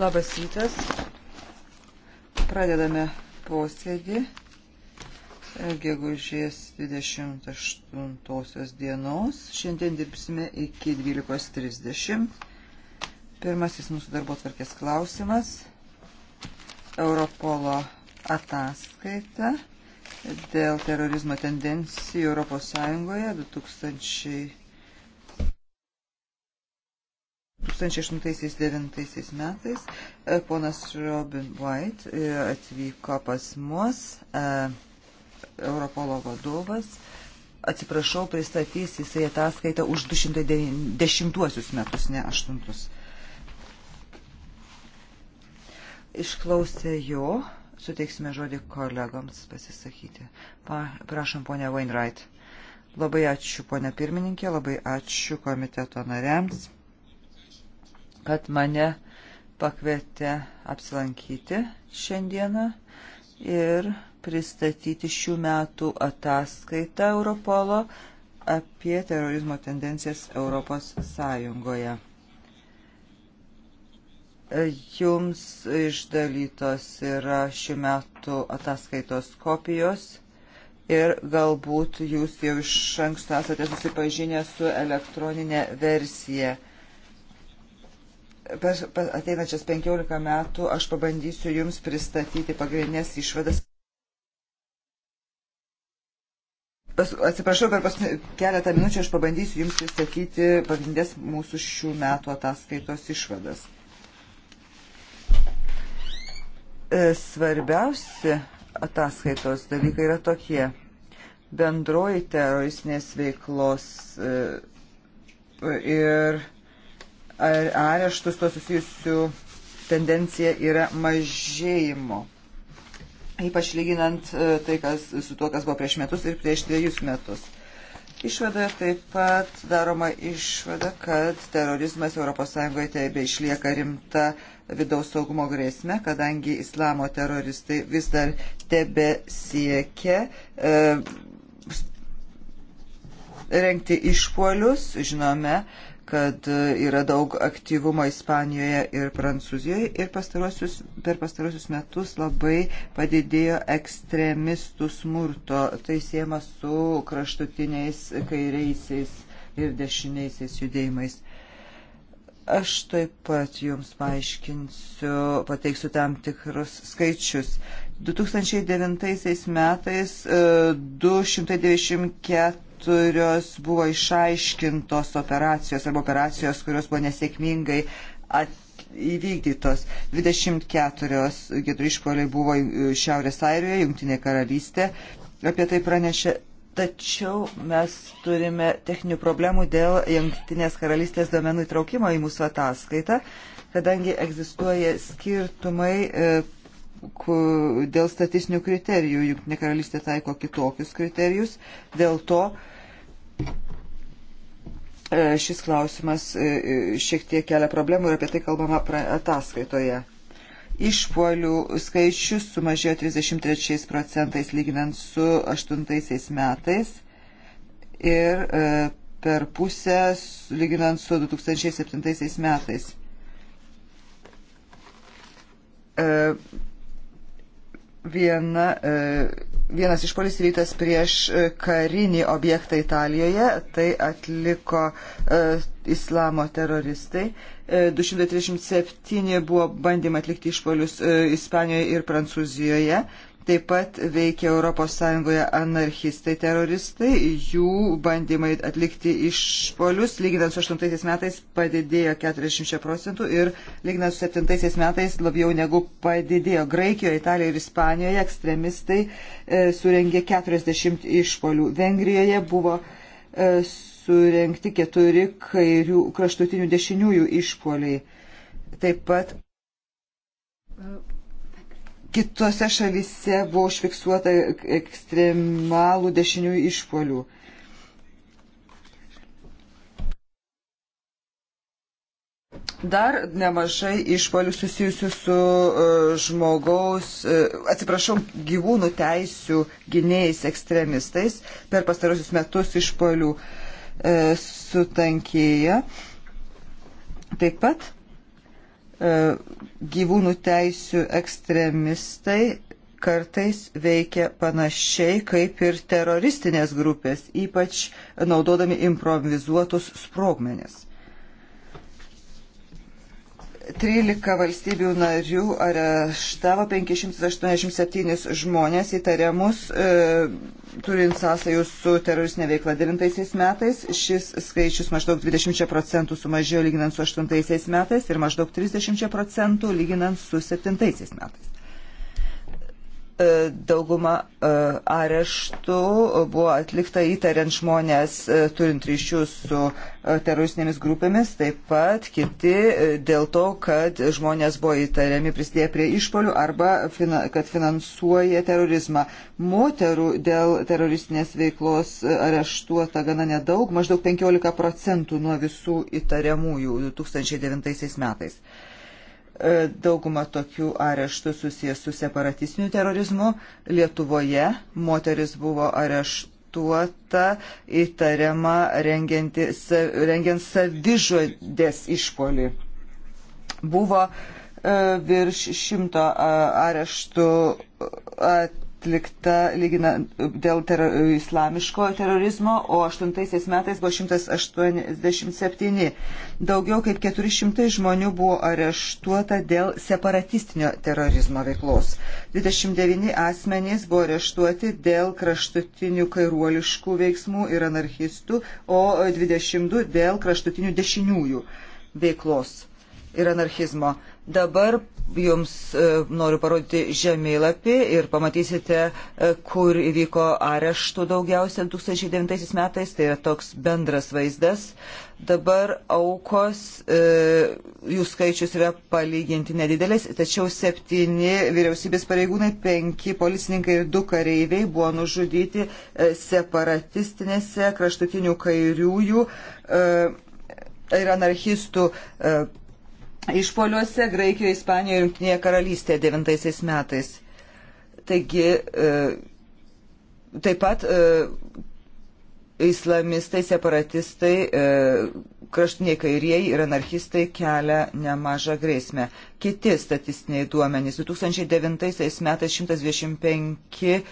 Labas rytas. Pradedame posėdį e, gegužės 28 dienos. Šiandien dirbsime iki 12.30. Pirmasis mūsų darbo tvarkės klausimas. Europolo ataskaita dėl terorizmo tendencijų Europos Sąjungoje 2000. 2008-2009 metais e, ponas Robin White e, atvyko pas mus, e, Europolo vadovas. Atsiprašau, pristatys jisai ataskaitą už 210 metus, ne 8. Išklausė jo, suteiksime žodį kolegoms pasisakyti. Pa, prašom, ponia Wainwright. Labai ačiū, ponia pirmininkė, labai ačiū komiteto nariams kad mane pakvietė apsilankyti šiandieną ir pristatyti šių metų ataskaitą Europolo apie terorizmo tendencijas Europos Sąjungoje. Jums išdalytos yra šių metų ataskaitos kopijos ir galbūt jūs jau iš anksto esate susipažinę su elektroninė versija per ateinačias 15 metų aš pabandysiu Jums pristatyti pagrindinės išvadas. Pas, atsiprašau, per pas, keletą minučių aš pabandysiu Jums pristatyti pagrindinės mūsų šių metų ataskaitos išvadas. E, svarbiausi ataskaitos dalykai yra tokie. Bendroji teroristinės veiklos e, ir e, e, areštus to susijusių tendencija yra mažėjimo. Ypač lyginant e, tai, kas, su tuo, kas buvo prieš metus ir prieš dviejus metus. Išvadoje taip pat daroma išvada, kad terorizmas ES tebe išlieka rimta vidaus saugumo grėsme, kadangi islamo teroristai vis dar tebe siekia e, rengti išpolius, žinome, kad e, yra daug aktyvumo Ispanijoje ir Prancūzijoje ir pastarosius, per pastarosius metus labai padidėjo ekstremistų smurto. Tai siema su kraštutiniais kairiaisiais ir dešiniaisiais judėjimais. Aš taip pat jums paaiškinsiu, pateiksiu tam tikrus skaičius. 2009 metais 294 e, kurios buvo išaiškintos operacijos arba operacijos, kurios buvo nesėkmingai atliktos įvykdytos. 24 gidrų išpoliai buvo e, Šiaurės Airijoje, Junktinė karalystė. Apie tai pranešė. Tačiau mes turime techninių problemų dėl Junktinės karalystės domenų įtraukimo į mūsų ataskaitą, kadangi egzistuoja skirtumai e, dėl statistinių kriterijų, juk nekaralystė taiko kitokius kriterijus, dėl to e, šis klausimas e, e, šiek tiek kelia problemų ir apie tai kalbama ataskaitoje. Išpuolių skaičius sumažėjo 33 procentais lyginant su 8 metais ir per pusę lyginant su 2007 metais viena, e, vienas išpolis rytas prieš e, karinį objektą Italijoje, tai atliko e, islamo teroristai. 237 buvo bandymai atlikti išpolius Ispanijoje ir Prancūzijoje. Taip pat veikia ES anarchistai teroristai, jų bandymai atlikti išpolius, lyginant su 8 metais, padidėjo 40 procentų ir lyginant su 7 metais labiau negu padidėjo. Graikijoje, Italijoje ir Ispanijoje ekstremistai e, surengė 40 išpolių. Vengrijoje buvo e, surengti keturi kairių kraštutinių dešiniųjų išpoliai. Taip pat kitose šalise buvo užfiksuota ekstremalų dešinių išpolių. Dar nemažai išpolių susijusių su uh, žmogaus, uh, atsiprašau, gyvūnų teisių gynėjais ekstremistais per pastarosius metus išpolių uh, e, sutankėja. Taip pat E, gyvūnų teisių ekstremistai kartais veikia panašiai kaip ir teroristinės grupės, ypač naudodami improvizuotus sprogmenis. 13 valstybių narių areštavo 587 žmonės įtariamus e, turint sąsajų su teroristinė veikla 9 metais. Šis skaičius maždaug 20 procentų sumažėjo lyginant su 8 metais ir maždaug 30 procentų lyginant su 7 metais. E, dauguma e, areštų buvo atlikta įtariant žmonės e, turint ryšius su teroristinėmis grupėmis, taip pat kiti dėl to, kad žmonės buvo įtariami prisidėję prie išpolių arba kad finansuoja terorizmą. Moterų dėl teroristinės veiklos areštuota gana nedaug, maždaug 15 procentų nuo visų įtariamųjų 2009 metais. E, dauguma tokių areštų susijęs su separatistiniu terorizmu. Lietuvoje moteris buvo areštuota įtariama rengiant savižodės išpolį. Buvo e, virš šimto areštų at atlikta lygina, dėl ter, islamiško terorizmo, o 8 metais buvo 187. Daugiau kaip 400 žmonių buvo areštuota dėl separatistinio terorizmo veiklos. 29 asmenys buvo areštuoti dėl kraštutinių kairuoliškų veiksmų ir anarchistų, o 22 dėl kraštutinių dešiniųjų veiklos ir anarchizmo. Dabar jums e, noriu parodyti žemėlapį ir pamatysite, e, kur įvyko areštų daugiausia 2009 metais. Tai yra toks bendras vaizdas. Dabar aukos, e, jų skaičius yra palyginti nedidelis, tačiau septyni vyriausybės pareigūnai, penki policininkai ir du kareiviai buvo nužudyti separatistinėse kraštutinių kairiųjų ir anarchistų išpoliuose Graikijoje, Ispanijoje ir Junktinėje karalystėje 9 metais. Taigi, e, taip pat e, islamistai, separatistai, e, kraštiniai kairieji ir anarchistai kelia nemažą grėsmę. Kiti statistiniai duomenys. 2009 metais 125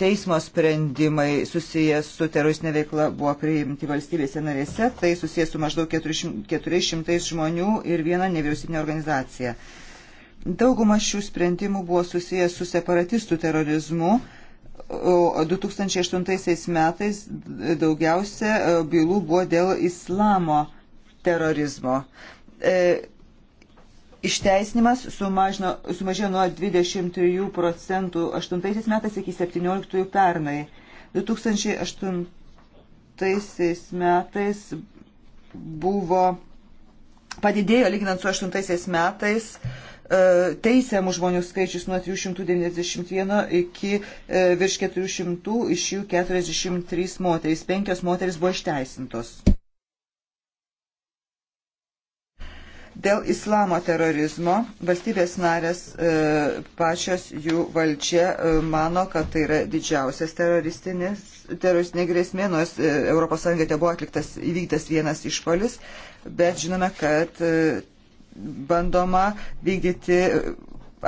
teismo sprendimai susijęs su teroristinė veikla buvo priimti valstybėse narėse, tai susijęs su maždaug 400 žmonių ir viena nevyriausybinė organizacija. Dauguma šių sprendimų buvo susijęs su separatistų terorizmu, o 2008 metais daugiausia e, bylų buvo dėl islamo terorizmo. E, Išteisinimas sumažino, sumažėjo nuo 23 procentų 8 metais iki 17 pernai. 2008 metais buvo padidėjo lyginant su 8 metais e, teisiamų žmonių skaičius nuo 391 iki e, virš 400, iš jų 43 moterys, 5 moterys buvo išteisintos. Dėl islamo terorizmo valstybės narės e, pačios jų valdžia e, mano, kad tai yra didžiausias teroristinė grėsmė, nors e, ES te buvo atliktas įvyktas vienas išpolis, bet žinome, kad e, bandoma vykdyti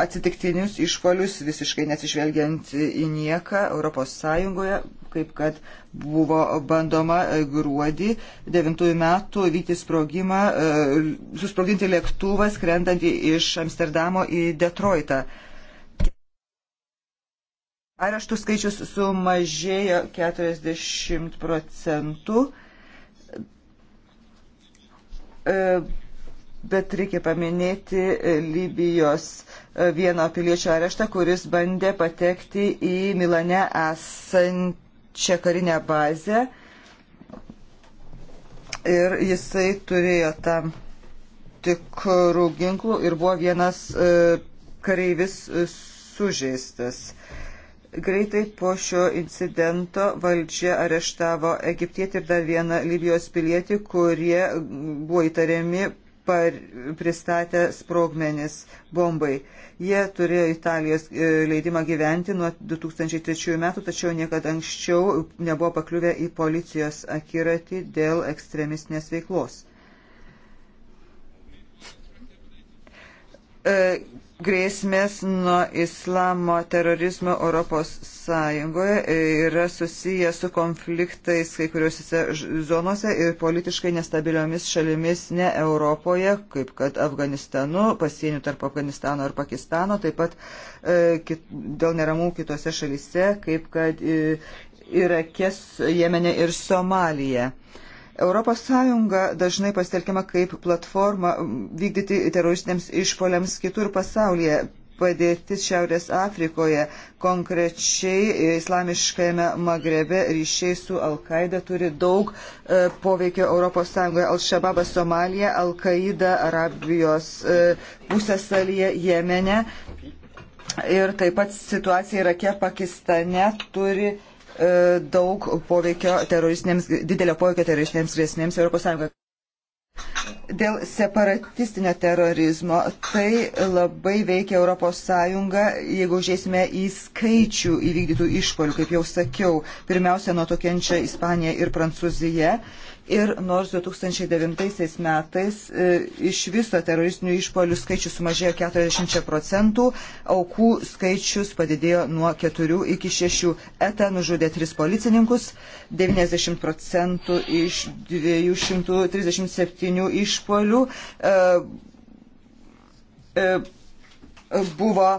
atsitiktinius išpolius visiškai nesižvelgiant į nieką ES kaip kad buvo bandoma gruodį 9 metų vykti sprogimą, e, susprogdinti lėktuvą skrendantį iš Amsterdamo į Detroitą. Areštų skaičius sumažėjo 40 procentų, e, bet reikia paminėti e, Libijos vieno piliečio areštą, kuris bandė patekti į Milane esantį čia karinę bazę ir jisai turėjo tam tikrų ginklų ir buvo vienas e, kareivis e, sužeistas. Greitai po šio incidento valdžia areštavo egiptietį ir dar vieną Libijos pilietį, kurie buvo įtariami par, pristatę sprogmenis bombai. Jie turėjo Italijos e, leidimą gyventi nuo 2003 metų, tačiau niekada anksčiau nebuvo pakliuvę į policijos akiratį dėl ekstremistinės veiklos. E, grėsmės nuo islamo terorizmo Europos Sąjungoje e, yra susiję su konfliktais kai kuriuose zonose ir politiškai nestabiliomis šalimis ne Europoje, kaip kad Afganistanu, pasieniu tarp Afganistano ir Pakistano, taip pat e, kit, dėl neramų kitose šalise, kaip kad e, Irakės, Jemenė ir Somalija. E, ES dažnai pasitelkiama kaip platforma vykdyti teroristiniams išpoliams kitur pasaulyje. Padėtis Šiaurės Afrikoje, konkrečiai islamiškajame Magrebe ryšiai su Al-Qaeda turi daug e, poveikio ES. Al-Shababas Somalija, Al-Qaeda Arabijos e, pusėsalyje Jemene ir taip pat situacija Irake, Pakistane turi e, E, daug poveikio teroristinėms, didelio poveikio teroristinėms grėsmėms Europos Sąjungoje. Dėl separatistinio terorizmo tai labai veikia ES, jeigu žiūrėsime į skaičių įvykdytų išpolių, kaip jau sakiau, pirmiausia nuo to kenčia Ispanija ir Prancūzija. E, Ir nors 2009 metais e, iš viso teroristinių išpolių skaičius sumažėjo 40 procentų, aukų skaičius padidėjo nuo 4 iki 6. ETA e nužudė 3 policininkus, 90 procentų iš 237 išpolių e, e, buvo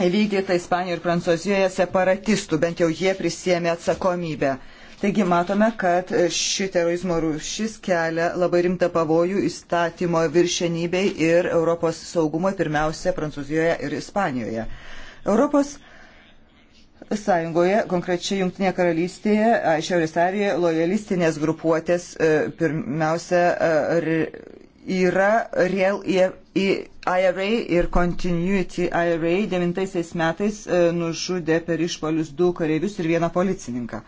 vykdyta Ispanijoje ir Prancūzijoje separatistų, bent jau jie prisėmė atsakomybę. Taigi matome, kad ši terorizmo rūšis kelia labai rimtą pavojų įstatymo viršenybei ir Europos saugumui, pirmiausia, Prancūzijoje ir Ispanijoje. Europos Sąjungoje, konkrečiai Junktinėje karalystėje, Šiaurės Arijoje, lojalistinės grupuotės e, pirmiausia e, yra Real e, IRA ir Continuity IRA devintaisiais metais nužudė per išpolius du kareivius ir vieną policininką.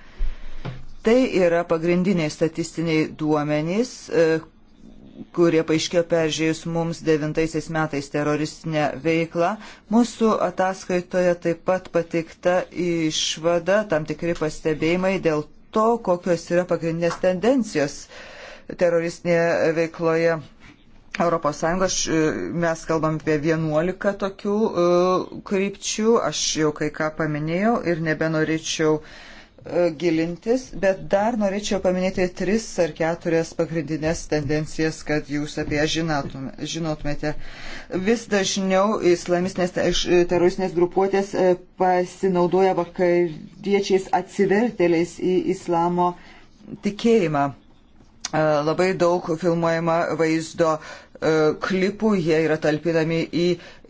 Tai yra pagrindiniai statistiniai duomenys, e, kurie paaiškėjo peržiūrėjus mums devintaisiais metais teroristinę veiklą. Mūsų ataskaitoje taip pat patikta išvada, tam tikri pastebėjimai dėl to, kokios yra pagrindinės tendencijos teroristinėje veikloje. Europos Sąjungos e, mes kalbam apie 11 tokių e, krypčių, aš jau kai ką paminėjau ir nebenorėčiau uh, E, gilintis, bet dar norėčiau paminėti tris ar keturias pagrindinės tendencijas, kad jūs apie ją žinotumėte. Vis dažniau islamistinės e, teroristinės grupuotės e, pasinaudoja vakariečiais atsivertėliais į islamo tikėjimą. Labai daug filmuojama vaizdo E, klipų, jie yra talpinami į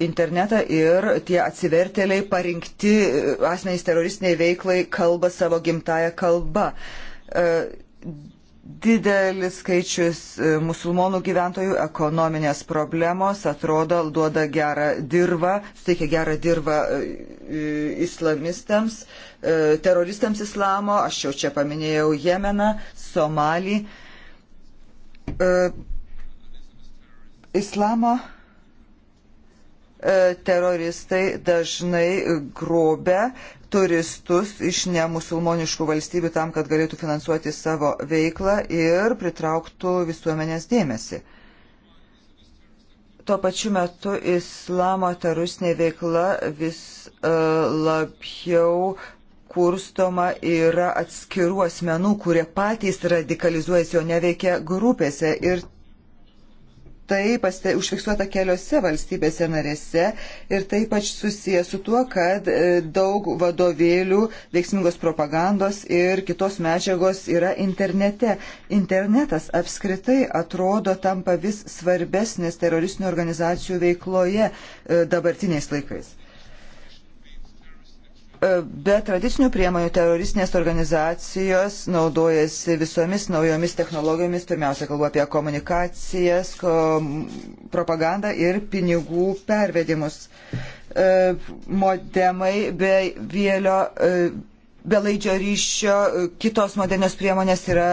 internetą ir tie atsivertėliai parinkti e, asmenys teroristiniai veiklai kalba savo gimtają kalbą. E, didelis skaičius musulmonų gyventojų, ekonominės problemos, atrodo, duoda gerą dirbą, suteikia gerą dirbą islamistams, teroristams islamo, aš jau čia paminėjau Jemeną, Somalį Islamo e, teroristai dažnai grobia turistus iš nemusulmoniškų valstybių tam, kad galėtų finansuoti savo veiklą ir pritrauktų visuomenės dėmesį. Tuo pačiu metu islamo teroristinė veikla vis uh, labiau kurstoma yra atskirų asmenų, kurie patys radikalizuojasi, o neveikia grupėse. Ir tai paste, užfiksuota keliose valstybėse narėse ir tai ypač susijęs su tuo, kad e, daug vadovėlių, veiksmingos propagandos ir kitos medžiagos yra internete. Internetas apskritai atrodo tampa vis svarbesnis teroristinių organizacijų veikloje e, dabartiniais laikais. E, be tradicinių priemonių teroristinės organizacijos naudojasi visomis naujomis technologijomis, pirmiausia kalbu apie komunikacijas, kom, propagandą ir pinigų pervedimus. E, modemai bei vėlio, e, belaidžio ryšio, e, kitos modernios priemonės yra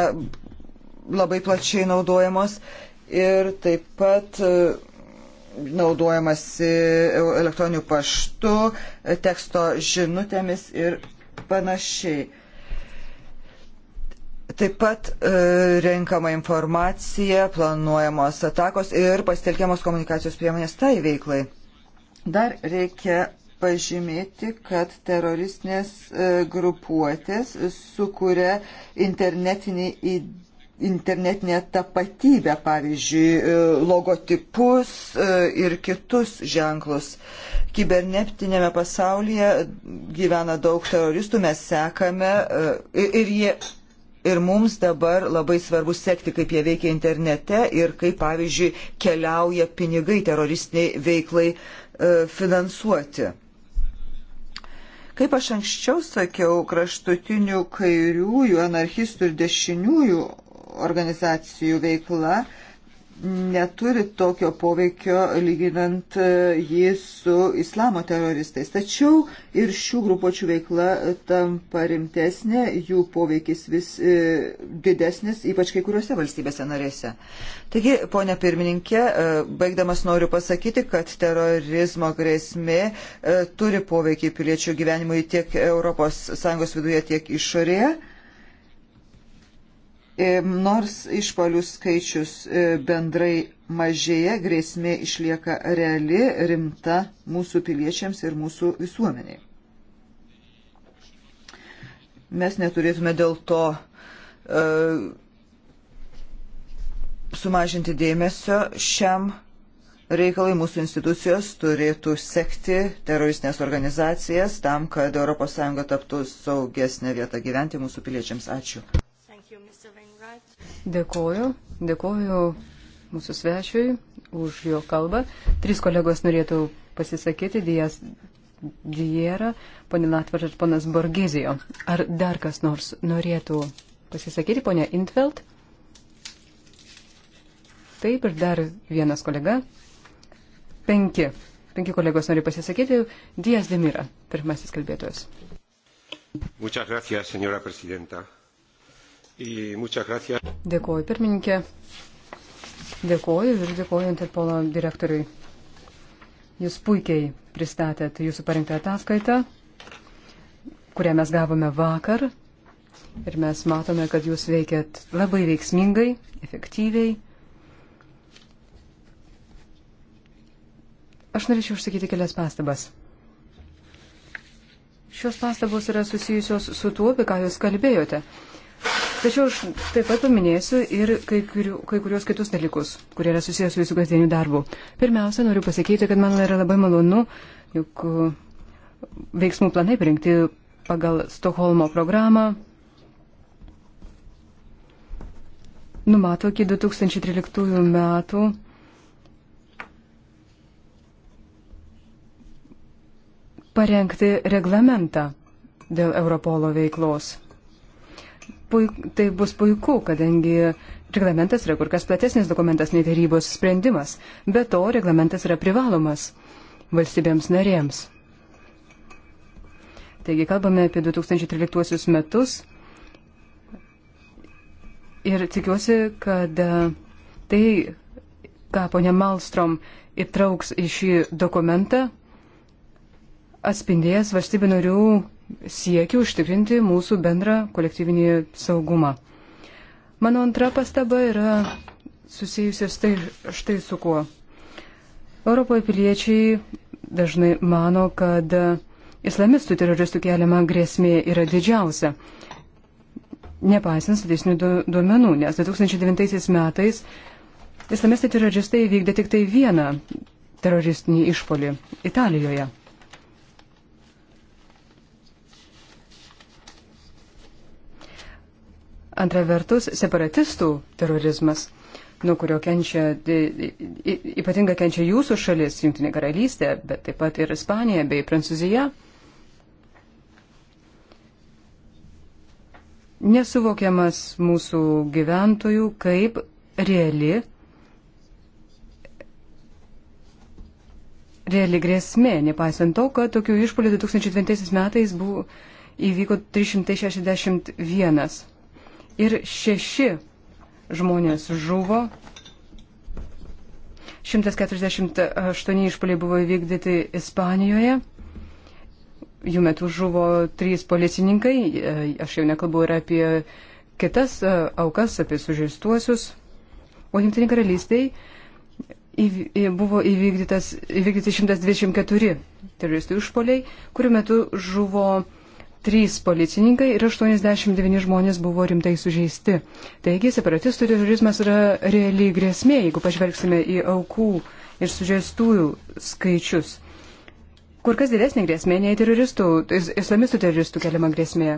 labai plačiai naudojamos ir taip pat e, naudojamasi elektroniniu paštu, teksto žinutėmis ir panašiai. Taip pat e, renkama informacija, planuojamos atakos ir pasitelkiamos komunikacijos priemonės tai veiklai. Dar reikia pažymėti, kad teroristinės e, grupuotės sukuria internetinį įdėlį internetinę tapatybę, pavyzdžiui, e, logotipus e, ir kitus ženklus. Kibernetinėme pasaulyje gyvena daug teroristų, mes sekame e, ir jie. Ir mums dabar labai svarbu sekti, kaip jie veikia internete ir kaip, pavyzdžiui, keliauja pinigai teroristiniai veiklai e, finansuoti. Kaip aš anksčiau sakiau, kraštutinių kairiųjų, anarchistų ir dešiniųjų organizacijų veikla neturi tokio poveikio lyginant e, jį su islamo teroristais. Tačiau ir šių grupuočių veikla tampa rimtesnė, jų poveikis vis e, didesnis, ypač kai kuriuose valstybėse narėse. Taigi, ponia pirmininkė, e, baigdamas noriu pasakyti, kad terorizmo grėsmė turi poveikį piliečių gyvenimui tiek ES viduje, tiek išorėje Nors išpolių skaičius e, bendrai mažėja, grėsmė išlieka reali, rimta mūsų piliečiams ir mūsų visuomeniai. Mes neturėtume dėl to uh, sumažinti dėmesio šiam reikalai mūsų institucijos turėtų sekti teroristinės organizacijas tam, kad ES taptų saugesnė vieta gyventi mūsų piliečiams. Ačiū. Dėkoju, dėkoju mūsų svečiui už jo kalbą. Trys kolegos norėtų pasisakyti, Dijas Dijera, ponė Latvar ir ponas Borgizijo. Ar dar kas nors norėtų pasisakyti, ponė Intveld? Taip, ir dar vienas kolega. Penki. Penki kolegos nori pasisakyti. Dijas Demira, pirmasis kalbėtojas. Muchas gracias, señora presidenta. Dėkuoju pirmininkė, dėkuoju ir dėkuoju Interpolo direktoriui. Jūs puikiai pristatėt jūsų parinktą ataskaitą, kurią mes gavome vakar ir mes matome, kad jūs veikėt labai veiksmingai, efektyviai. Aš norėčiau užsakyti kelias pastabas. Šios pastabos yra susijusios su tuo, apie ką jūs kalbėjote. Tačiau aš taip pat paminėsiu ir kai, kuriu, kai kurios kitus dalykus, kurie yra susijęs su jūsų kasdieniu darbu. Pirmiausia, noriu pasakyti, kad man yra labai malonu, juk uh, veiksmų planai parinkti pagal Stokholmo programą numato iki 2013 metų parengti reglamentą dėl Europolo veiklos puik, tai bus puiku, kadangi reglamentas yra kur kas platesnis dokumentas nei tarybos sprendimas. Be to, reglamentas yra privalomas valstybėms narėms. Taigi kalbame apie 2013 metus ir tikiuosi, kad e, tai, ką ponia Malstrom įtrauks į šį dokumentą, atspindės valstybių narių siekiu užtikrinti mūsų bendrą kolektyvinį saugumą. Mano antra pastaba yra susijusi štai, štai su kuo. Europoje piliečiai dažnai mano, kad islamistų teroristų keliama grėsmė yra didžiausia. Nepaisant statistinių duomenų, nes 2009 metais islamistai teroristai vykdė tik tai vieną teroristinį išpolį Italijoje. Antra vertus, separatistų terorizmas, nuo kurio kenčia, ypatinga kenčia jūsų šalis, Junktinė karalystė, bet taip pat ir Ispanija bei Prancūzija, nesuvokiamas mūsų gyventojų kaip reali, reali grėsmė, nepaisant to, kad tokių išpolių 2020 metais buvo, įvyko 361 ir šeši žmonės žuvo. 148 išpoliai buvo įvykdyti Ispanijoje. Jų metu žuvo trys policininkai. Aš jau nekalbu ir apie kitas e, aukas, apie sužeistuosius. O Junktinė karalystėje buvo įvykdytas, įvykdyti 124 teroristų išpoliai, kurių metu žuvo trys policininkai ir 89 žmonės buvo rimtai sužeisti. Taigi, separatistų terorizmas yra reali grėsmė, jeigu pažvelgsime į aukų ir sužeistųjų skaičius. Kur kas didesnė grėsmė nei teroristų, islamistų teroristų keliama grėsmė.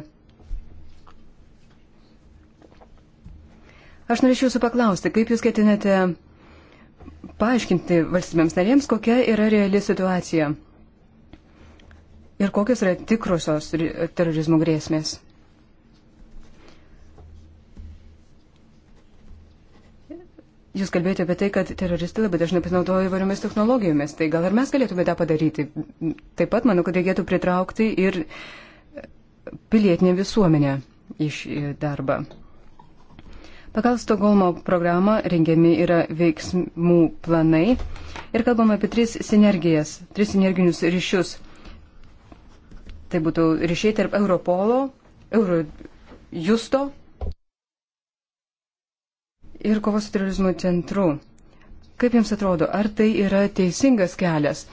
Aš norėčiau jūsų paklausti, kaip jūs ketinate paaiškinti valstybėms narėms, kokia yra reali situacija ir kokios yra tikrosios terorizmo grėsmės. Jūs kalbėjote apie tai, kad teroristai labai dažnai pasinaudoja įvairiomis technologijomis. Tai gal ir mes galėtume tą padaryti. Taip pat manau, kad reikėtų pritraukti ir pilietinę visuomenę iš e, darbą. Pagal Stokholmo programą rengiami yra veiksmų planai ir kalbam apie tris sinergijas, tris sinerginius ryšius Tai būtų ryšiai tarp Europolo, Eurojusto ir kovos su terorizmu centru. Kaip Jums atrodo, ar tai yra teisingas kelias?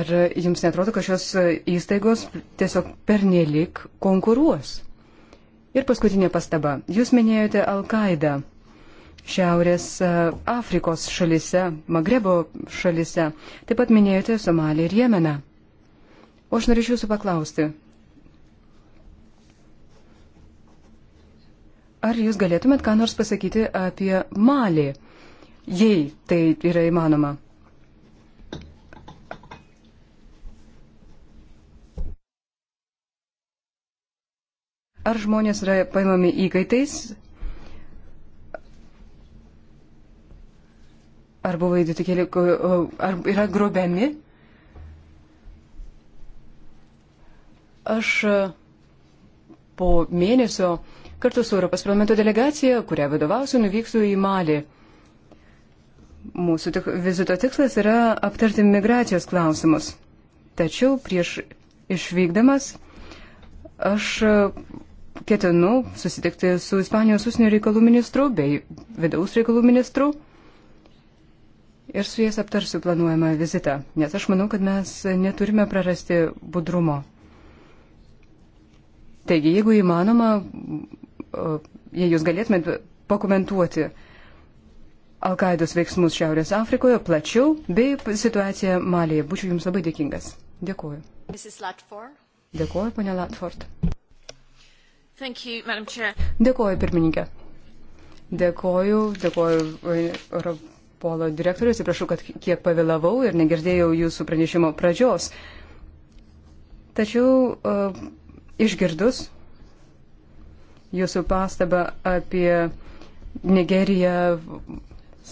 Ar Jums netrodo, kad šios įstaigos tiesiog pernelik konkuruos? Ir paskutinė pastaba. Jūs minėjote Al-Qaidą. Šiaurės e, Afrikos šalise, Magrebo šalise. Taip pat minėjote Somalį ir Jemeną. O aš norėčiau jūsų paklausti. Ar jūs galėtumėt ką nors pasakyti apie Malį, jei tai yra įmanoma? Ar žmonės yra paimami įkaitais ar buvo įdėti keli, ar yra grobiami. Aš e, po mėnesio kartu su Europos parlamento delegacija, kurią vadovausiu, nuvyksiu į Malį. Mūsų tik, vizito tikslas yra aptarti migracijos klausimus. Tačiau prieš išvykdamas aš e, ketinu susitikti su Ispanijos užsienio reikalų ministru bei vidaus reikalų ministru ir su jais aptarsiu planuojamą vizitą, nes aš manau, kad mes neturime prarasti budrumo. Taigi, jeigu įmanoma, jei jūs galėtumėt pakomentuoti Alkaidos veiksmus Šiaurės Afrikoje plačiau bei situaciją Malėje, būčiau jums labai dėkingas. Dėkuoju. Dėkuoju, ponė Latford. You, Dėkuoju, pirmininkė. Dėkuoju, dėkuoju Europolo direktorius, atsiprašau, kad kiek pavėlavau ir negirdėjau jūsų pranešimo pradžios. Tačiau uh, išgirdus jūsų pastabą apie Nigeriją,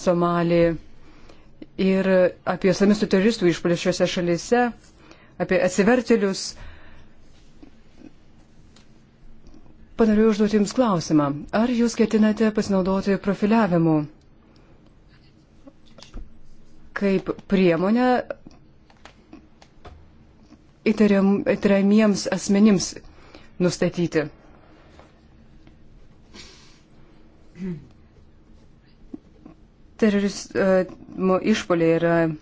Somalį ir apie islamistų teroristų išpolius šiuose šalyse, apie atsivertelius, panoriu užduoti Jums klausimą. Ar Jūs ketinate pasinaudoti profiliavimu kaip priemonę įtariam, įtariamiems asmenims nustatyti. Terorizmo e, išpoliai yra e,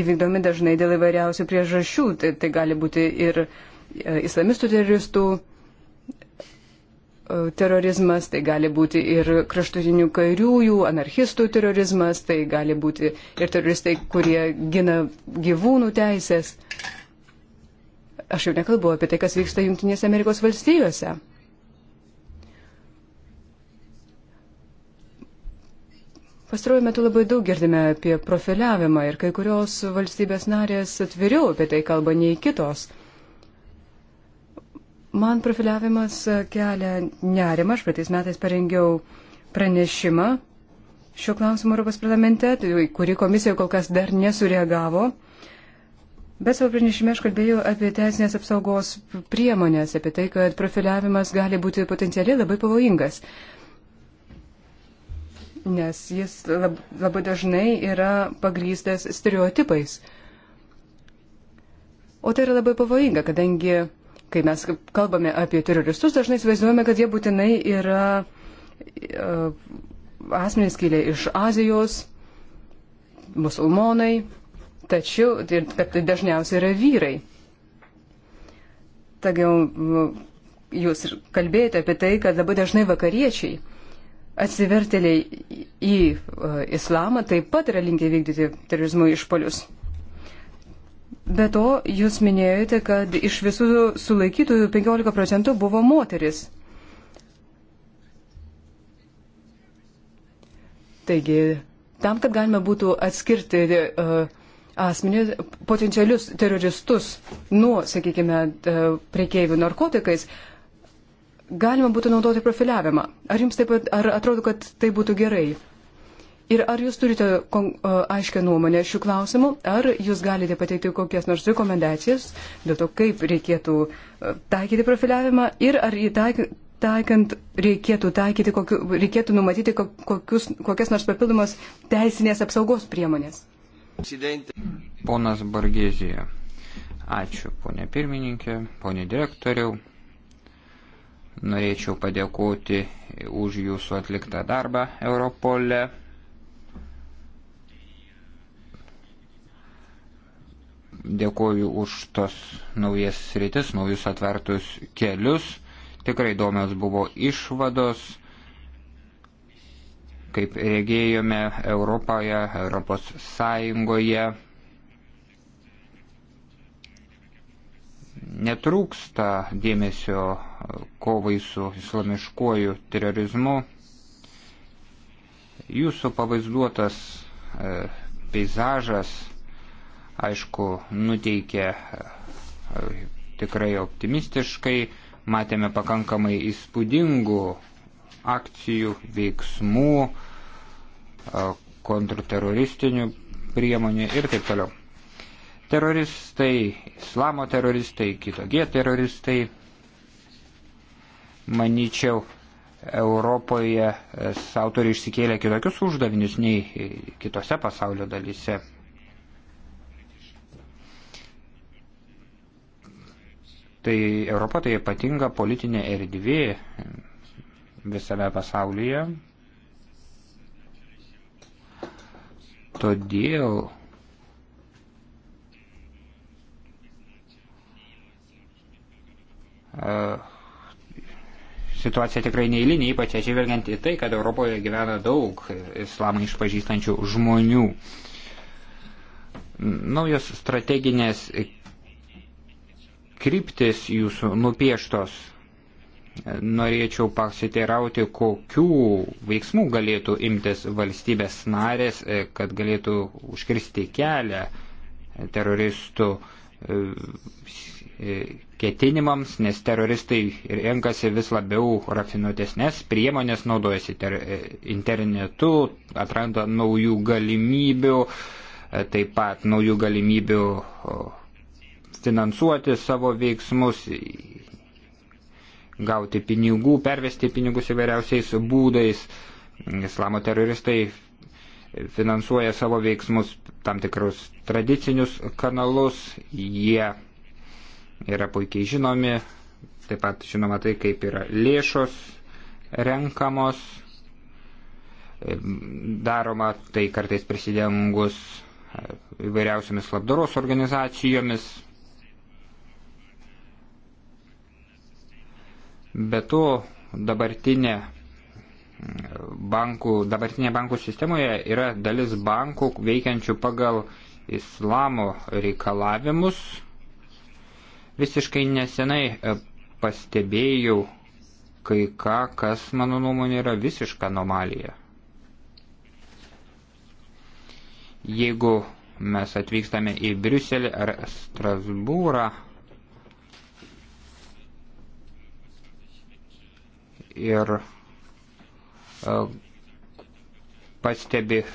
įvykdomi dažnai dėl įvairiausių priežasčių. Tai, tai gali būti ir e, islamistų teroristų terorizmas, tai gali būti ir kraštutinių kairiųjų, anarchistų terorizmas, tai gali būti ir teroristai, kurie gina gyvūnų teisės. Aš jau nekalbu apie tai, kas vyksta Junktinėse Amerikos valstijose. Pastaruoju metu labai daug girdime apie profiliavimą ir kai kurios valstybės narės atviriau apie tai kalba nei kitos. Man profiliavimas e, kelia nerimą. Aš praeitais metais parengiau pranešimą šiuo klausimu Europos parlamente, tai kuri komisija kol kas dar nesureagavo. Bet savo pranešime aš kalbėjau apie teisinės apsaugos priemonės, apie tai, kad profiliavimas gali būti potencialiai labai pavojingas. Nes jis lab, labai dažnai yra pagrystas stereotipais. O tai yra labai pavojinga, kadangi kai mes kalbame apie teroristus, dažnai įsivaizduojame, kad jie būtinai yra e, asmenys kilę iš Azijos, musulmonai, tačiau kad tai dažniausiai yra vyrai. Taigi jūs kalbėjote apie tai, kad labai dažnai vakariečiai atsivertėliai į e, islamą taip pat yra linkę vykdyti terorizmų išpolius. Be to, jūs minėjote, kad iš visų sulaikytųjų 15 procentų buvo moteris. Taigi, tam, kad galima būtų atskirti uh, asmenį, potencialius teroristus nuo, sakykime, uh, e, priekeivių narkotikais, galima būtų naudoti profiliavimą. Ar jums taip pat, ar atrodo, kad tai būtų gerai? Ir ar jūs turite aiškę nuomonę šių klausimų, ar jūs galite pateikti kokias nors rekomendacijas dėl to, kaip reikėtų taikyti profiliavimą ir ar jį taik, taikant reikėtų, taikyti, kokiu, reikėtų numatyti kokius, kokias nors papildomas teisinės apsaugos priemonės? Ponas Bargėzija. Ačiū, ponė pirmininkė, ponė direktoriau. Norėčiau padėkoti už jūsų atliktą darbą Europole. Dėkuoju už tos naujas sritis, naujus atvertus kelius. Tikrai įdomios buvo išvados. Kaip regėjome Europoje, Europos Sąjungoje, netrūksta dėmesio kovai su islamiškuoju terorizmu. Jūsų pavaizduotas e, peizažas aišku, nuteikė e, tikrai optimistiškai, matėme pakankamai įspūdingų akcijų, veiksmų, e, kontrteroristinių priemonių ir taip toliau. Teroristai, islamo teroristai, kitokie teroristai, manyčiau, Europoje savo e, turi išsikėlę kitokius uždavinius nei kitose pasaulio dalyse. Tai Europa tai ypatinga politinė erdvė visame pasaulyje. Todėl situacija tikrai neįlinė, ypač atsižvelgiant į tai, kad Europoje gyvena daug islamą išpažįstančių žmonių. Naujos strateginės kryptis jūsų nupieštos. Norėčiau pasiteirauti, kokių veiksmų galėtų imtis valstybės narės, e, kad galėtų užkirsti kelią teroristų e, e, ketinimams, nes teroristai renkasi vis labiau rafinuotesnės priemonės, naudojasi ter, internetu, atranda naujų galimybių, taip pat naujų galimybių finansuoti savo veiksmus, gauti pinigų, pervesti pinigus įvairiausiais būdais. Islamo teroristai finansuoja savo veiksmus tam tikrus tradicinius kanalus, jie yra puikiai žinomi, taip pat žinoma tai, kaip yra lėšos renkamos, daroma tai kartais prisidengus įvairiausiamis labdaros organizacijomis, Be to, dabartinė mm, bankų, dabartinė bankų sistemoje yra dalis bankų veikiančių pagal islamo reikalavimus. Visiškai nesenai e, pastebėjau kai ką, kas mano nuomonė yra visiška anomalija. Jeigu mes atvykstame į Briuselį ar Strasbūrą, ir e, pastebi e,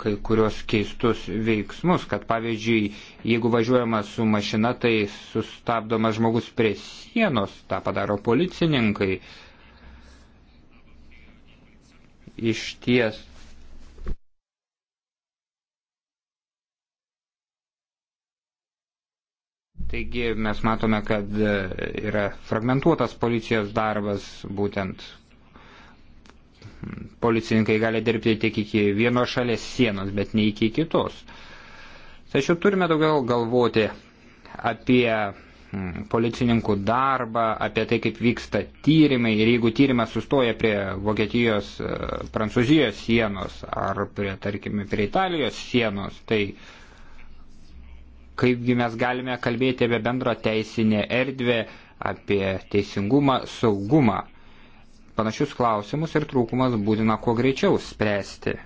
kai kurios keistus veiksmus, kad pavyzdžiui, jeigu važiuojama su mašina, tai sustabdomas žmogus prie sienos, tą padaro policininkai. Iš ties Taigi mes matome, kad e, yra fragmentuotas policijos darbas, būtent policininkai gali dirbti tik iki vienos šalies sienos, bet ne iki kitos. Tačiau turime daugiau galvoti apie policininkų darbą, apie tai, kaip vyksta tyrimai ir jeigu tyrimas sustoja prie Vokietijos, e, Prancūzijos sienos ar prie, tarkime, prie Italijos sienos, tai uh, kaipgi mes galime kalbėti apie bendro teisinę erdvę, apie teisingumą, saugumą. Panašius klausimus ir trūkumas būtina kuo greičiau spręsti.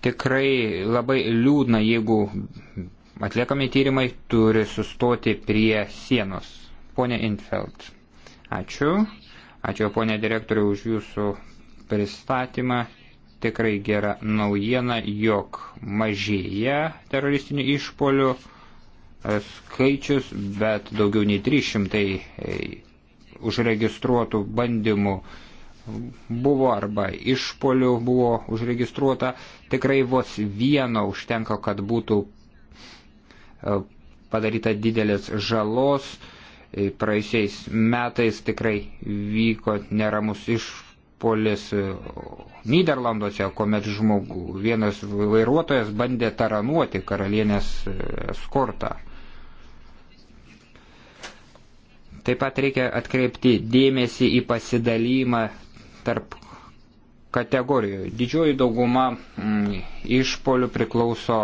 Tikrai labai liūdna, jeigu atliekami tyrimai turi sustoti prie sienos. Pone Infeld, ačiū. Ačiū, ponė direktoriu, už jūsų pristatymą tikrai gera naujiena, jog mažėja teroristinių išpolių e, skaičius, bet daugiau nei 300 e, užregistruotų bandymų buvo arba išpolių buvo užregistruota. Tikrai vos vieno užtenka, kad būtų e, padaryta didelės žalos. Praeisiais metais tikrai vyko neramus išpolių išpolis e, Niderlanduose, kuomet žmogų vienas vairuotojas bandė taranuoti karalienės eskortą. Taip pat reikia atkreipti dėmesį į pasidalymą tarp kategorijų. Didžioji dauguma m, mm, išpolių priklauso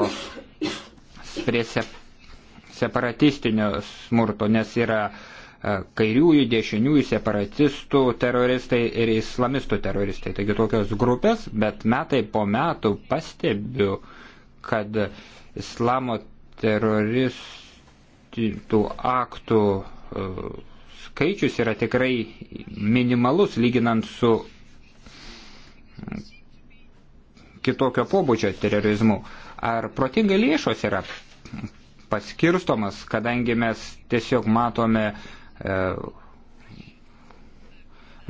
prie separatistinio smurto, nes yra uh, E, kairiųjų, dešiniųjų, separatistų teroristai ir islamistų teroristai. Taigi tokios grupės, bet metai po metų pastebiu, kad islamo teroristų aktų e, skaičius yra tikrai minimalus lyginant su kitokio pobūdžio terorizmu. Ar protingai lėšos yra paskirstomas, kadangi mes tiesiog matome E,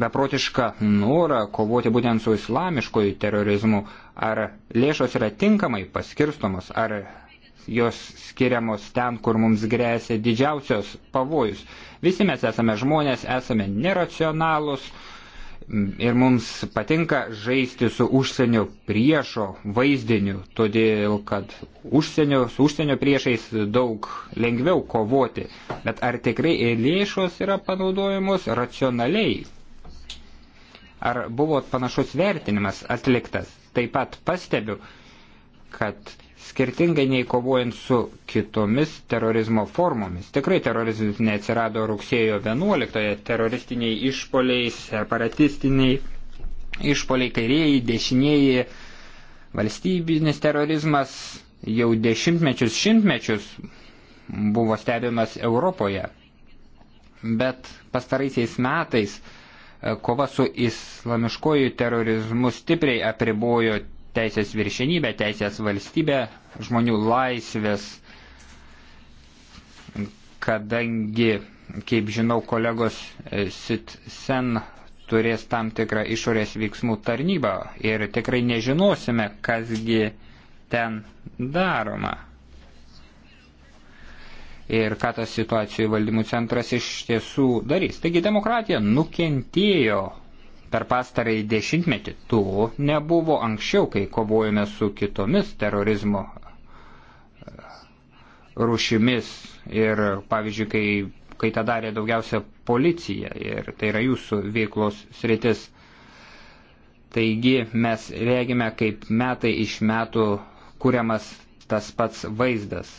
beprotišką norą kovoti būtent su islamiškoju terorizmu, ar lėšos yra tinkamai paskirstomos, ar jos skiriamos ten, kur mums grėsia didžiausios pavojus. Visi mes esame žmonės, esame neracionalūs, Ir mums patinka žaisti su užsienio priešo vaizdiniu, todėl kad užsienio, su užsienio priešais daug lengviau kovoti. Bet ar tikrai lėšos yra panaudojamos racionaliai? Ar buvo panašus vertinimas atliktas? Taip pat pastebiu, kad skirtingai nei kovojant su kitomis terorizmo formomis. Tikrai terorizmas neatsirado rugsėjo 11-ąją, teroristiniai išpoliai, separatistiniai išpoliai, kairieji, dešinieji, valstybinis terorizmas jau dešimtmečius, šimtmečius buvo stebimas Europoje. Bet pastaraisiais metais e, kova su islamiškoju terorizmu stipriai apribojo teisės viršenybę, teisės valstybę, žmonių laisvės, kadangi, kaip žinau, kolegos Sitsen turės tam tikrą išorės veiksmų tarnybą ir tikrai nežinosime, kasgi ten daroma. Ir ką tas situacijų valdymų centras iš tiesų darys. Taigi demokratija nukentėjo Per pastarąjį dešimtmetį to nebuvo anksčiau, kai kovojame su kitomis terorizmo e, rušimis ir, pavyzdžiui, kai, kai tą darė daugiausia policija ir tai yra jūsų veiklos sritis. Taigi mes regime, kaip metai iš metų kuriamas tas pats vaizdas.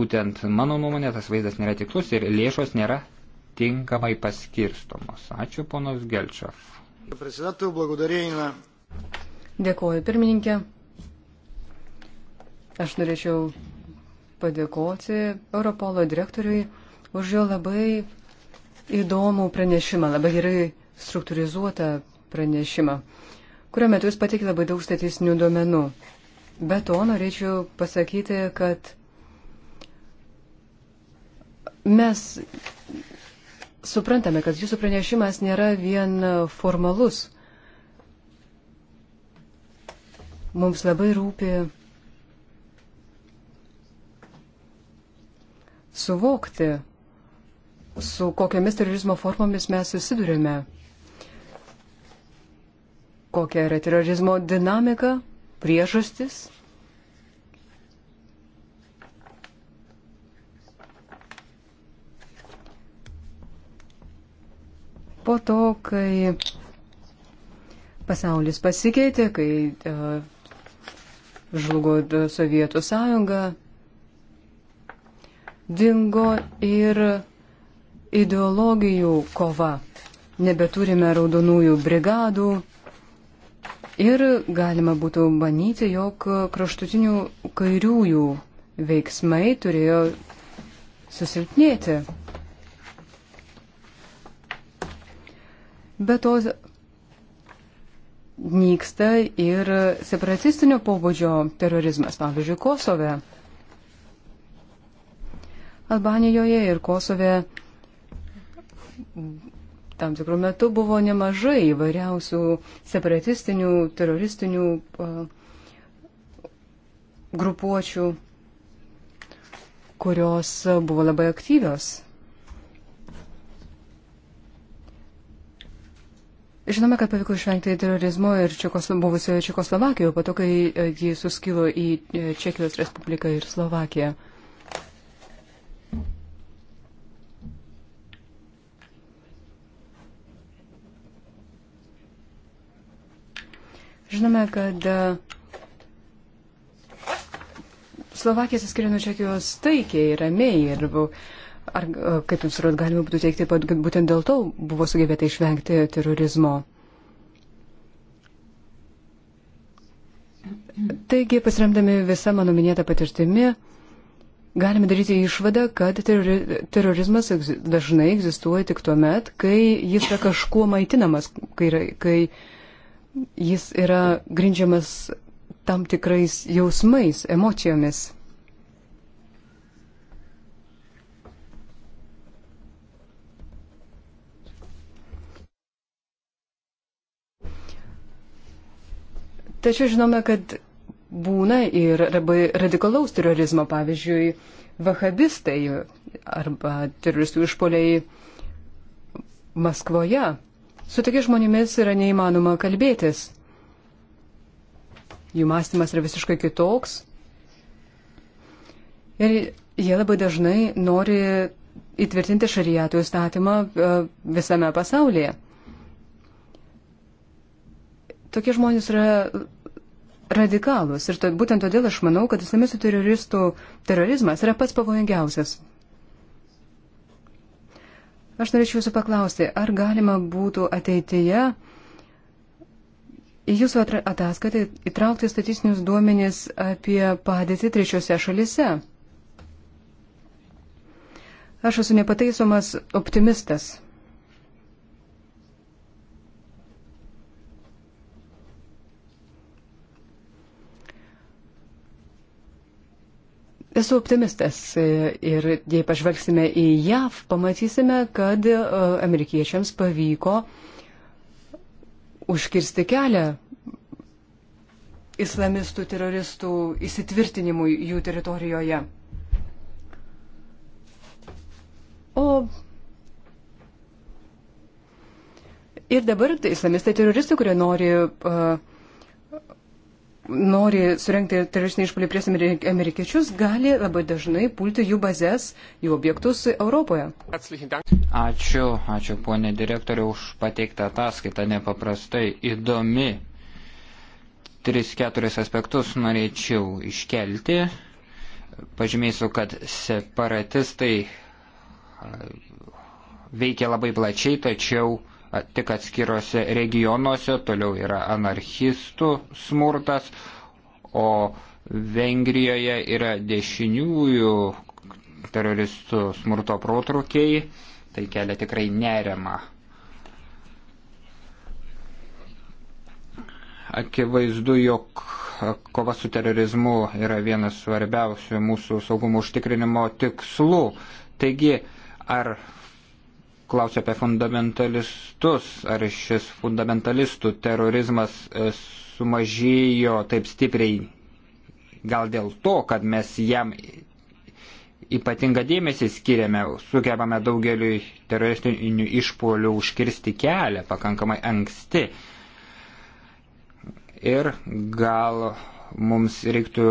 Būtent mano nuomonė tas vaizdas nėra tiklus ir lėšos nėra tinkamai paskirstomos. Ačiū ponas Gelčiov. Dėkuoju, pirmininkė. Aš norėčiau padėkoti Europolo direktoriui už jo labai įdomų pranešimą, labai gerai struktūrizuotą pranešimą, kurio metu jis pateikė labai daug statistinių duomenų. Be to norėčiau pasakyti, kad mes suprantame, kad jūsų pranešimas nėra vien formalus. Mums labai rūpi suvokti, su kokiamis terorizmo formomis mes susidurime, kokia yra terorizmo dinamika, priežastis po to, kai pasaulis pasikeitė, kai e, žlugo e, Sovietų sąjunga, dingo ir ideologijų kova. Nebeturime raudonųjų brigadų ir galima būtų manyti, jog kraštutinių kairiųjų veiksmai turėjo susilpnėti. Be to, nyksta ir separatistinio pobūdžio terorizmas, pavyzdžiui, Kosove. Albanijoje ir Kosove tam tikrų metų buvo nemažai įvairiausių separatistinių, teroristinių uh, grupuočių, kurios buvo labai aktyvios Žinome, kad pavyko išvengti terorizmo ir Čekoslo, buvusioje Čekoslovakijoje, po to, kai e, jį suskilo į e, Čekijos Respubliką ir Slovakiją. Žinome, kad e, Slovakija atsiskiria nuo Čekijos taikiai ir ramiai ir buvo Ar e, kaip jums atrodo, galima būtų teikti, kad būtent dėl to buvo sugebėta išvengti terorizmo? Taigi, pasiremdami visą mano minėtą patirtimi, galime daryti išvadą, kad terorizmas dažnai egzistuoja tik tuo met, kai jis yra kažkuo maitinamas, kai, yra, kai jis yra grindžiamas tam tikrais jausmais, emocijomis. Tačiau žinome, kad būna ir radikalaus terorizmo, pavyzdžiui, vahabistai arba teroristų išpoliai Maskvoje. Su tokiais žmonėmis yra neįmanoma kalbėtis. Jų mąstymas yra visiškai kitoks. Ir jie labai dažnai nori įtvirtinti šariatų įstatymą e, visame pasaulyje. Tokie žmonės yra radikalus. Ir to, būtent todėl aš manau, kad islamistų teroristų terorizmas yra pats pavojingiausias. Aš norėčiau jūsų paklausti, ar galima būtų ateityje į jūsų ataskaitą įtraukti statistinius duomenys apie padėtį trečiose šalise? Aš esu nepataisomas optimistas. Esu optimistas e, ir jei pažvelgsime į JAV, pamatysime, kad e, amerikiečiams pavyko užkirsti kelią islamistų teroristų įsitvirtinimui jų teritorijoje. O ir dabar tai islamistai teroristai, kurie nori uh, nori surenkti teroristinį išpolį prieš amerikiečius, gali labai dažnai pulti jų bazės, jų objektus Europoje. Ačiū, ačiū ponė direktorė už pateiktą ataskaitą, nepaprastai įdomi. 3-4 aspektus norėčiau iškelti. Pažymėsiu, kad separatistai veikia labai plačiai, tačiau uh, tik atskiruose regionuose, toliau yra anarchistų smurtas, o Vengrijoje yra dešiniųjų teroristų smurto protrukiai, tai kelia tikrai nerima. Akivaizdu, jog kova su terorizmu yra vienas svarbiausių mūsų saugumo užtikrinimo tikslų. Taigi, ar klausia apie fundamentalistus, ar šis fundamentalistų terorizmas e, sumažėjo taip stipriai gal dėl to, kad mes jam ypatingą dėmesį skiriame, sugebame daugeliu teroristinių išpolių užkirsti kelią pakankamai anksti. Ir gal mums reiktų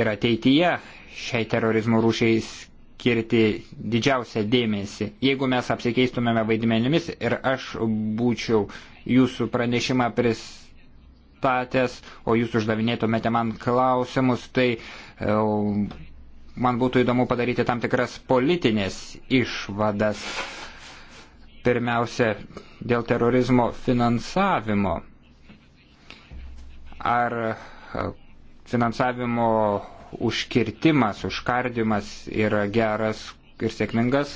ir ateityje šiai terorizmo rūšiai skirti skirti didžiausią dėmesį. Jeigu mes apsikeistumėme vaidmenimis ir aš būčiau jūsų pranešimą pristatęs, o jūs uždavinėtumėte man klausimus, tai e, man būtų įdomu padaryti tam tikras politinės išvadas. Pirmiausia, dėl terorizmo finansavimo. Ar e, finansavimo užkirtimas, užkardimas yra geras ir sėkmingas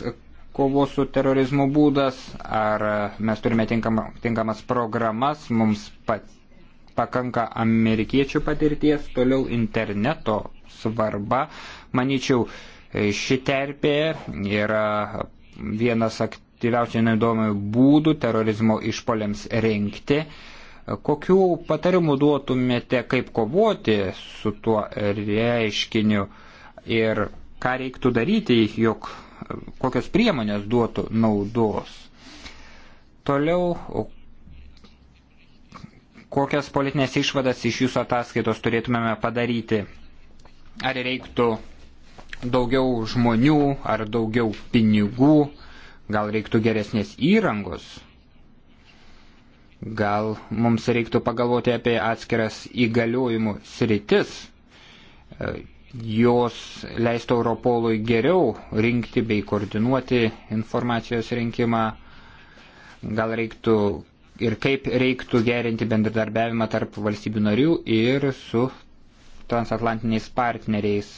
kovos su terorizmu būdas, ar mes turime tinkama, tinkamas programas, mums pat, pakanka amerikiečių patirties, toliau interneto svarba. Manyčiau, ši terpė yra vienas aktyviausiai naudojamų būdų terorizmo išpoliams rinkti. Uh, Kokių patarimų duotumėte, kaip kovoti su tuo reiškiniu ir ką reiktų daryti, jog kokios priemonės duotų naudos? Toliau, kokias politinės išvadas iš jūsų ataskaitos turėtumėme padaryti? Ar reiktų daugiau žmonių, ar daugiau pinigų, gal reiktų geresnės įrangos? Gal mums reiktų pagalvoti apie atskiras įgaliojimų sritis. E, jos leistų Europolui geriau rinkti bei koordinuoti informacijos rinkimą. Gal reiktų ir kaip reiktų gerinti bendradarbiavimą tarp valstybių narių ir su transatlantiniais partneriais.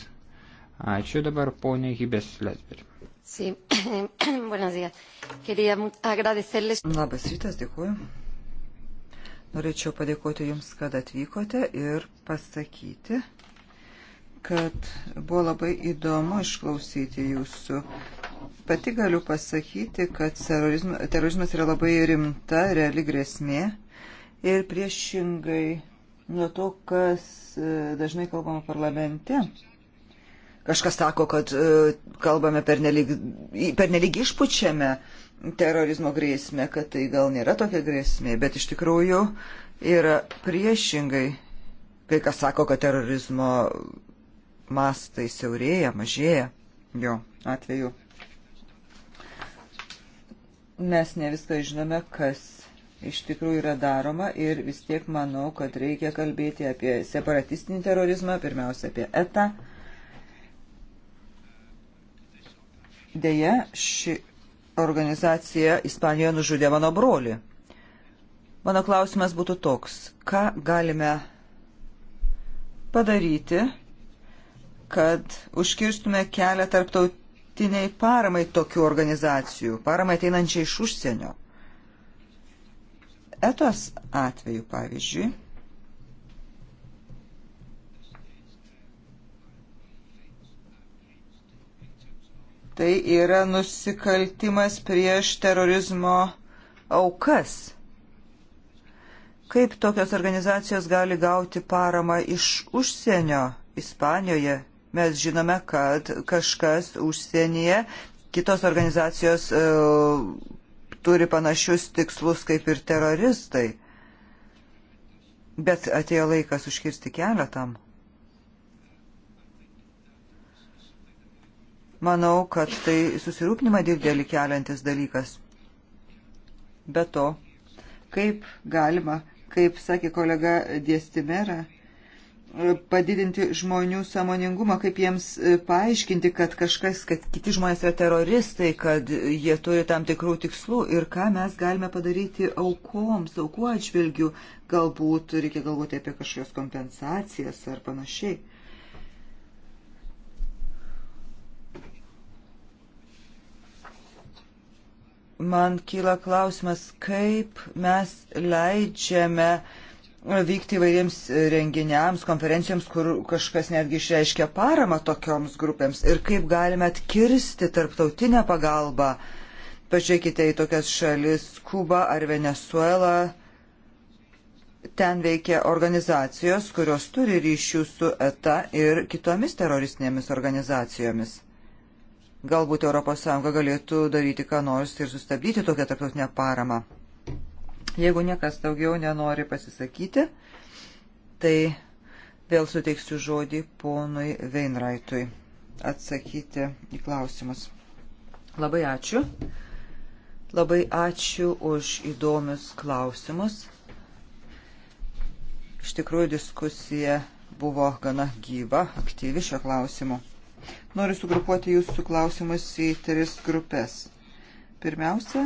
Ačiū dabar ponė Hibės Lesberi. Sí. Buenos días. Quería agradecerles. Labas rytas, dėkuoju. Norėčiau padėkoti Jums, kad atvykote ir pasakyti, kad buvo labai įdomu išklausyti Jūsų. Pati galiu pasakyti, kad terorizmas yra labai rimta, reali grėsmė ir priešingai nuo to, kas e, dažnai kalbama parlamente. Kažkas sako, kad e, kalbame per nelig, per nelig išpučiame uh, terorizmo grėsmę, kad tai gal nėra tokia grėsmė, bet iš tikrųjų yra priešingai. Kai kas sako, kad terorizmo mastai siaurėja, mažėja jo atveju. Mes ne viską žinome, kas iš tikrųjų yra daroma ir vis tiek manau, kad reikia kalbėti apie separatistinį terorizmą, pirmiausia apie ETA. Deja, ši organizacija Ispanijoje nužudė mano brolį. Mano klausimas būtų toks, ką galime padaryti, kad užkirstume kelią tarptautiniai paramai tokių organizacijų, paramai ateinančiai iš užsienio. Etos atveju, pavyzdžiui, tai yra nusikaltimas prieš terorizmo aukas. Kaip tokios organizacijos gali gauti paramą iš užsienio Ispanijoje? Mes žinome, kad kažkas užsienyje, kitos organizacijos e, turi panašius tikslus kaip ir teroristai. Bet atėjo laikas užkirsti kelią tam. Manau, kad tai susirūpnimą didelį keliantis dalykas. Be to, kaip galima, kaip sakė kolega Diestimera, padidinti žmonių samoningumą, kaip jiems paaiškinti, kad kažkas, kad kiti žmonės yra teroristai, kad jie turi tam tikrų tikslų ir ką mes galime padaryti aukoms, aukų atžvilgių, galbūt reikia galvoti apie kažkokias kompensacijas ar panašiai. man kyla klausimas, kaip mes leidžiame vykti įvairiems renginiams, konferencijoms, kur kažkas netgi išreiškia paramą tokioms grupėms ir kaip galime atkirsti tarptautinę pagalbą. Pažiūrėkite į tokias šalis - Kuba ar Venezuela. Ten veikia organizacijos, kurios turi ryšių su ETA ir kitomis teroristinėmis organizacijomis. Galbūt ES galėtų daryti ką nors ir sustabdyti tokią tarptautinę paramą. Jeigu niekas daugiau nenori pasisakyti, tai vėl suteiksiu žodį ponui Veinraitui atsakyti į klausimus. Labai ačiū. Labai ačiū už įdomius klausimus. Iš tikrųjų diskusija buvo gana gyva, aktyvi šio klausimu. Noriu sugrupuoti jūsų klausimus į tris grupės. Pirmiausia,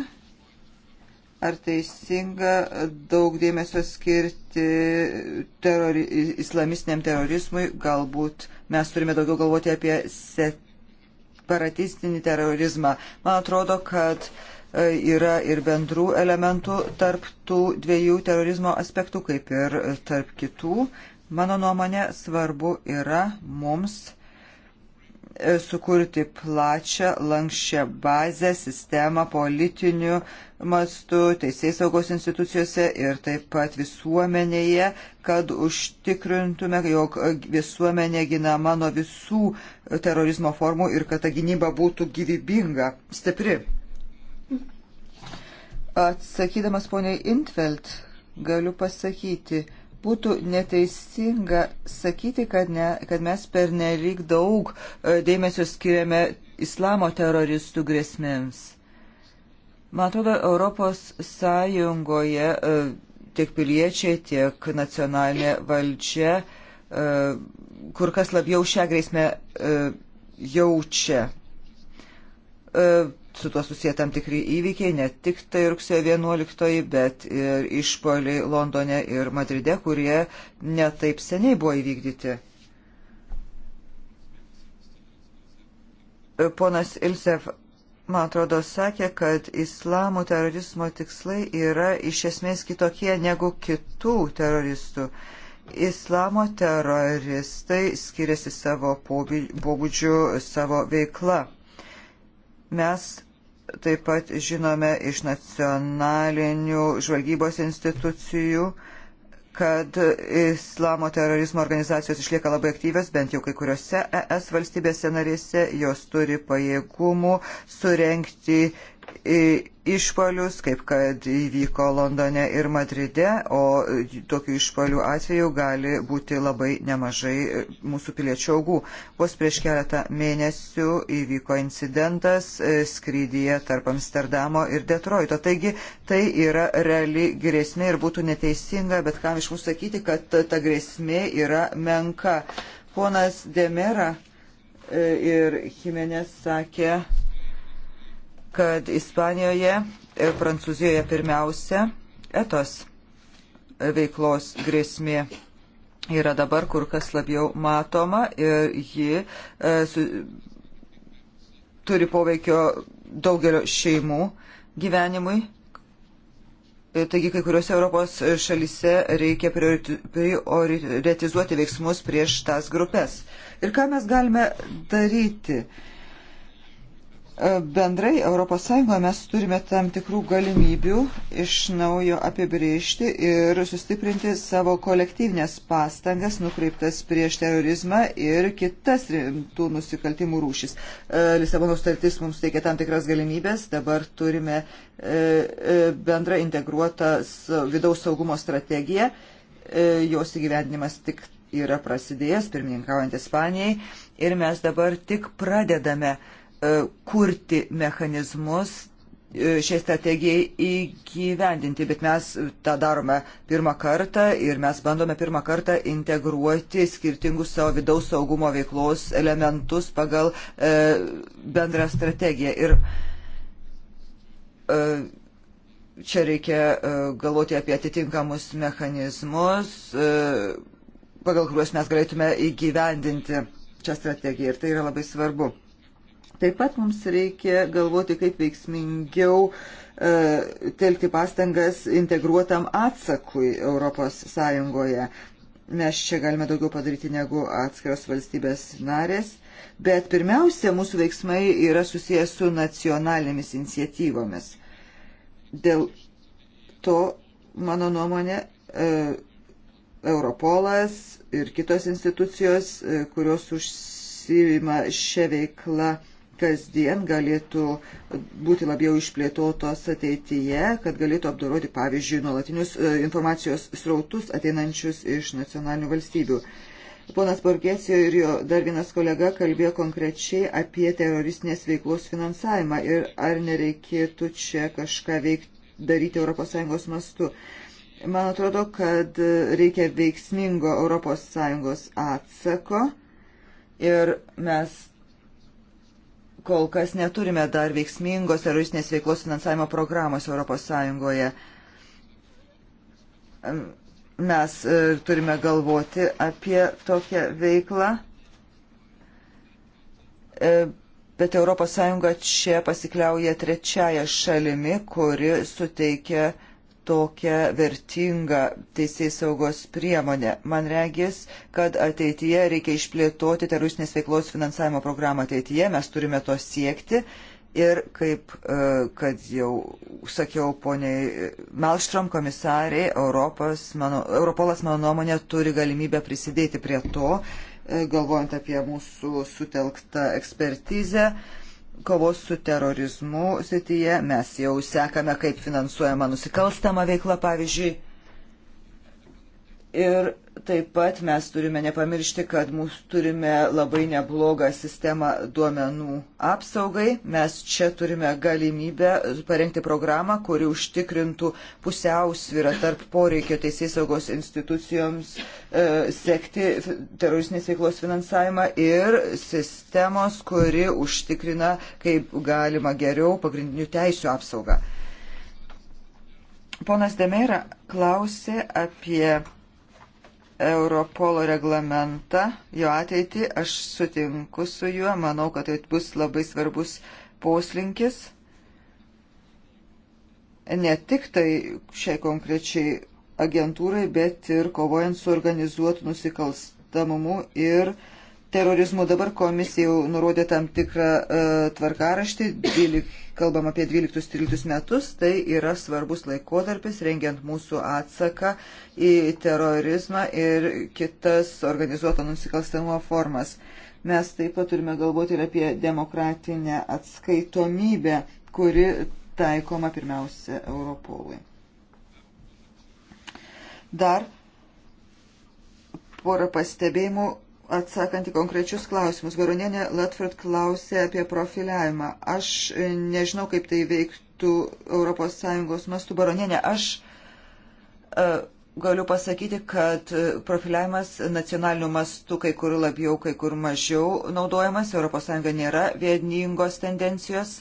ar teisinga daug dėmesio skirti terori, islamistiniam terorizmui, galbūt mes turime daugiau galvoti apie separatistinį terorizmą. Man atrodo, kad e, yra ir bendrų elementų tarp tų dviejų terorizmo aspektų, kaip ir tarp kitų. Mano nuomonė svarbu yra mums E, sukurti plačią, lankščią bazę, sistemą politinių mastų, teisės saugos institucijose ir taip pat visuomenėje, kad užtikrintume, jog visuomenė ginama nuo visų terorizmo formų ir kad ta gynyba būtų gyvybinga, stipri. Atsakydamas poniai Intfeld, galiu pasakyti, Būtų neteisinga sakyti, kad, ne, kad mes per nelik daug e, dėmesio skiriame islamo teroristų grėsmėms. Man atrodo, Europos Sąjungoje e, tiek piliečiai, tiek nacionalinė valdžia e, kur kas labiau šią grėsmę jaučia su tuo susiję tam tikri įvykiai, ne tik tai rugsėjo 11-oji, bet ir išpoliai Londone ir Madride, kurie netaip seniai buvo įvykdyti. Ponas Ilsev, man atrodo, sakė, kad islamo terorizmo tikslai yra iš esmės kitokie negu kitų teroristų. Islamo teroristai skiriasi savo pobūdžiu, savo veikla mes taip pat žinome iš nacionalinių žvalgybos institucijų, kad islamo terorizmo organizacijos išlieka labai aktyvios, bent jau kai kuriuose ES valstybėse narėse, jos turi pajėgumų surenkti išpolius, kaip kad įvyko Londone ir Madride, o tokių išpolių atveju gali būti labai nemažai mūsų piliečių augų. Vos prieš keletą mėnesių įvyko incidentas e, skrydyje tarp Amsterdamo ir Detroito. Taigi tai yra reali grėsmė ir būtų neteisinga, bet kam iš mūsų sakyti, kad ta grėsmė yra menka. Ponas Demera e, ir Jimenez sakė, kad Ispanijoje ir e, Prancūzijoje pirmiausia etos veiklos grėsmė yra dabar kur kas labiau matoma ir ji e, su, turi poveikio daugelio šeimų gyvenimui. E, taigi, kai kuriuose Europos šalyse reikia prioritizuoti veiksmus prieš tas grupės. Ir ką mes galime daryti? E, E, bendrai ES mes turime tam tikrų galimybių iš naujo apibriežti ir sustiprinti savo kolektyvinės pastangas nukreiptas prieš terorizmą ir kitas rimtų nusikaltimų rūšis. E, Lisabono sutartis mums teikia tam tikras galimybės, dabar turime e, bendrą integruotą vidaus saugumo strategiją, jos įgyvendinimas tik yra prasidėjęs, pirmininkaujant Ispanijai, ir mes dabar tik pradedame uh, E, kurti mechanizmus e, šiai strategijai įgyvendinti, bet mes tą darome pirmą kartą ir mes bandome pirmą kartą integruoti skirtingus savo vidaus saugumo veiklos elementus pagal e, bendrą strategiją. Ir e, čia reikia e, galvoti apie atitinkamus mechanizmus, e, pagal kuriuos mes galėtume įgyvendinti šią strategiją ir tai yra labai svarbu. Taip pat mums reikia galvoti, kaip veiksmingiau e, telkti pastangas integruotam atsakui ES. Mes čia galime daugiau padaryti negu atskiros valstybės narės, bet pirmiausia, mūsų veiksmai yra susijęs su nacionalinėmis iniciatyvomis. Dėl to, mano nuomonė, e, Europolas ir kitos institucijos, e, kurios užsima šią veiklą, e, kasdien galėtų būti labiau išplėtotos ateityje, kad galėtų apdoroti, pavyzdžiui, nuolatinius e, informacijos srautus ateinančius iš nacionalinių valstybių. Ponas Borgesijo ir jo dar vienas kolega kalbėjo konkrečiai apie teroristinės veiklos finansavimą ir ar nereikėtų čia kažką veikti, daryti ES mastu. Man atrodo, kad reikia veiksmingo ES atsako ir mes kol kas neturime dar veiksmingos teroristinės veiklos finansavimo programos ES. Mes e, turime galvoti apie tokią veiklą, e, bet ES čia pasikliauja trečiaja šalimi, kuri suteikia tokią vertingą teisės saugos priemonę. Man regis, kad ateityje reikia išplėtoti teroristinės veiklos finansavimo programą ateityje, mes turime to siekti. Ir kaip, e, kad jau sakiau poniai Melštrom komisariai, Europos, mano, Europolas, mano nuomonė, turi galimybę prisidėti prie to, e, galvojant apie mūsų sutelktą ekspertizę. Uh, kovos su terorizmu srityje. Mes jau sekame, kaip finansuojama nusikalstama veikla, pavyzdžiui. Ir taip pat mes turime nepamiršti, kad mūsų turime labai neblogą sistemą duomenų apsaugai. Mes čia turime galimybę parengti programą, kuri užtikrintų pusiausvyrą tarp poreikio teisės saugos institucijoms e, sekti teroristinės veiklos finansavimą ir sistemos, kuri užtikrina kaip galima geriau pagrindinių teisų apsaugą. Ponas Demera klausė apie Europolo reglamentą, jo ateitį, aš sutinku su juo, manau, kad tai bus labai svarbus poslinkis ne tik tai šiai konkrečiai agentūrai, bet ir kovojant su organizuotu nusikalstamumu ir terorizmu. Dabar komisija jau nurodė tam tikrą uh, tvarkaraštį, 12 kalbam apie 12-13 metus, tai yra svarbus laikotarpis rengiant mūsų atsaką į terorizmą ir kitas organizuoto nusikalstamumo formas. Mes taip pat turime galvoti ir apie demokratinę atskaitomybę, kuri taikoma pirmiausia Europolui. Dar porą pastebėjimų Atsakant į konkrečius klausimus, Goronienė Latford klausė apie profiliavimą. Aš e, nežinau, kaip tai veiktų ES mastų. Baronienė, aš uh, galiu pasakyti, kad e, profiliavimas nacionaliniu mastu kai kur labiau, kai kur mažiau naudojamas. ES nėra vieningos tendencijos.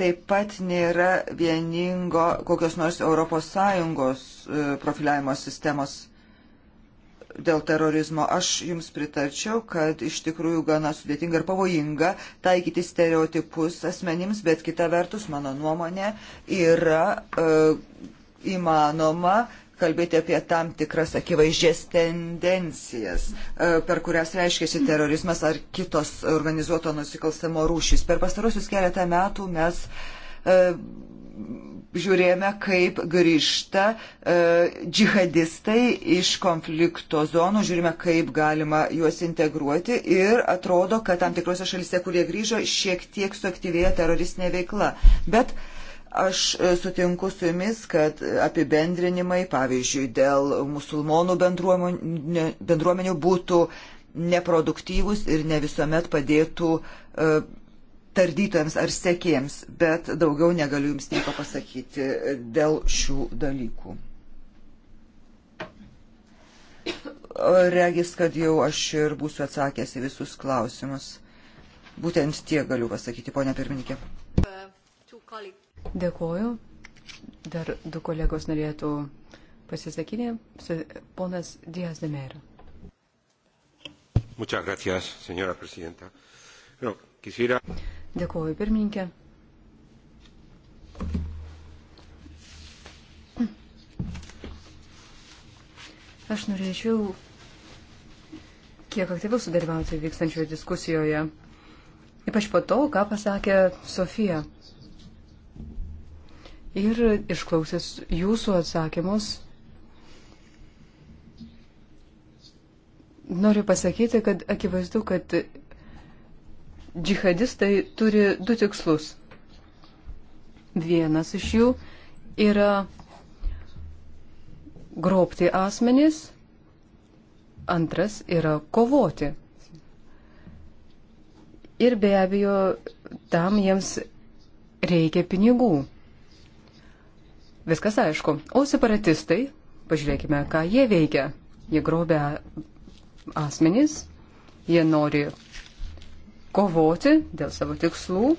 Taip pat nėra vieningo kokios nors ES profiliavimo sistemos dėl terorizmo. Aš jums pritarčiau, kad iš tikrųjų gana sudėtinga ir pavojinga taikyti stereotipus asmenims, bet kita vertus, mano nuomonė, yra e, įmanoma kalbėti apie tam tikras akivaizdžias tendencijas, e, per kurias reiškiasi terorizmas ar kitos organizuoto nusikalstamo rūšys. Per pastarosius keletą metų mes e, žiūrėjome, kaip grįžta e, džihadistai iš konflikto zonų, žiūrime, kaip galima juos integruoti ir atrodo, kad tam tikrose šalise, kurie grįžo, šiek tiek suaktyvėja teroristinė veikla. Bet aš e, sutinku su jumis, kad apibendrinimai, pavyzdžiui, dėl musulmonų bendruomenių, bendruomenių būtų neproduktyvus ir ne visuomet padėtų e, tardytojams ar sekėjams, bet daugiau negaliu jums nieko pasakyti dėl šių dalykų. Regis, kad jau aš ir būsiu atsakęs į visus klausimus. Būtent tie galiu pasakyti, ponia pirmininkė. Dėkuoju. Dar du kolegos norėtų pasisakyti. Ponas Dijas Demera. Muchas gracias, señora presidenta. No, quisiera... Dėkuoju, pirmininkė. Aš norėčiau kiek aktyviau sudalyvauti vykstančioje diskusijoje. Ypač po to, ką pasakė Sofija. Ir išklausęs jūsų atsakymus, noriu pasakyti, kad akivaizdu, kad džihadistai turi du tikslus. Vienas iš jų yra grobti asmenys, antras yra kovoti. Ir be abejo, tam jiems reikia pinigų. Viskas aišku. O separatistai, pažiūrėkime, ką jie veikia. Jie grobia asmenys, jie nori kovoti dėl savo tikslų.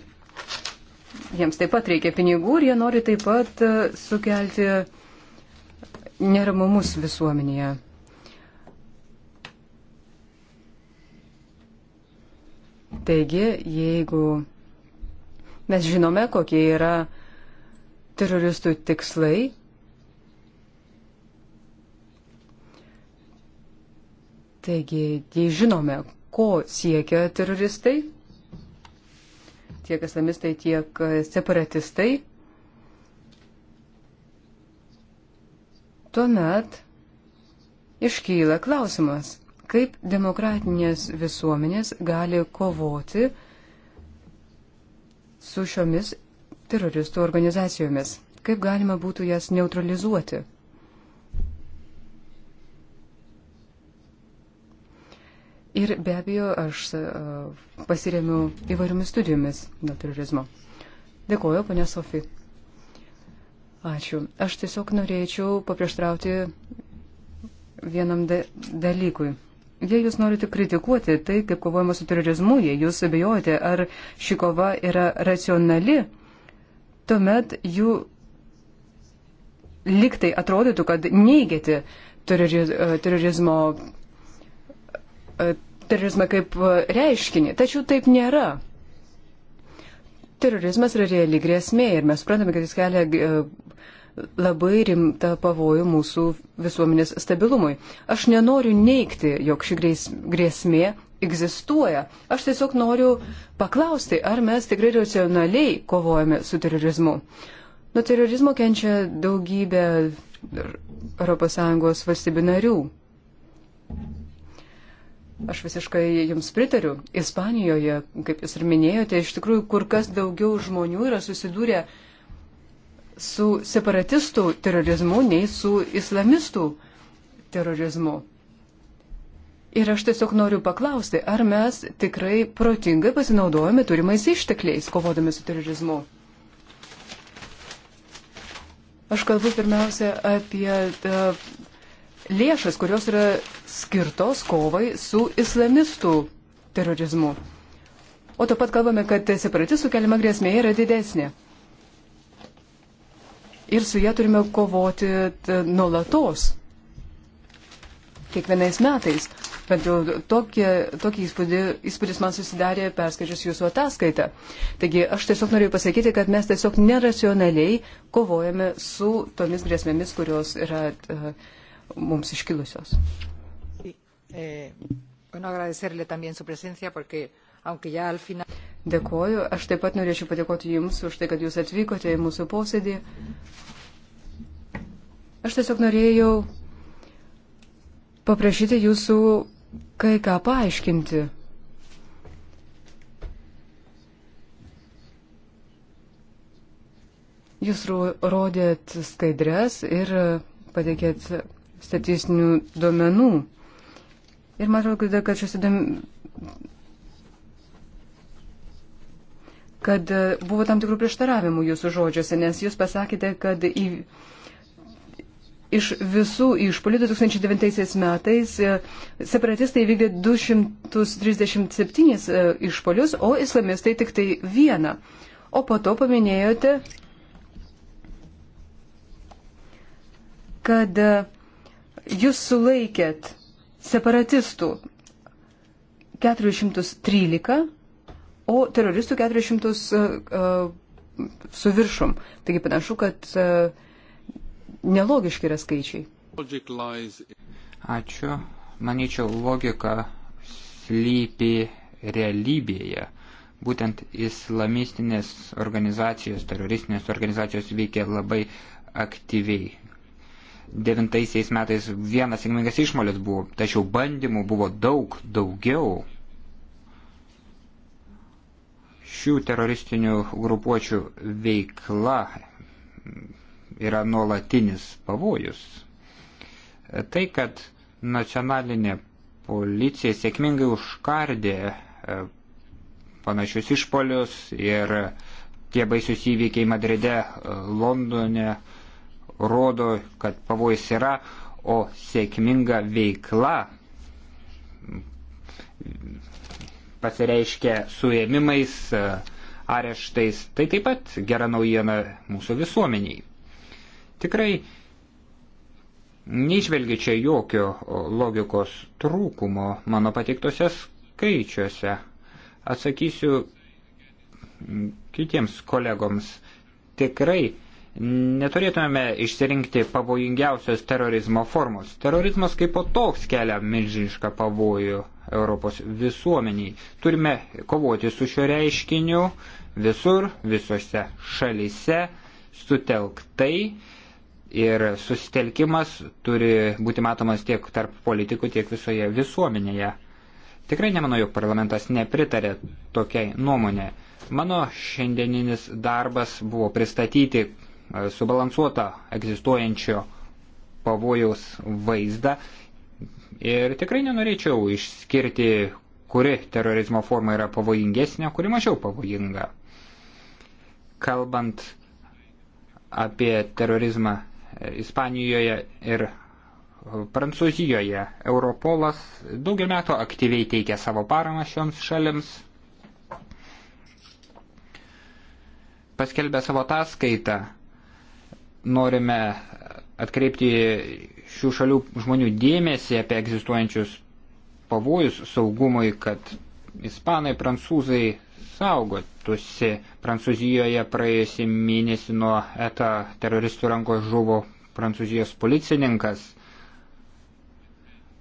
Jiems taip pat reikia pinigų ir jie nori taip pat e, sukelti neramumus visuomenėje. Taigi, jeigu mes žinome, kokie yra teroristų tikslai, taigi, jei žinome, ko siekia teroristai, tiek islamistai, tiek separatistai, tuomet iškyla klausimas, kaip demokratinės visuomenės gali kovoti su šiomis teroristų organizacijomis, kaip galima būtų jas neutralizuoti. Ir be abejo, aš e, pasiremiu įvairiomis studijomis dėl terorizmo. Dėkuoju, ponia Sofija. Ačiū. Aš tiesiog norėčiau paprieštrauti vienam da dalykui. Jei jūs norite kritikuoti tai, kaip kovojama su terorizmu, jei jūs abejojate, ar ši kova yra racionali, tuomet jų liktai atrodytų, kad neigiate teroriz e, terorizmo E, terorizmą kaip e, reiškinį. Tačiau taip nėra. Terorizmas yra reali grėsmė ir mes suprantame, kad jis kelia e, labai rimtą pavojų mūsų visuomenės stabilumui. Aš nenoriu neikti, jog ši grėsmė egzistuoja. Aš tiesiog noriu paklausti, ar mes tikrai racionaliai kovojame su terorizmu. Nuo terorizmo kenčia daugybė ES valstybių narių. Aš visiškai jums pritariu. Ispanijoje, kaip jūs ir minėjote, iš tikrųjų kur kas daugiau žmonių yra susidūrę su separatistų terorizmu nei su islamistų terorizmu. Ir aš tiesiog noriu paklausti, ar mes tikrai protingai pasinaudojame turimais ištekliais, kovodami su terorizmu. Aš kalbu pirmiausia apie e, lėšas, kurios yra skirtos kovai su islamistų terorizmu. O taip pat kalbame, kad separatistų keliama grėsmė yra didesnė. Ir su jie turime kovoti nuolatos. Kiekvienais metais. Bent jau tokie, tokį įspūdį, įspūdis man susidarė perskaičius jūsų ataskaitą. Taigi aš tiesiog noriu pasakyti, kad mes tiesiog neracionaliai kovojame su tomis grėsmėmis, kurios yra. Uh, mums iškilusios. Eh, Dėkoju. Aš taip pat norėčiau padėkoti Jums už tai, kad Jūs atvykote į mūsų posėdį. Aš tiesiog norėjau paprašyti Jūsų kai ką paaiškinti. Jūs rodėt skaidrės ir pateikėt statistinių duomenų. Ir man atrodo, kad šios duomenų kad e, buvo tam tikrų prieštaravimų jūsų žodžiuose, nes jūs pasakėte, kad į, iš visų išpolių 2009 metais e, separatistai vykdė 237 e, išpolius, o islamistai tik tai vieną. O po to paminėjote, kad jūs sulaikėt separatistų 413, o teroristų 400 uh, e, e, su viršum. Taigi panašu, kad uh, nelogiški yra skaičiai. Ačiū. Manyčiau, logika slypi realybėje. Būtent islamistinės organizacijos, teroristinės organizacijos veikia labai aktyviai 2009 metais vienas sėkmingas išmolis buvo, tačiau bandymų buvo daug daugiau. Šių teroristinių grupuočių veikla yra nuolatinis pavojus. Tai, kad nacionalinė policija sėkmingai užkardė e, panašius išpolius ir tie baisius įvykiai Madride, e, Londone, rodo, kad pavojus yra, o sėkminga veikla pasireiškia suėmimais, areštais. Tai taip pat gera naujiena mūsų visuomeniai. Tikrai neižvelgiu čia jokio logikos trūkumo mano pateiktose skaičiuose. Atsakysiu kitiems kolegoms. Tikrai Neturėtumėme išsirinkti pavojingiausios terorizmo formos. Terorizmas kaip po toks kelia milžinišką pavojų Europos visuomeniai. Turime kovoti su šiuo reiškiniu visur, visose šalise, sutelktai ir susitelkimas turi būti matomas tiek tarp politikų, tiek visoje visuomenėje. Tikrai nemanau, jog parlamentas nepritarė tokiai nuomonė. Mano šiandieninis darbas buvo pristatyti E, subalansuotą egzistuojančio pavojaus vaizdą. Ir tikrai nenorėčiau išskirti, kuri terorizmo forma yra pavojingesnė, kuri mažiau pavojinga. Kalbant apie terorizmą Ispanijoje ir Prancūzijoje, Europolas daugiau metų aktyviai teikia savo paramą šioms šalims. Paskelbė savo ataskaitą norime atkreipti šių šalių žmonių dėmesį apie egzistuojančius pavojus saugumui, kad ispanai, prancūzai saugotųsi. Prancūzijoje praėjusį mėnesį nuo ETA teroristų rankos žuvo prancūzijos policininkas.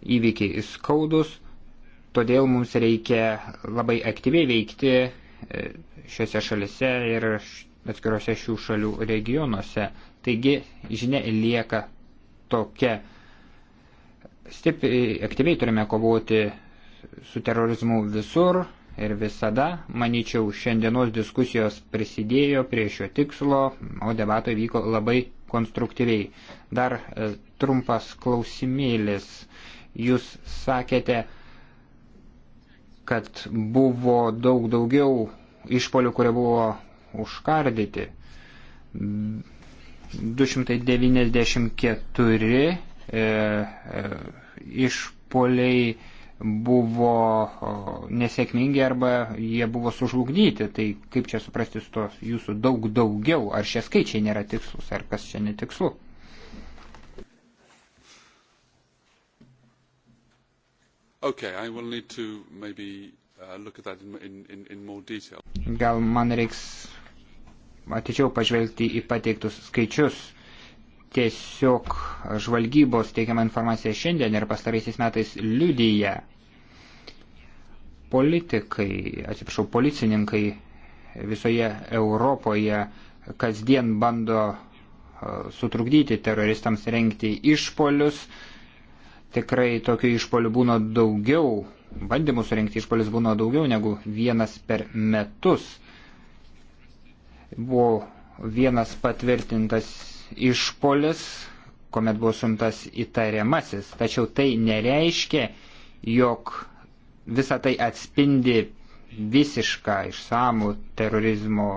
Įvykiai įskaudus, todėl mums reikia labai aktyviai veikti e, šiuose šalise ir atskiruose šių šalių regionuose. Taigi žinia lieka tokia. Stipriai, aktyviai turime kovoti su terorizmu visur ir visada. Manyčiau, šiandienos diskusijos prisidėjo prie šio tikslo, o debatai vyko labai konstruktyviai. Dar e, trumpas klausimėlis. Jūs sakėte, kad buvo daug daugiau išpolių, kurie buvo užkardyti. 294 e, e, išpoliai buvo nesėkmingi arba jie buvo sužlugdyti. Tai kaip čia suprasti su to jūsų daug daugiau? Ar šie skaičiai nėra tikslus, ar kas čia netikslu? Okay, I will need to maybe uh, look at that in, in, in more detail. Gal man reiks atidžiau pažvelgti į pateiktus skaičius. Tiesiog žvalgybos teikiama informacija šiandien ir pastaraisiais metais liudyje. Politikai, atsiprašau, policininkai visoje Europoje kasdien bando e, sutrukdyti teroristams rengti išpolius. Tikrai tokių išpolių būna daugiau, bandymų surenkti išpolius būna daugiau negu vienas per metus. Buvo vienas patvirtintas išpolis, kuomet buvo sumtas įtariamasis. Tačiau tai nereiškia, jog visa tai atspindi visišką išsamų terorizmo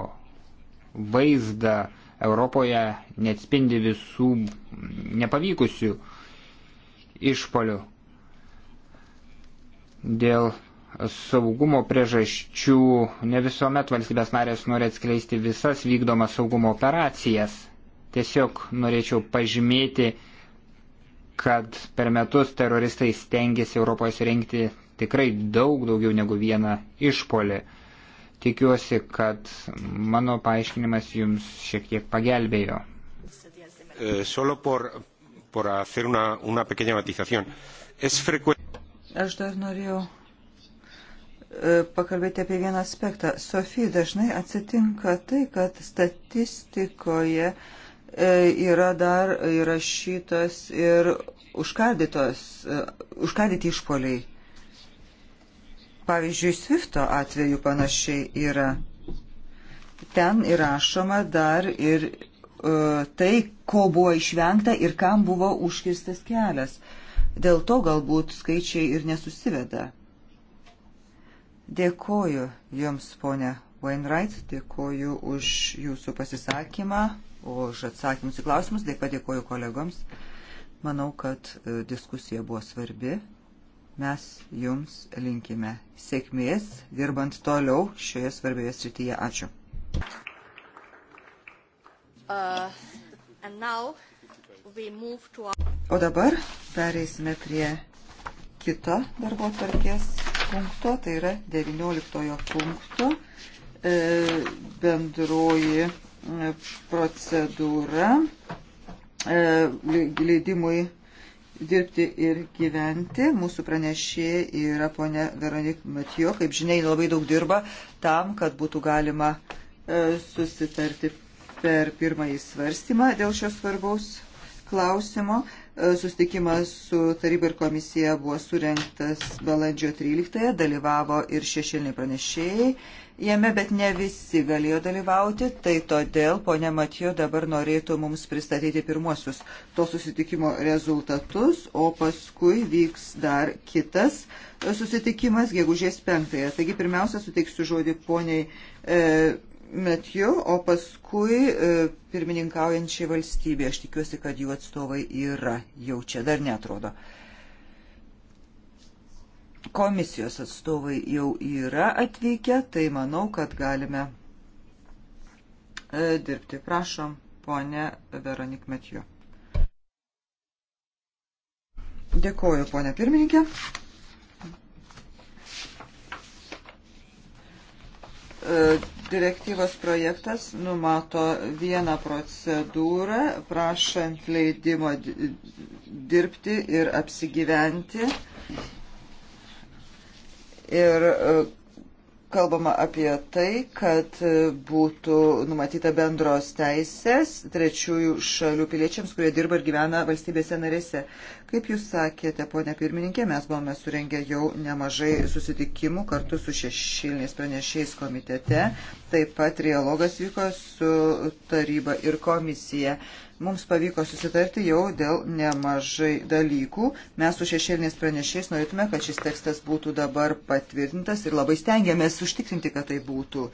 vaizdą Europoje, neatspindi visų nepavykusių išpolių. Dėl saugumo priežasčių ne visuomet valstybės narės nori atskleisti visas vykdomas saugumo operacijas. Tiesiog norėčiau pažymėti, kad per metus teroristai stengiasi Europoje surinkti tikrai daug daugiau negu vieną išpolį. Tikiuosi, kad mano paaiškinimas jums šiek tiek pagelbėjo. Eh, Aš dar norėjau E, pakalbėti apie vieną aspektą. Sofija dažnai atsitinka tai, kad statistikoje e, yra dar įrašytos ir užkardytos, e, užkardyti išpoliai. Pavyzdžiui, Swifto atveju panašiai yra. Ten įrašoma dar ir tai, ko buvo išvengta ir kam buvo užkirstas kelias. Dėl to galbūt skaičiai ir nesusiveda. Dėkoju Jums, ponė Wainwright, dėkoju už Jūsų pasisakymą, už atsakymus į klausimus, taip pat dėkoju kolegoms. Manau, kad e, diskusija buvo svarbi. Mes Jums linkime sėkmės, dirbant toliau šioje svarbioje srityje. Ačiū. Uh, to... O dabar pereisime prie kito darbo tarkės punkto, tai yra 19 punkto e, bendroji e, procedūra e, leidimui dirbti ir gyventi. Mūsų pranešė yra ponė Veronik Matijo, kaip žiniai, labai daug dirba tam, kad būtų galima susitarti per pirmąjį svarstymą dėl šios svarbaus klausimo. E, Sustikimas su taryba ir komisija buvo surinktas balandžio 13-ąją, dalyvavo ir šešėliniai pranešėjai jame, bet ne visi galėjo dalyvauti, tai todėl ponė Matijo dabar norėtų mums pristatyti pirmuosius to susitikimo rezultatus, o paskui vyks dar kitas e, susitikimas gegužės penktąją. Taigi pirmiausia suteiksiu žodį poniai e, Metju, o paskui e, pirmininkaujančiai valstybė. Aš tikiuosi, kad jų atstovai yra jau čia, dar netrodo. Komisijos atstovai jau yra atvykę, tai manau, kad galime e, dirbti. Prašom, ponė Veronik Metju. Dėkoju, ponė pirmininkė. E, direktyvos projektas numato vieną procedūrą, prašant leidimo dirbti ir apsigyventi. Ir e, kalbama apie tai, kad būtų numatyta bendros teisės trečiųjų šalių piliečiams, kurie dirba ir gyvena valstybėse narėse. Kaip jūs sakėte, ponė pirmininkė, mes buvome surengę jau nemažai susitikimų kartu su šešiliniais pranešėjais komitete. Taip pat trialogas vyko su taryba ir komisija. Uh, mums pavyko susitarti jau dėl nemažai dalykų. Mes su šešėliniais pranešiais norėtume, kad šis tekstas būtų dabar patvirtintas ir labai stengiamės užtikrinti, kad tai būtų.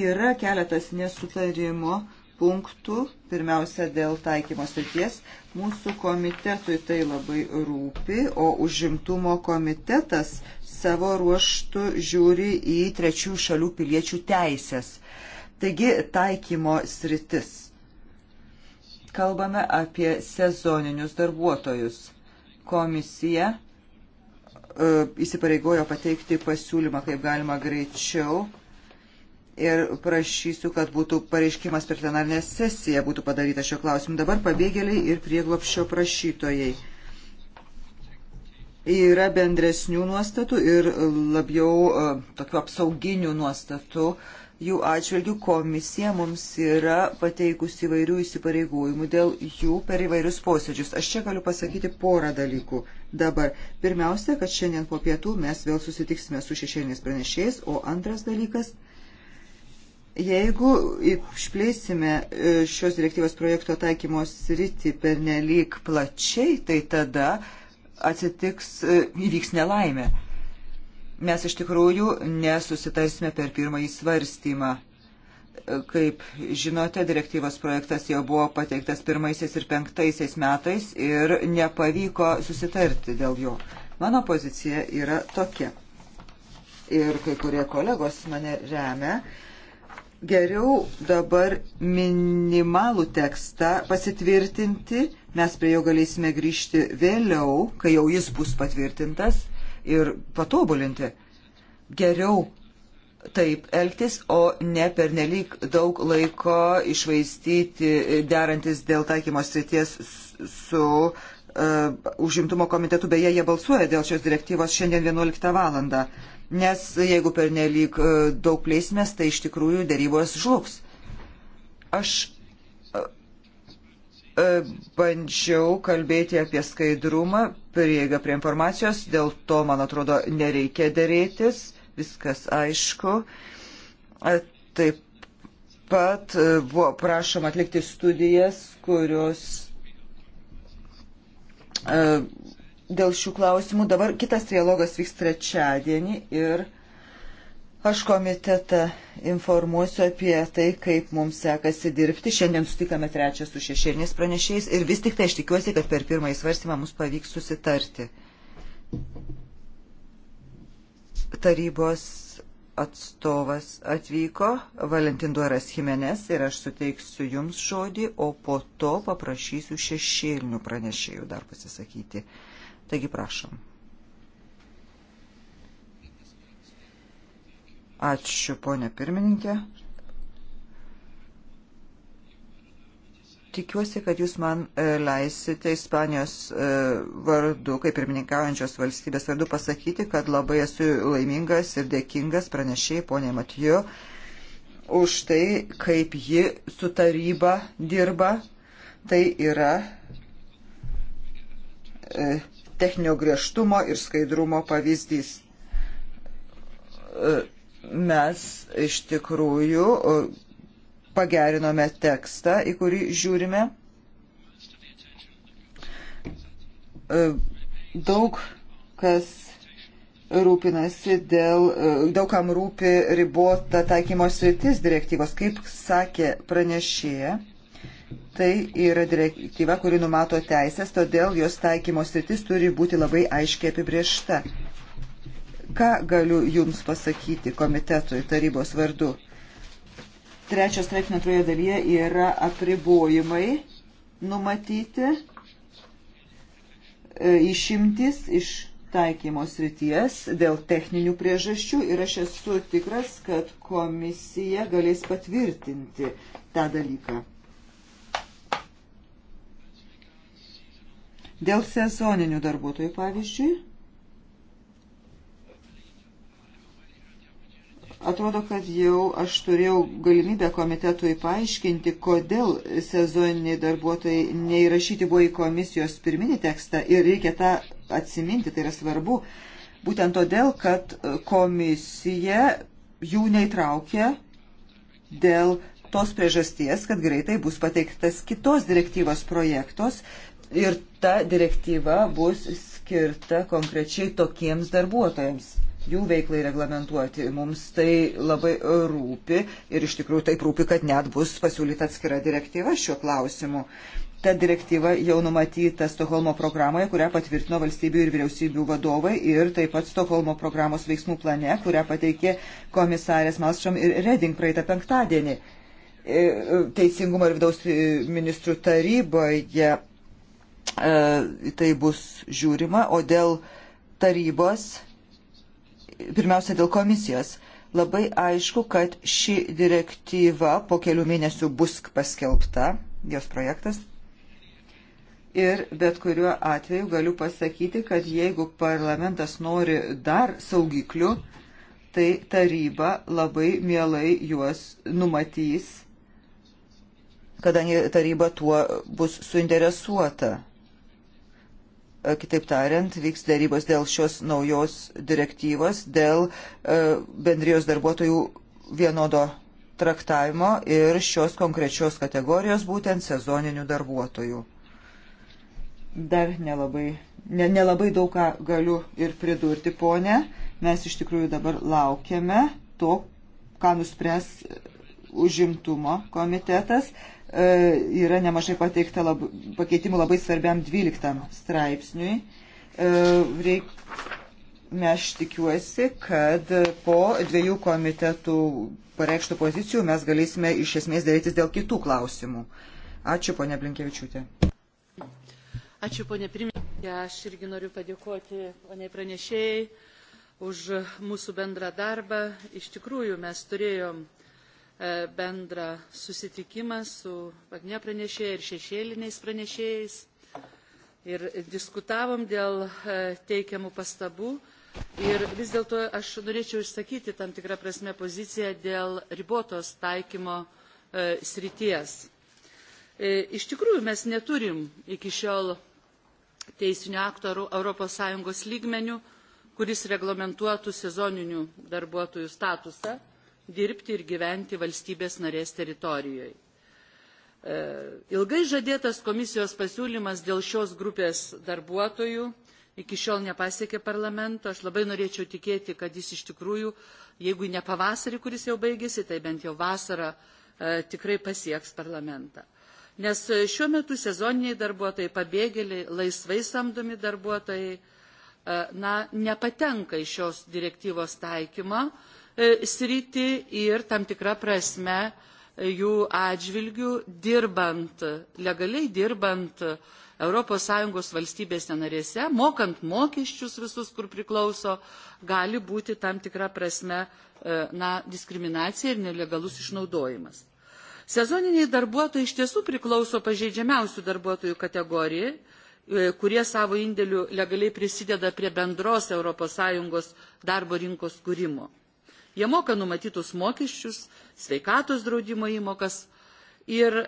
Yra keletas nesutarimo punktų, pirmiausia dėl taikymo srities. Mūsų komitetui tai labai rūpi, o užimtumo komitetas savo ruoštų žiūri į trečių šalių piliečių teisės. Taigi taikymo sritis kalbame apie sezoninius darbuotojus. Komisija e, įsipareigojo pateikti pasiūlymą kaip galima greičiau ir prašysiu, kad būtų pareiškimas per plenarinę sesiją būtų padaryta šio klausimu. Dabar pabėgėliai ir prieglopščio prašytojai. Yra bendresnių nuostatų ir labiau e, tokių apsauginių nuostatų uh, jų atžvilgių komisija mums yra pateikusi įvairių įsipareigojimų dėl jų per įvairius posėdžius. Aš čia galiu pasakyti porą dalykų. Dabar, pirmiausia, kad šiandien po pietų mes vėl susitiksime su šešėlinės pranešėjais, o antras dalykas, jeigu išplėsime e, šios direktyvos projekto taikymos sritį per nelik plačiai, tai tada atsitiks, e, įvyks nelaimė mes iš tikrųjų nesusitarsime per pirmąjį svarstymą. Kaip žinote, direktyvos projektas jau buvo pateiktas pirmaisiais ir penktaisiais metais ir nepavyko susitarti dėl jo. Mano pozicija yra tokia. Ir kai kurie kolegos mane remia. Geriau dabar minimalų tekstą pasitvirtinti. Mes prie jo galėsime grįžti vėliau, kai jau jis bus patvirtintas ir patobulinti. Geriau taip elgtis, o ne pernelyg daug laiko išvaistyti derantis dėl taikymo srities su uh, užimtumo komitetu. Beje, jie balsuoja dėl šios direktyvos šiandien 11 valandą, nes jeigu pernelyg uh, daug plėsimės, tai iš tikrųjų darybos žlugs. Aš E, bandžiau kalbėti apie skaidrumą, prieigą prie informacijos, dėl to, man atrodo, nereikia dėrėtis, viskas aišku. E, taip pat e, buvo prašoma atlikti studijas, kurios dėl šių klausimų. Dabar kitas dialogas vyks trečiadienį ir Aš komitetą informuosiu apie tai, kaip mums sekasi dirbti. Šiandien sutikame trečią su šešėliniais pranešėjais ir vis tik tai aš tikiuosi, kad per pirmąjį svarstymą mums pavyks susitarti. Tarybos atstovas atvyko, Valentin Duoras Jimenez ir aš suteiksiu jums žodį, o po to paprašysiu šešėlinių pranešėjų dar pasisakyti. Taigi prašom. Ačiū, ponė pirmininkė. Tikiuosi, kad jūs man e, leisite Ispanijos e, vardu, kaip pirmininkaujančios valstybės vardu, pasakyti, kad labai esu laimingas ir dėkingas pranešėjai ponė Matijo už tai, kaip ji su taryba dirba. Tai yra e, techninio griežtumo ir skaidrumo pavyzdys mes iš tikrųjų pagerinome tekstą, į kurį žiūrime. E, daug kas rūpinasi dėl, e, daug kam rūpi ribota taikymo sritis direktyvos, kaip sakė pranešėja. Tai yra direktyva, kuri numato teisės, todėl jos taikymo sritis turi būti labai aiškiai apibriešta. Ką galiu Jums pasakyti komitetui tarybos vardu? Trečios straipsnio antroje dalyje yra apribojimai numatyti e, išimtis iš taikymo srities dėl techninių priežasčių ir aš esu tikras, kad komisija galės patvirtinti tą dalyką. Dėl sezoninių darbuotojų, pavyzdžiui, Atrodo, kad jau aš turėjau galimybę komitetui paaiškinti, kodėl sezoniniai darbuotojai neįrašyti buvo į komisijos pirminį tekstą ir reikia tą atsiminti, tai yra svarbu. Būtent todėl, kad komisija jų neįtraukė dėl tos priežasties, kad greitai bus pateiktas kitos direktyvos projektos ir ta direktyva bus skirta konkrečiai tokiems darbuotojams jų veiklai reglamentuoti. Mums tai labai rūpi ir iš tikrųjų taip rūpi, kad net bus pasiūlyta atskira direktyva šiuo klausimu. Ta direktyva jau numatyta Stokholmo programoje, kurią patvirtino valstybių ir vyriausybių vadovai ir taip pat Stokholmo programos veiksmų plane, kurią pateikė komisarės Malstrom ir Reding praeitą penktadienį. E, Teisingumo ir vidaus ministrų taryboje e, tai bus žiūrima, o dėl tarybos pirmiausia dėl komisijos. Labai aišku, kad ši direktyva po kelių mėnesių bus paskelbta, jos projektas. Ir bet kuriuo atveju galiu pasakyti, kad jeigu parlamentas nori dar saugiklių, tai taryba labai mielai juos numatys, kadangi taryba tuo bus suinteresuota. E, kitaip tariant, vyks darybos dėl šios naujos direktyvos, dėl e, bendrijos darbuotojų vienodo traktavimo ir šios konkrečios kategorijos būtent sezoninių darbuotojų. Dar nelabai, ne, nelabai daug ką galiu ir pridurti, ponė. Mes iš tikrųjų dabar laukiame to, ką nuspręs užimtumo komitetas. E, yra nemažai pateikta lab, pakeitimų labai svarbiam 12 straipsniui. E, reik, mes tikiuosi, kad po dviejų komitetų pareikštų pozicijų mes galėsime iš esmės darytis dėl kitų klausimų. Ačiū, ponia Blinkevičiūtė. Ačiū, ponia Primininkė. Aš irgi noriu padėkoti poniai pranešėjai už mūsų bendrą darbą. Iš tikrųjų, mes turėjom E, bendrą susitikimą su Vagnė pranešėja ir šešėliniais pranešėjais ir diskutavom dėl e, teikiamų pastabų. Ir vis dėlto aš norėčiau išsakyti tam tikrą prasme poziciją dėl ribotos taikymo e, srities. E, iš tikrųjų, mes neturim iki šiol teisinio akto ES lygmenių, kuris reglamentuotų sezoninių darbuotojų statusą dirbti ir gyventi valstybės narės teritorijoje. E, ilgai žadėtas komisijos pasiūlymas dėl šios grupės darbuotojų iki šiol nepasiekė parlamento. Aš labai norėčiau tikėti, kad jis iš tikrųjų, jeigu ne pavasarį, kuris jau baigėsi, tai bent jau vasarą e, tikrai pasieks parlamentą. Nes šiuo metu sezoniniai darbuotojai, pabėgėliai, laisvai samdomi darbuotojai, e, na, nepatenka į šios direktyvos taikymą, E, sritį ir tam tikrą prasme e, jų atžvilgių dirbant, legaliai dirbant ES valstybėse narėse, mokant mokesčius visus, kur priklauso, gali būti tam tikrą prasme e, na, diskriminacija ir nelegalus išnaudojimas. Sezoniniai darbuotojai iš tiesų priklauso pažeidžiamiausių darbuotojų kategorijai, kurie savo indėlių legaliai prisideda prie bendros ES darbo rinkos kūrimo. Jie moka numatytus mokesčius, sveikatos draudimo įmokas ir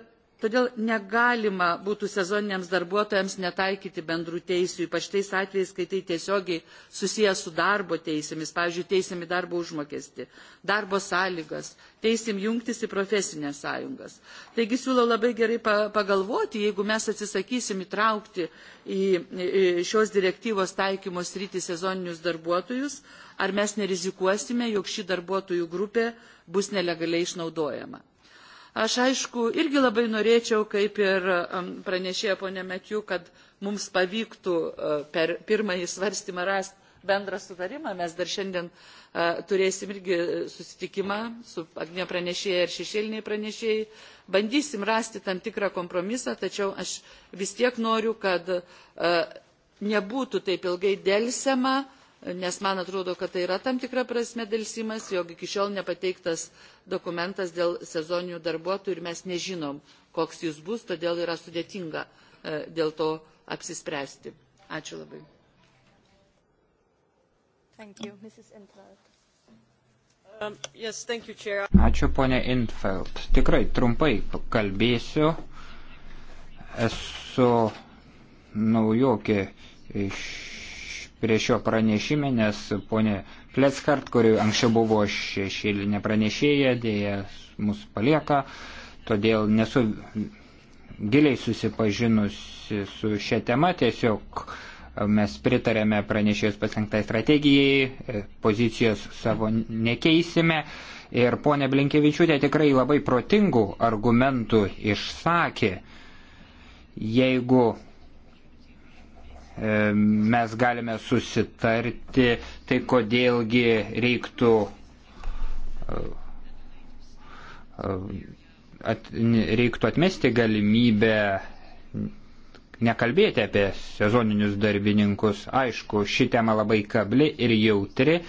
todėl negalima būtų sezoniniams darbuotojams netaikyti bendrų teisių, ypač tais atvejais, kai tai tiesiogiai susijęs su darbo teisėmis, pavyzdžiui, teisėmi darbo užmokesti, darbo sąlygas, teisim jungtis į profesinės sąjungas. Taigi siūlau labai gerai pagalvoti, jeigu mes atsisakysim įtraukti į šios direktyvos taikymos rytį sezoninius darbuotojus, ar mes nerizikuosime, jog ši darbuotojų grupė bus nelegaliai išnaudojama. Aš aišku, irgi labai norėčiau, kaip ir um, pranešėjo ponė Metiu, kad mums pavyktų uh, per pirmąjį svarstymą rasti bendrą sutarimą. Mes dar šiandien uh, turėsim irgi susitikimą su Agnė pranešėjai ir šešėliniai pranešėjai. Bandysim rasti tam tikrą kompromisą, tačiau aš vis tiek noriu, kad uh, nebūtų taip ilgai dėlsiama nes man atrodo, kad tai yra tam tikra prasme dėlsimas, jog iki šiol nepateiktas dokumentas dėl sezoninių darbuotojų ir mes nežinom, koks jis bus, todėl yra sudėtinga e, dėl to apsispręsti. Ačiū labai. Thank you, Mrs. Entveld. Um, yes, thank you, Chair. Ačiū, ponė Infeld. Tikrai trumpai kalbėsiu. Esu naujokė iš prie šio pranešime, nes ponė Pletskart, kuri anksčiau buvo šešėlinė pranešėja, dėja mus palieka, todėl nesu giliai susipažinusi su šia tema, tiesiog mes pritarėme pranešėjus pasirinktai strategijai, e, pozicijos savo nekeisime. Ir ponė Blinkevičiūtė tikrai labai protingų argumentų išsakė. Jeigu E, mes galime susitarti, tai kodėlgi reiktų e, e, at, reiktų atmesti galimybę nekalbėti apie sezoninius darbininkus. Aišku, ši tema labai kabli ir jautri.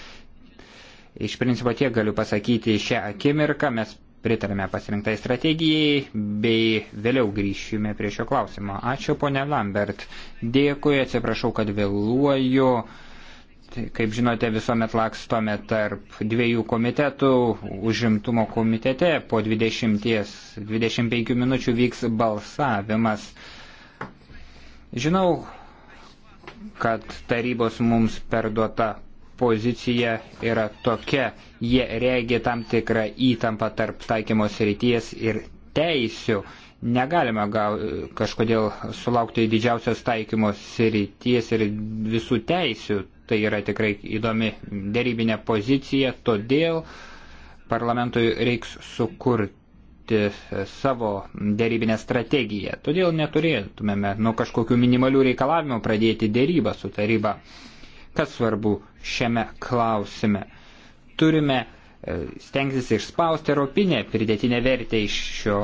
Iš principo tiek galiu pasakyti šią akimirką, mes pritarėme pasirinktai strategijai, bei vėliau grįšime prie šio klausimo. Ačiū, ponė Lambert. Dėkui, atsiprašau, kad vėluoju. Kaip žinote, visuomet lakstome tarp dviejų komitetų. Užimtumo komitete po 20-25 minučių vyks balsavimas. Žinau, kad tarybos mums perduota pozicija yra tokia. Jie regia tam tikrą įtampą tarp taikymos ryties ir teisių. Negalime gal, kažkodėl sulaukti didžiausios taikymos ryties ir visų teisių. Tai yra tikrai įdomi dėrybinė pozicija, todėl parlamentui reiks sukurti savo dėrybinę strategiją. Todėl neturėtumėme nuo kažkokių minimalių reikalavimų pradėti dėrybą su taryba. Kas svarbu, šiame klausime. Turime e, stengtis išspausti europinę pridėtinę vertę iš šio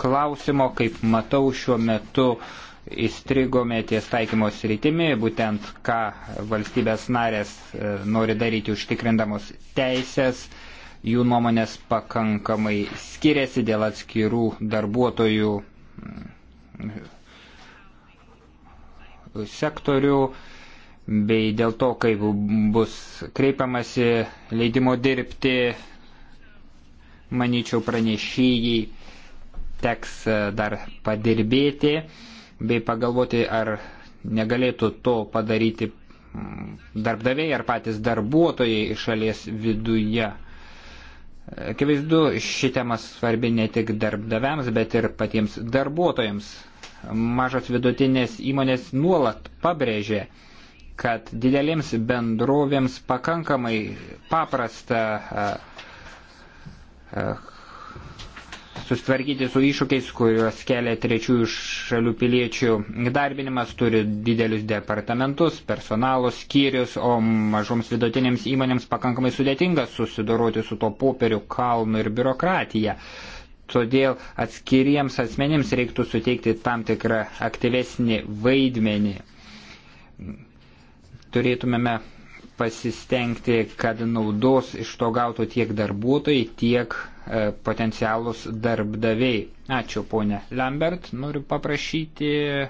klausimo, kaip matau šiuo metu įstrigome ties taikymo sritimi, būtent ką valstybės narės e, nori daryti užtikrindamos teisės, jų nuomonės pakankamai skiriasi dėl atskirų darbuotojų mm, sektorių bei dėl to, kaip bus kreipiamasi leidimo dirbti, manyčiau, pranešėjai teks e, dar padirbėti bei pagalvoti, ar negalėtų to padaryti mm, darbdaviai ar patys darbuotojai šalies viduje. Akivaizdu, ši tema svarbi ne tik darbdaviams, bet ir patiems darbuotojams. Mažos vidutinės įmonės nuolat pabrėžė, kad didelėms bendrovėms pakankamai paprasta sustvarkyti su iššūkiais, kuriuos kelia trečiųjų šalių piliečių. Darbinimas turi didelius departamentus, personalo skyrius, o mažoms vidutinėms įmonėms pakankamai sudėtinga susidoroti su to popieriu kalnu ir biurokratija. Todėl atskiriems asmenims reiktų suteikti tam tikrą aktyvesnį vaidmenį turėtumėme pasistengti, kad naudos iš to gautų tiek darbuotojai, tiek e, potencialus darbdaviai. Ačiū, ponė Lambert. Noriu paprašyti e,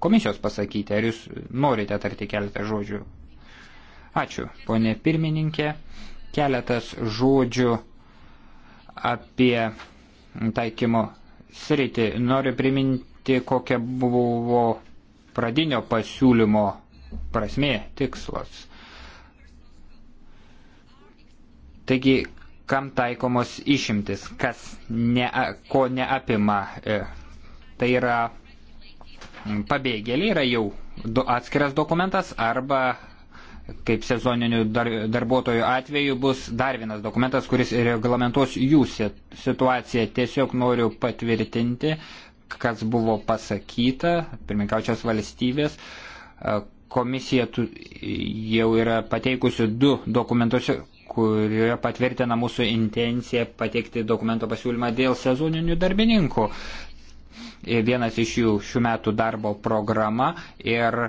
komisijos pasakyti, ar jūs norite tarti keletą žodžių. Ačiū, ponė pirmininkė. Keletas žodžių apie taikymo sritį. Noriu priminti, kokia buvo pradinio pasiūlymo prasmė, tikslas. Taigi, kam taikomos išimtis, kas ne, ko neapima. E, tai yra pabėgėliai, yra jau atskiras dokumentas arba kaip sezoninių dar, darbuotojų atveju bus dar vienas dokumentas, kuris reglamentuos jų situaciją. Tiesiog noriu patvirtinti, kas buvo pasakyta, pirminkaučios valstybės, e, komisija jau yra pateikusi du dokumentus, kurioje patvirtina mūsų intenciją pateikti dokumento pasiūlymą dėl sezoninių darbininkų. Vienas iš jų šių metų darbo programa ir e,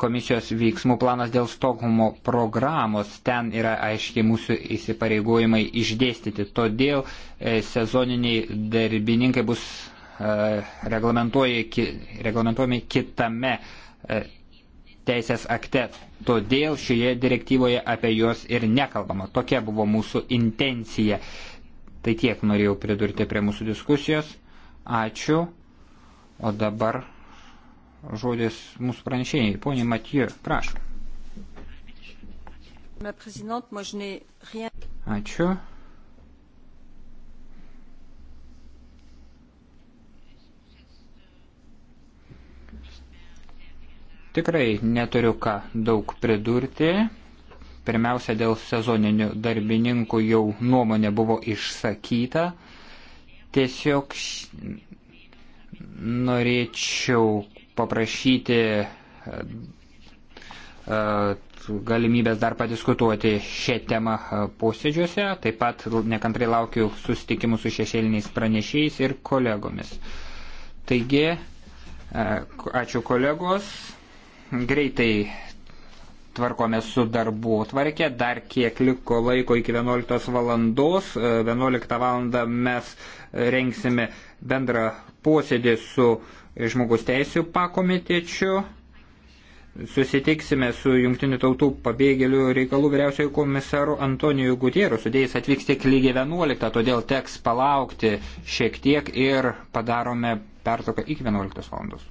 komisijos veiksmų planas dėl Stokholmo programos. Ten yra aiškiai mūsų įsipareigojimai išdėstyti. Todėl e, sezoniniai darbininkai bus e, reglamentuojami kitame teisės akte. Todėl šioje direktyvoje apie juos ir nekalbama. Tokia buvo mūsų intencija. Tai tiek norėjau pridurti prie mūsų diskusijos. Ačiū. O dabar žodis mūsų pranešėjai. Pone Matijų, prašom. Ačiū. Tikrai neturiu ką daug pridurti. Pirmiausia, dėl sezoninių darbininkų jau nuomonė buvo išsakyta. Tiesiog norėčiau paprašyti e, e, galimybės dar padiskutuoti šią temą e, posėdžiuose. Taip pat nekantrai laukiu susitikimų su šešėliniais pranešėjais ir kolegomis. Taigi, ačiū kolegos greitai tvarkome su darbu tvarkė, dar kiek liko laiko iki 11 valandos. 11 valandą mes rengsime bendrą posėdį su žmogus teisų pakomitečiu. Susitiksime su Junktinių tautų pabėgėlių reikalų vyriausiojų komisaru Antoniju Gutieru. Sudėjus atvyks tik lygiai 11, todėl teks palaukti šiek tiek ir padarome pertrauką iki 11 valandos.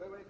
Wait, wait.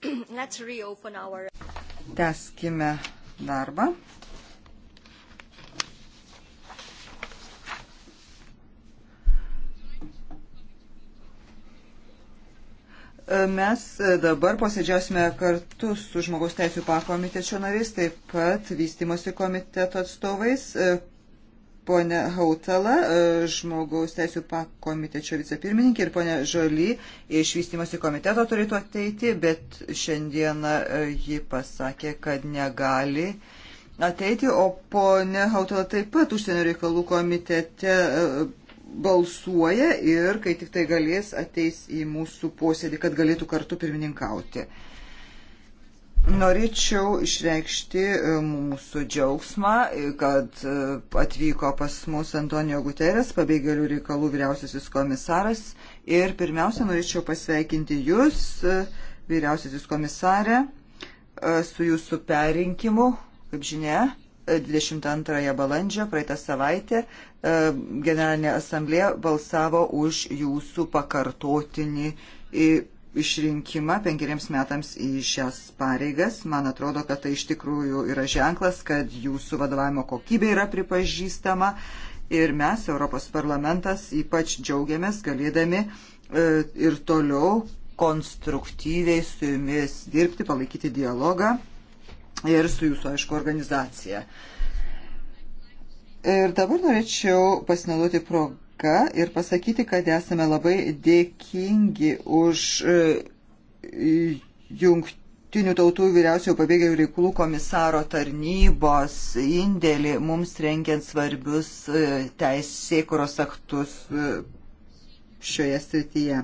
let's, let's reopen our... Teskime darbą. Mes dabar posėdžiausime kartu su žmogaus teisų pakomitečio nariais, taip pat vystimosi komiteto atstovais, ponė Hautala, e, žmogaus teisų pakomitečio vicepirmininkė ir ponė Žoly iš vystimosi komiteto turėtų ateiti, bet šiandieną e, ji pasakė, kad negali ateiti, o ponė Hautala taip pat užsienio reikalų komitete e, balsuoja ir kai tik tai galės ateis į mūsų posėdį, kad galėtų kartu pirmininkauti. Norėčiau išreikšti e, mūsų džiaugsmą, e, kad e, atvyko pas mus Antonijo Guterės, pabėgėlių reikalų vyriausiasis komisaras. Ir pirmiausia, norėčiau pasveikinti Jūs, vyriausiasis komisarė, su Jūsų perinkimu, kaip žinia, 22 balandžio praeitą savaitę Generalinė asamblė balsavo už Jūsų pakartotinį išrinkimą penkeriems metams į šias pareigas. Man atrodo, kad tai iš tikrųjų yra ženklas, kad jūsų vadovavimo kokybė yra pripažįstama ir mes, Europos parlamentas, ypač džiaugiamės galėdami e, ir toliau konstruktyviai su jumis dirbti, palaikyti dialogą ir su jūsų, aišku, organizacija. Ir dabar norėčiau pasinaudoti progą dėka ir pasakyti, kad esame labai dėkingi už e, jungtinių tautų vyriausiojo pabėgėlių reikalų komisaro tarnybos indėlį mums renkiant svarbius e, teisėkuros aktus e, šioje srityje.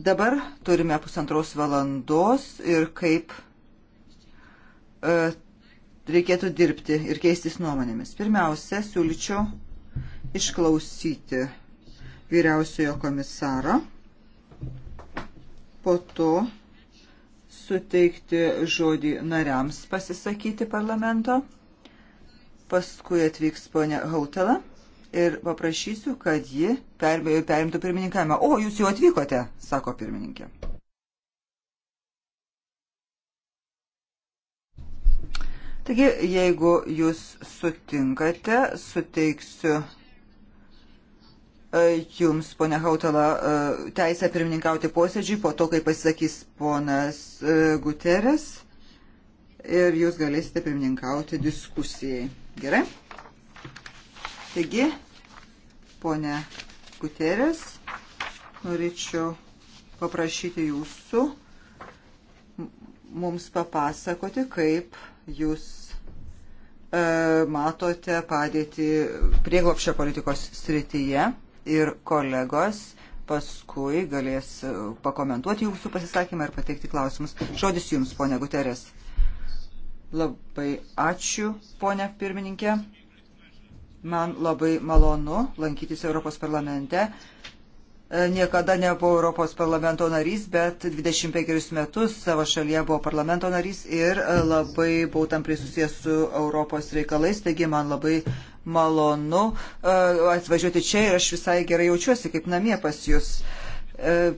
Dabar turime pusantros valandos ir kaip reikėtų dirbti ir keistis nuomonėmis. Pirmiausia, siūlyčiau išklausyti vyriausiojo komisaro, po to suteikti žodį nariams pasisakyti parlamento, paskui atvyks ponia Hautela ir paprašysiu, kad ji perimtų pirmininkavimą. O, jūs jau atvykote, sako pirmininkė. Taigi, jeigu jūs sutinkate, suteiksiu E, jums, ponia Hautala, e, teisę pirmininkauti posėdžiui po to, kai pasisakys ponas e, Guteres ir jūs galėsite pirmininkauti diskusijai. Gerai? Taigi, ponia Guteres, norėčiau paprašyti jūsų mums papasakoti, kaip jūs e, matote padėti prieglopščio politikos srityje ir kolegos paskui galės e, pakomentuoti jūsų pasisakymą ir pateikti klausimus. Žodis jums, ponia Guterės. Labai ačiū, ponia pirmininkė. Man labai malonu lankytis Europos parlamente niekada nebuvo Europos parlamento narys, bet 25 metus savo šalyje buvo parlamento narys ir e, labai buvau tamprai susijęs su Europos reikalais, taigi man labai malonu e, atvažiuoti čia ir aš visai gerai jaučiuosi kaip namie pas jūs. E,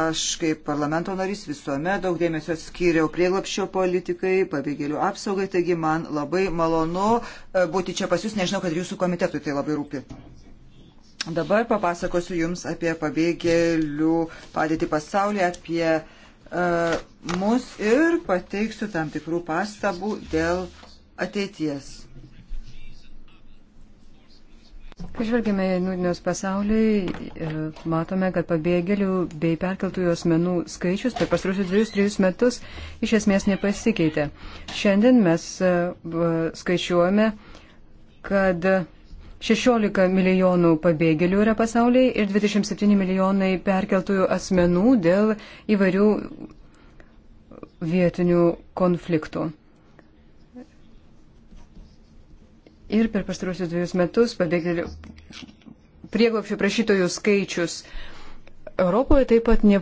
aš kaip parlamento narys visuomet daug dėmesio skiriau prieglapščio politikai, pabėgėlių apsaugai, taigi man labai malonu būti čia pas jūs, nežinau, kad ir jūsų komitetui tai labai rūpi. Dabar papasakosiu Jums apie pabėgėlių padėtį pasaulyje, apie uh, mus ir pateiksiu tam tikrų pastabų dėl ateities. Kai žvelgiame į nūdienos pasaulį, e, matome, kad pabėgėlių bei perkeltųjų asmenų skaičius per pastarusius dviejus, trijus metus iš esmės nepasikeitė. Šiandien mes e, skaičiuojame, kad uh, 16 milijonų pabėgėlių yra pasaulyje ir 27 milijonai perkeltųjų asmenų dėl įvairių vietinių konfliktų. Ir per pastarusius dviejus metus pabėgėlių prieglopšio prašytojų skaičius Europoje taip pat ne,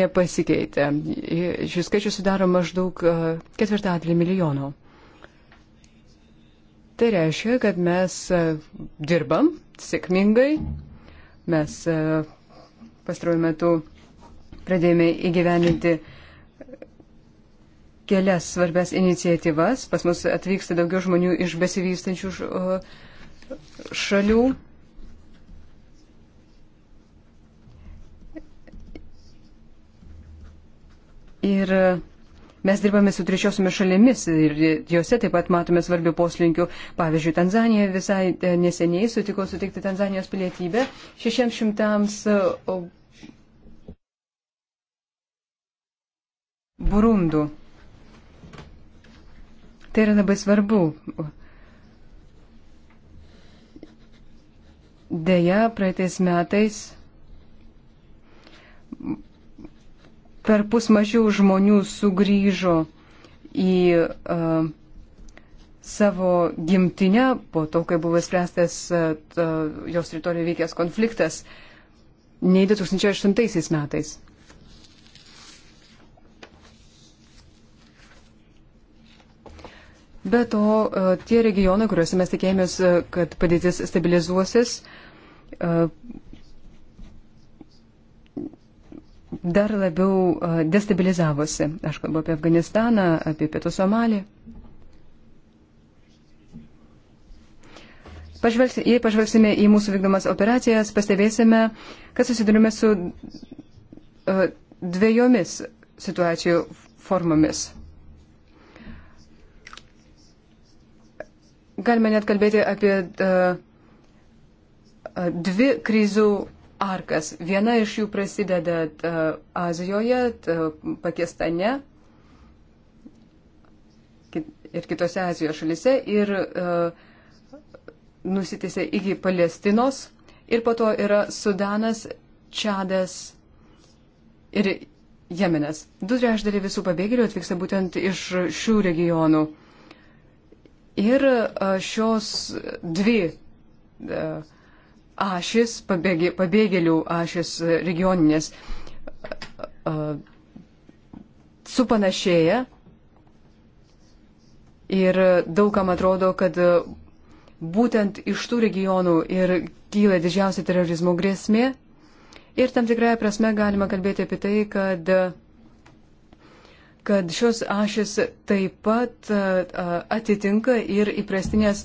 nepasikeitė. Šis skaičius sudaro maždaug e, ketvirtadalį milijono. Tai reiškia, kad mes e, dirbam sėkmingai, mes e, pastaruoju metu pradėjome įgyveninti kelias svarbias iniciatyvas. Pas mus atvyksta daugiau žmonių iš besivystančių šalių. Ir Mes dirbame su trečiosiomis šalimis ir juose taip pat matome svarbių poslinkių. Pavyzdžiui, Tanzanija visai e, neseniai sutiko sutikti Tanzanijos pilietybę 600 burundų. Tai yra labai svarbu. Deja, praeitais metais per pus mažiau žmonių sugrįžo į uh, savo gimtinę po to, kai buvo spręstas uh, jos teritorijoje vykęs konfliktas, nei 2008 metais. Be to, e, tie regionai, kuriuose mes tikėjomės, kad padėtis stabilizuosis, dar labiau destabilizavosi. Aš kalbu apie Afganistaną, apie Pietų Somalį. Pažvelgs, jei pažvelgsime į mūsų vykdomas operacijas, pastebėsime, kad susidurime su dviejomis situacijų formomis. Galime net kalbėti apie dvi krizių arkas. Viena iš jų prasideda e, Azijoje, Pakistane ir kitose Azijos šalise ir e, nusitėse iki Palestinos ir po to yra Sudanas, Čadas ir Jemenas. Du trešdaliai visų pabėgėlių atvyksta būtent iš šių regionų. Ir e, šios dvi uh, ašis, pabėgė, pabėgėlių ašis regioninės supanašėja ir daugam atrodo, kad būtent iš tų regionų ir kyla didžiausia terorizmo grėsmė. Ir tam tikrąją prasme galima kalbėti apie tai, kad, kad šios ašis taip pat atitinka ir įprastinės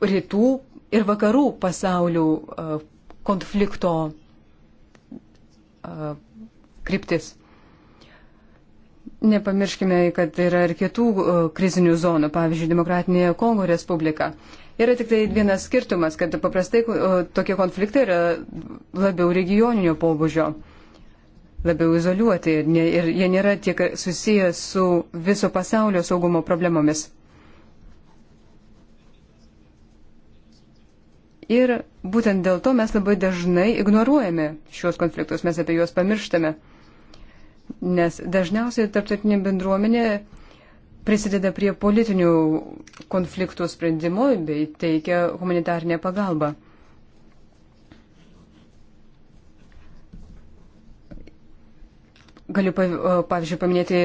rytų ir vakarų pasaulių e, konflikto e, kryptis. Nepamirškime, kad yra ir kitų e, krizinių zonų, pavyzdžiui, Demokratinė Kongo Respublika. Yra tik tai vienas skirtumas, kad paprastai tokie konfliktai yra labiau regioninio pobūdžio, labiau izoliuoti ir, ne, ir jie nėra tiek susijęs su viso pasaulio saugumo problemomis. Ir būtent dėl to mes labai dažnai ignoruojame šios konfliktus, mes apie juos pamirštame. Nes dažniausiai tarptautinė bendruomenė prisideda prie politinių konfliktų sprendimo bei teikia humanitarnę pagalbą. Galiu, pavyzdžiui, paminėti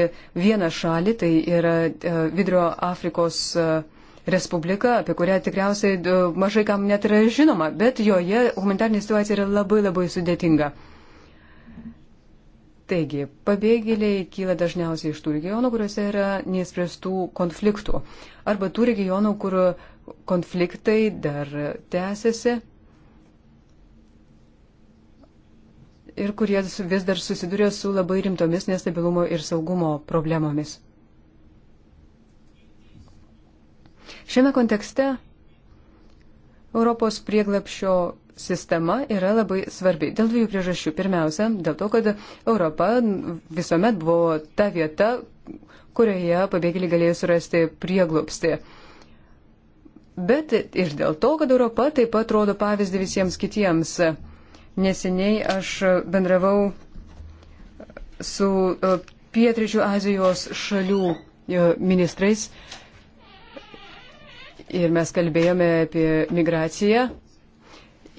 vieną šalį, tai yra e, Vidrio Afrikos šalis e, Respublika, apie kurią tikriausiai e, mažai kam net yra žinoma, bet joje humanitarinė situacija yra labai labai sudėtinga. Taigi, pabėgėliai kyla dažniausiai iš tų regionų, kuriuose yra neįspręstų konfliktų. Arba tų regionų, kur konfliktai dar tęsiasi ir kurie vis dar susiduria su labai rimtomis nestabilumo ir saugumo problemomis. Šiame kontekste Europos prieglapšio sistema yra labai svarbi dėl dviejų priežasčių. Pirmiausia, dėl to, kad Europa visuomet buvo ta vieta, kurioje pabėgėliai galėjo surasti prieglopstį. Bet ir dėl to, kad Europa taip pat rodo pavyzdį visiems kitiems. Neseniai aš bendravau su e, Pietričių Azijos šalių e, ministrais ir mes kalbėjome apie migraciją.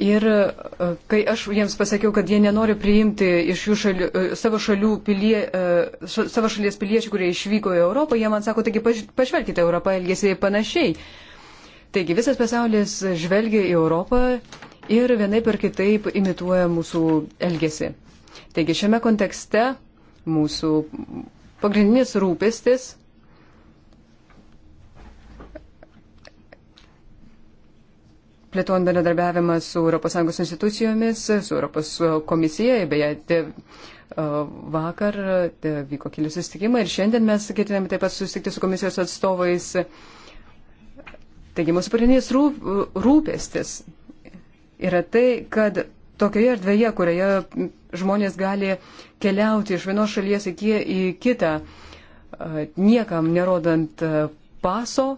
Ir e, kai aš jiems pasakiau, kad jie nenori priimti iš jų šalių, e, savo, šalių pilie, e, savo šalies piliečių, kurie išvyko į Europą, jie man sako, taigi pažvelkite, Europa elgėsi panašiai. Taigi visas pasaulis žvelgia į Europą ir vienaip ar kitaip imituoja mūsų elgesį. Taigi šiame kontekste mūsų pagrindinis rūpestis plėtojant bendradarbiavimą su ES institucijomis, su ES komisija, beje, te, vakar te, vyko keli susitikimai ir šiandien mes ketiname taip pat susitikti su komisijos atstovais. Taigi mūsų pagrindinis rūp, rūpestis yra tai, kad tokioje erdvėje, kurioje žmonės gali keliauti iš vienos šalies į kitą, niekam nerodant paso,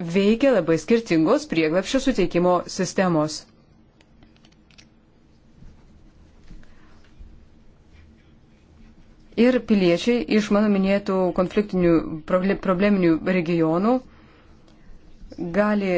veikia labai skirtingos prieglapšio suteikimo sistemos. Ir piliečiai iš mano minėtų konfliktinių probleminių regionų gali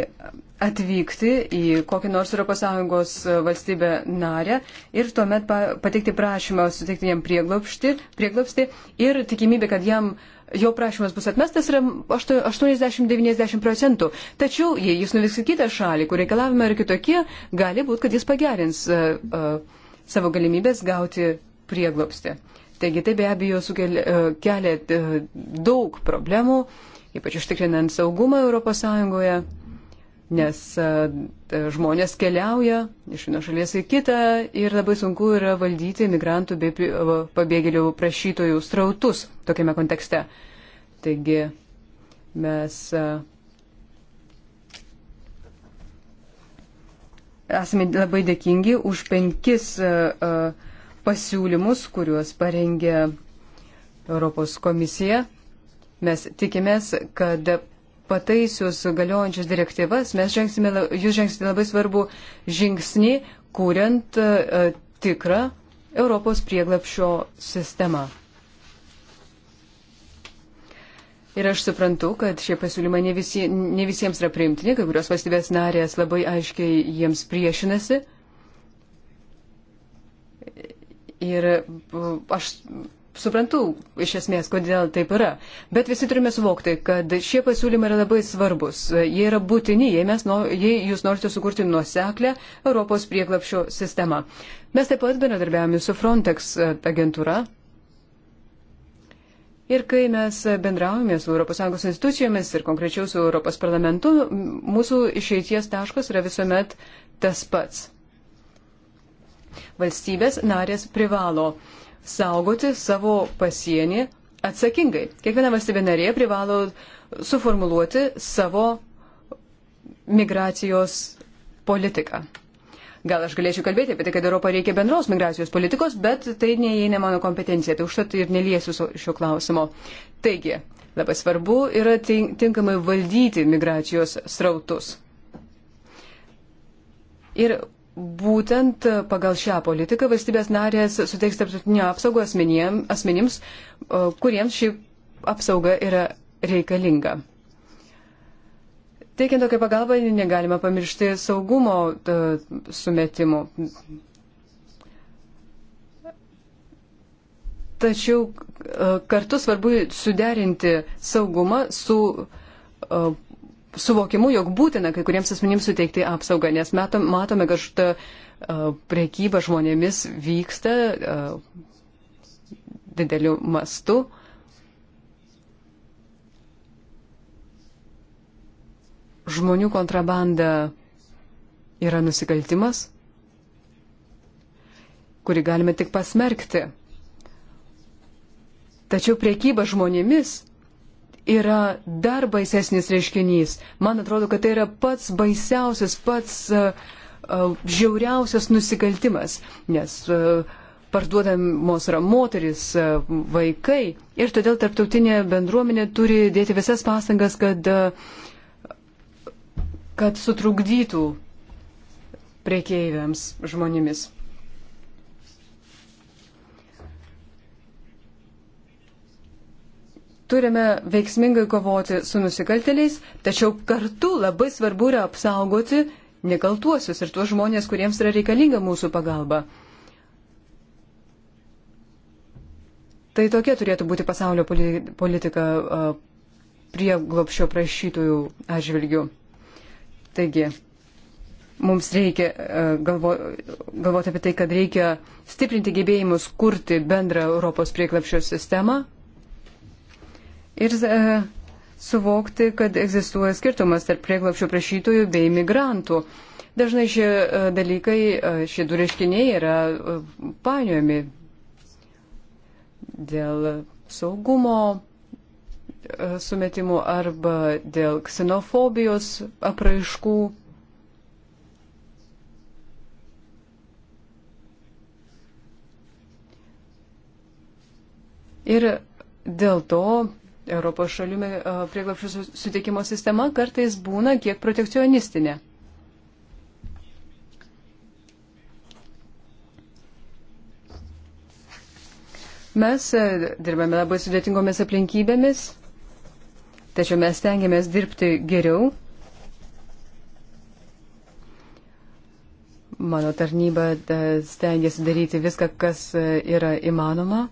atvykti į kokį nors ES valstybę narę ir tuomet pateikti prašymą suteikti jam prieglopsti, prieglopsti ir tikimybė, kad jam uh, jo prašymas bus atmestas yra 80-90 procentų. Tačiau, jei jis nuvyks į kitą šalį, kur reikalavimai yra kitokie, gali būti, kad jis pagerins uh, uh, savo galimybės gauti prieglopstį. Taigi tai be abejo sukelia, uh, e, kelia uh, daug problemų, ypač užtikrinant saugumą ES nes e, žmonės keliauja iš vienos šalies į kitą ir labai sunku yra valdyti migrantų bei e, pabėgėlių prašytojų strautus tokiame kontekste. Taigi mes e, esame labai dėkingi už penkis pasiūlymus, kuriuos parengė Europos komisija. Mes tikimės, kad pataisius galiojančias direktyvas, mes žengsime, jūs žengsite labai svarbu žingsnį, kuriant e, tikrą Europos prieglapšio sistemą. Ir aš suprantu, kad šie pasiūlymai ne, visi, ne visiems yra priimtini, kai kurios valstybės narės labai aiškiai jiems priešinasi. Ir e, aš suprantu iš esmės, kodėl taip yra, bet visi turime suvokti, kad šie pasiūlymai yra labai svarbus, jie yra būtini, jei, mes, no, jei jūs norite sukurti nuoseklę Europos prieglapšio sistemą. Mes taip pat bendradarbiavame su Frontex agentūra. Ir kai mes bendraujame su ES institucijomis ir konkrečiau su ES parlamentu, mūsų išeities taškas yra visuomet tas pats. Valstybės narės privalo uh, saugoti savo pasienį atsakingai. Kiekviena valstybė narė privalo suformuluoti savo migracijos politiką. Gal aš galėčiau kalbėti apie tai, kad Europą reikia bendros migracijos politikos, bet tai neįeina mano kompetencija, tai užtat ir neliesiu šio klausimo. Taigi, labai svarbu yra tinkamai valdyti migracijos srautus. Ir būtent pagal šią politiką valstybės narės suteiks tarptautinio apsaugą asmeniem, asmenims, kuriems ši apsauga yra reikalinga. Teikiant tokią pagalbą negalima pamiršti saugumo e, sumetimų. Tačiau e, kartu svarbu suderinti saugumą su e, suvokimu, jog būtina kai kuriems asmenims suteikti apsaugą, nes matom, matome, kad šita priekyba žmonėmis vyksta dideliu mastu. Žmonių kontrabanda yra nusikaltimas, kurį galime tik pasmerkti. Tačiau priekyba žmonėmis yra dar baisesnis reiškinys. Man atrodo, kad tai yra pats baisiausias, pats uh, žiauriausias nusikaltimas, nes uh, parduodamos yra moteris, uh, vaikai ir todėl tarptautinė bendruomenė turi dėti visas pastangas, kad, uh, kad sutrukdytų priekeiviams žmonėmis. turime veiksmingai kovoti su nusikalteliais, tačiau kartu labai svarbu yra apsaugoti nekaltuosius ir tuos žmonės, kuriems yra reikalinga mūsų pagalba. Tai tokia turėtų būti pasaulio politika prieglopšio prašytojų atžvilgių. Taigi, mums reikia galvo, galvoti apie tai, kad reikia stiprinti gebėjimus kurti bendrą Europos prieglopšio sistemą, ir e, suvokti, kad egzistuoja skirtumas tarp prieglapšio prašytojų bei migrantų. Dažnai šie e, dalykai, e, šie du reiškiniai yra painiojami dėl saugumo sumetimų arba dėl ksenofobijos apraiškų. Ir dėl to Europos šalių e, prieglapščių sutikimo sistema kartais būna kiek protekcionistinė. Mes e, dirbame labai sudėtingomis aplinkybėmis, tačiau mes tengiamės dirbti geriau. Mano tarnyba e, stengiasi daryti viską, kas yra įmanoma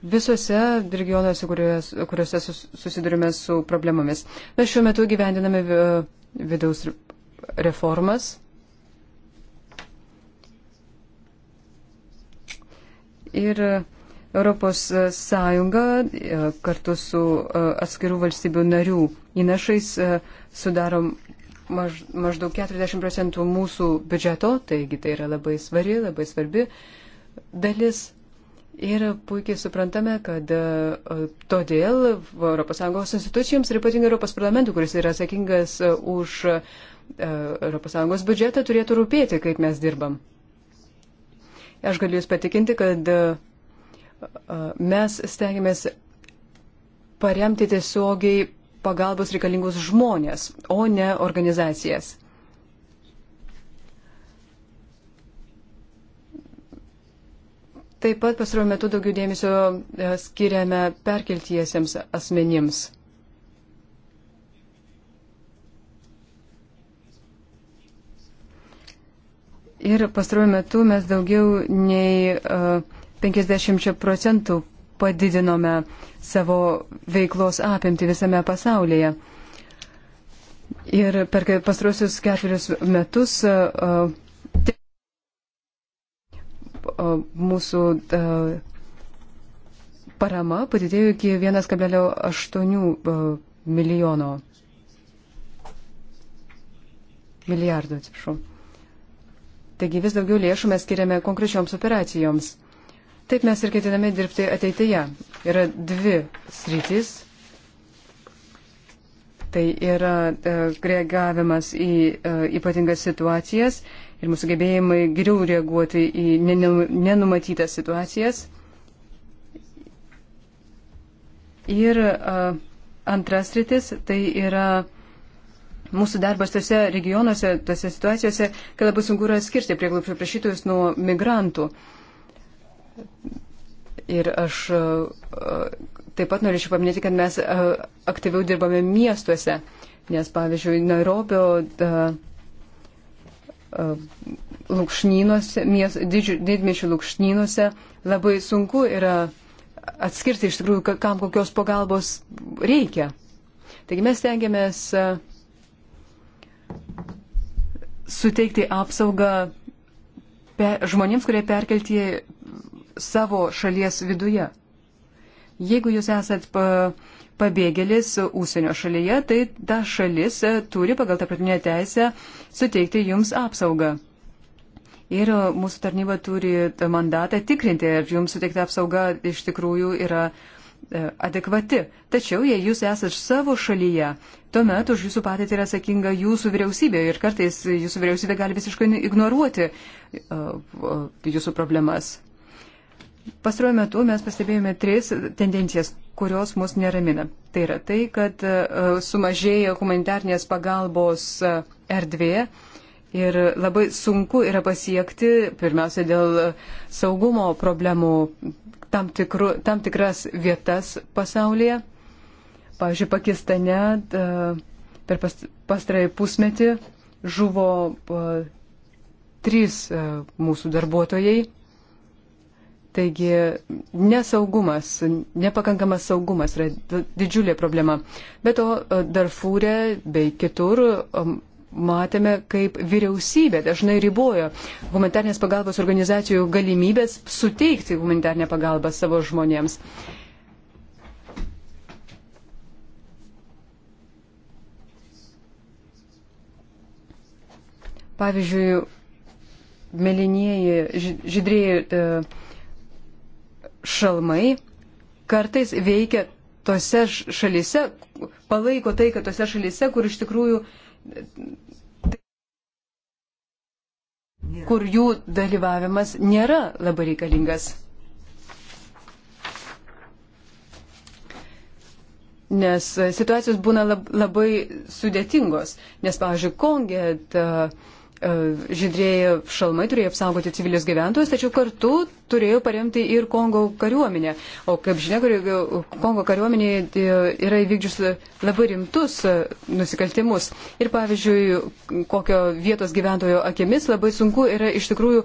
visose regionuose, kuriuose, kuriuose susidurime su problemomis. Mes šiuo metu gyvendiname e, vidaus reformas. Ir Europos Sąjunga e, kartu su e, atskirų valstybių narių įnašais sudarom maž, maždaug 40 procentų mūsų biudžeto, taigi tai yra labai svari, labai svarbi dalis. Ir puikiai suprantame, kad e, todėl ES institucijoms ir ypatingai ES parlamentui, kuris yra atsakingas e, už ES biudžetą, turėtų rūpėti, kaip mes dirbam. Aš galiu Jūs patikinti, kad e, mes stengiamės paremti tiesiogiai pagalbos reikalingus žmonės, o ne organizacijas. Taip pat pastaruoju metu daugiau dėmesio e, skiriame perkeltiesiems asmenims. Ir pastaruoju metu mes daugiau nei 50 e, procentų padidinome savo veiklos apimti visame pasaulyje. Ir per pastarosius ketverius metus uh, mūsų parama padidėjo iki 1,8 milijono milijardų, atsiprašau. Taigi vis daugiau lėšų mes skiriame konkrečioms operacijoms. Taip mes ir ketiname dirbti ateityje. Yra dvi sritis. Tai yra e, gregavimas į e, ypatingas situacijas ir mūsų gebėjimai geriau reaguoti į nenumatytas situacijas. Ir uh, antras rytis tai yra mūsų darbas tose regionuose, tose situacijose, kad labai sunku yra atskirti prieglupščio prašytojus nuo migrantų. Ir aš taip pat norėčiau paminėti, kad mes aktyviau dirbame miestuose, nes pavyzdžiui, Nairobio E, lūkšnynuose, didmečių lūkšnynuose labai sunku yra atskirti iš tikrųjų, kam kokios pagalbos reikia. Taigi mes tengiamės e, suteikti apsaugą pe, žmonėms, kurie perkelti savo šalies viduje. Jeigu jūs esat pa, e, uh, pabėgėlis užsienio šalyje, tai ta šalis e, turi pagal tarptautinę teisę suteikti jums apsaugą. Ir e, mūsų tarnyba turi mandatą tikrinti, ar jums suteikta apsauga iš tikrųjų yra e, adekvati. Tačiau, jei jūs esate savo šalyje, tuomet už jūsų patirtį yra atsakinga jūsų vyriausybė ir kartais jūsų vyriausybė gali visiškai ignoruoti jūsų problemas. Pastaruoju metu mes pastebėjome tris tendencijas kurios mus neramina. Tai yra tai, kad e, sumažėjo humanitarnės pagalbos e, erdvė ir labai sunku yra pasiekti, pirmiausia, dėl saugumo problemų tam, tikru, tam tikras vietas pasaulyje. Pavyzdžiui, Pakistane e, per pastarąjį pusmetį žuvo trys mūsų darbuotojai Taigi nesaugumas, nepakankamas saugumas yra didžiulė problema. Bet to e, Darfūrė bei kitur e, matėme, kaip vyriausybė dažnai ribojo humanitarnės pagalbos organizacijų galimybės suteikti humanitarnę pagalbą savo žmonėms. Pavyzdžiui, mėlynieji, žydrėjai. Uh, e, šalmai kartais veikia tose šalise, palaiko tai, kad tose šalise, kur iš tikrųjų kur jų dalyvavimas nėra labai reikalingas. Nes situacijos būna labai sudėtingos. Nes, pavyzdžiui, Kongė ta, uh, E, žydrėjai šalmai turėjo apsaugoti civilius gyventojus, tačiau kartu turėjo paremti ir Kongo kariuomenę. O kaip žinia, e, Kongo kariuomenė e, yra įvykdžius labai rimtus nusikaltimus. Ir pavyzdžiui, kokio vietos gyventojo akimis labai sunku yra iš tikrųjų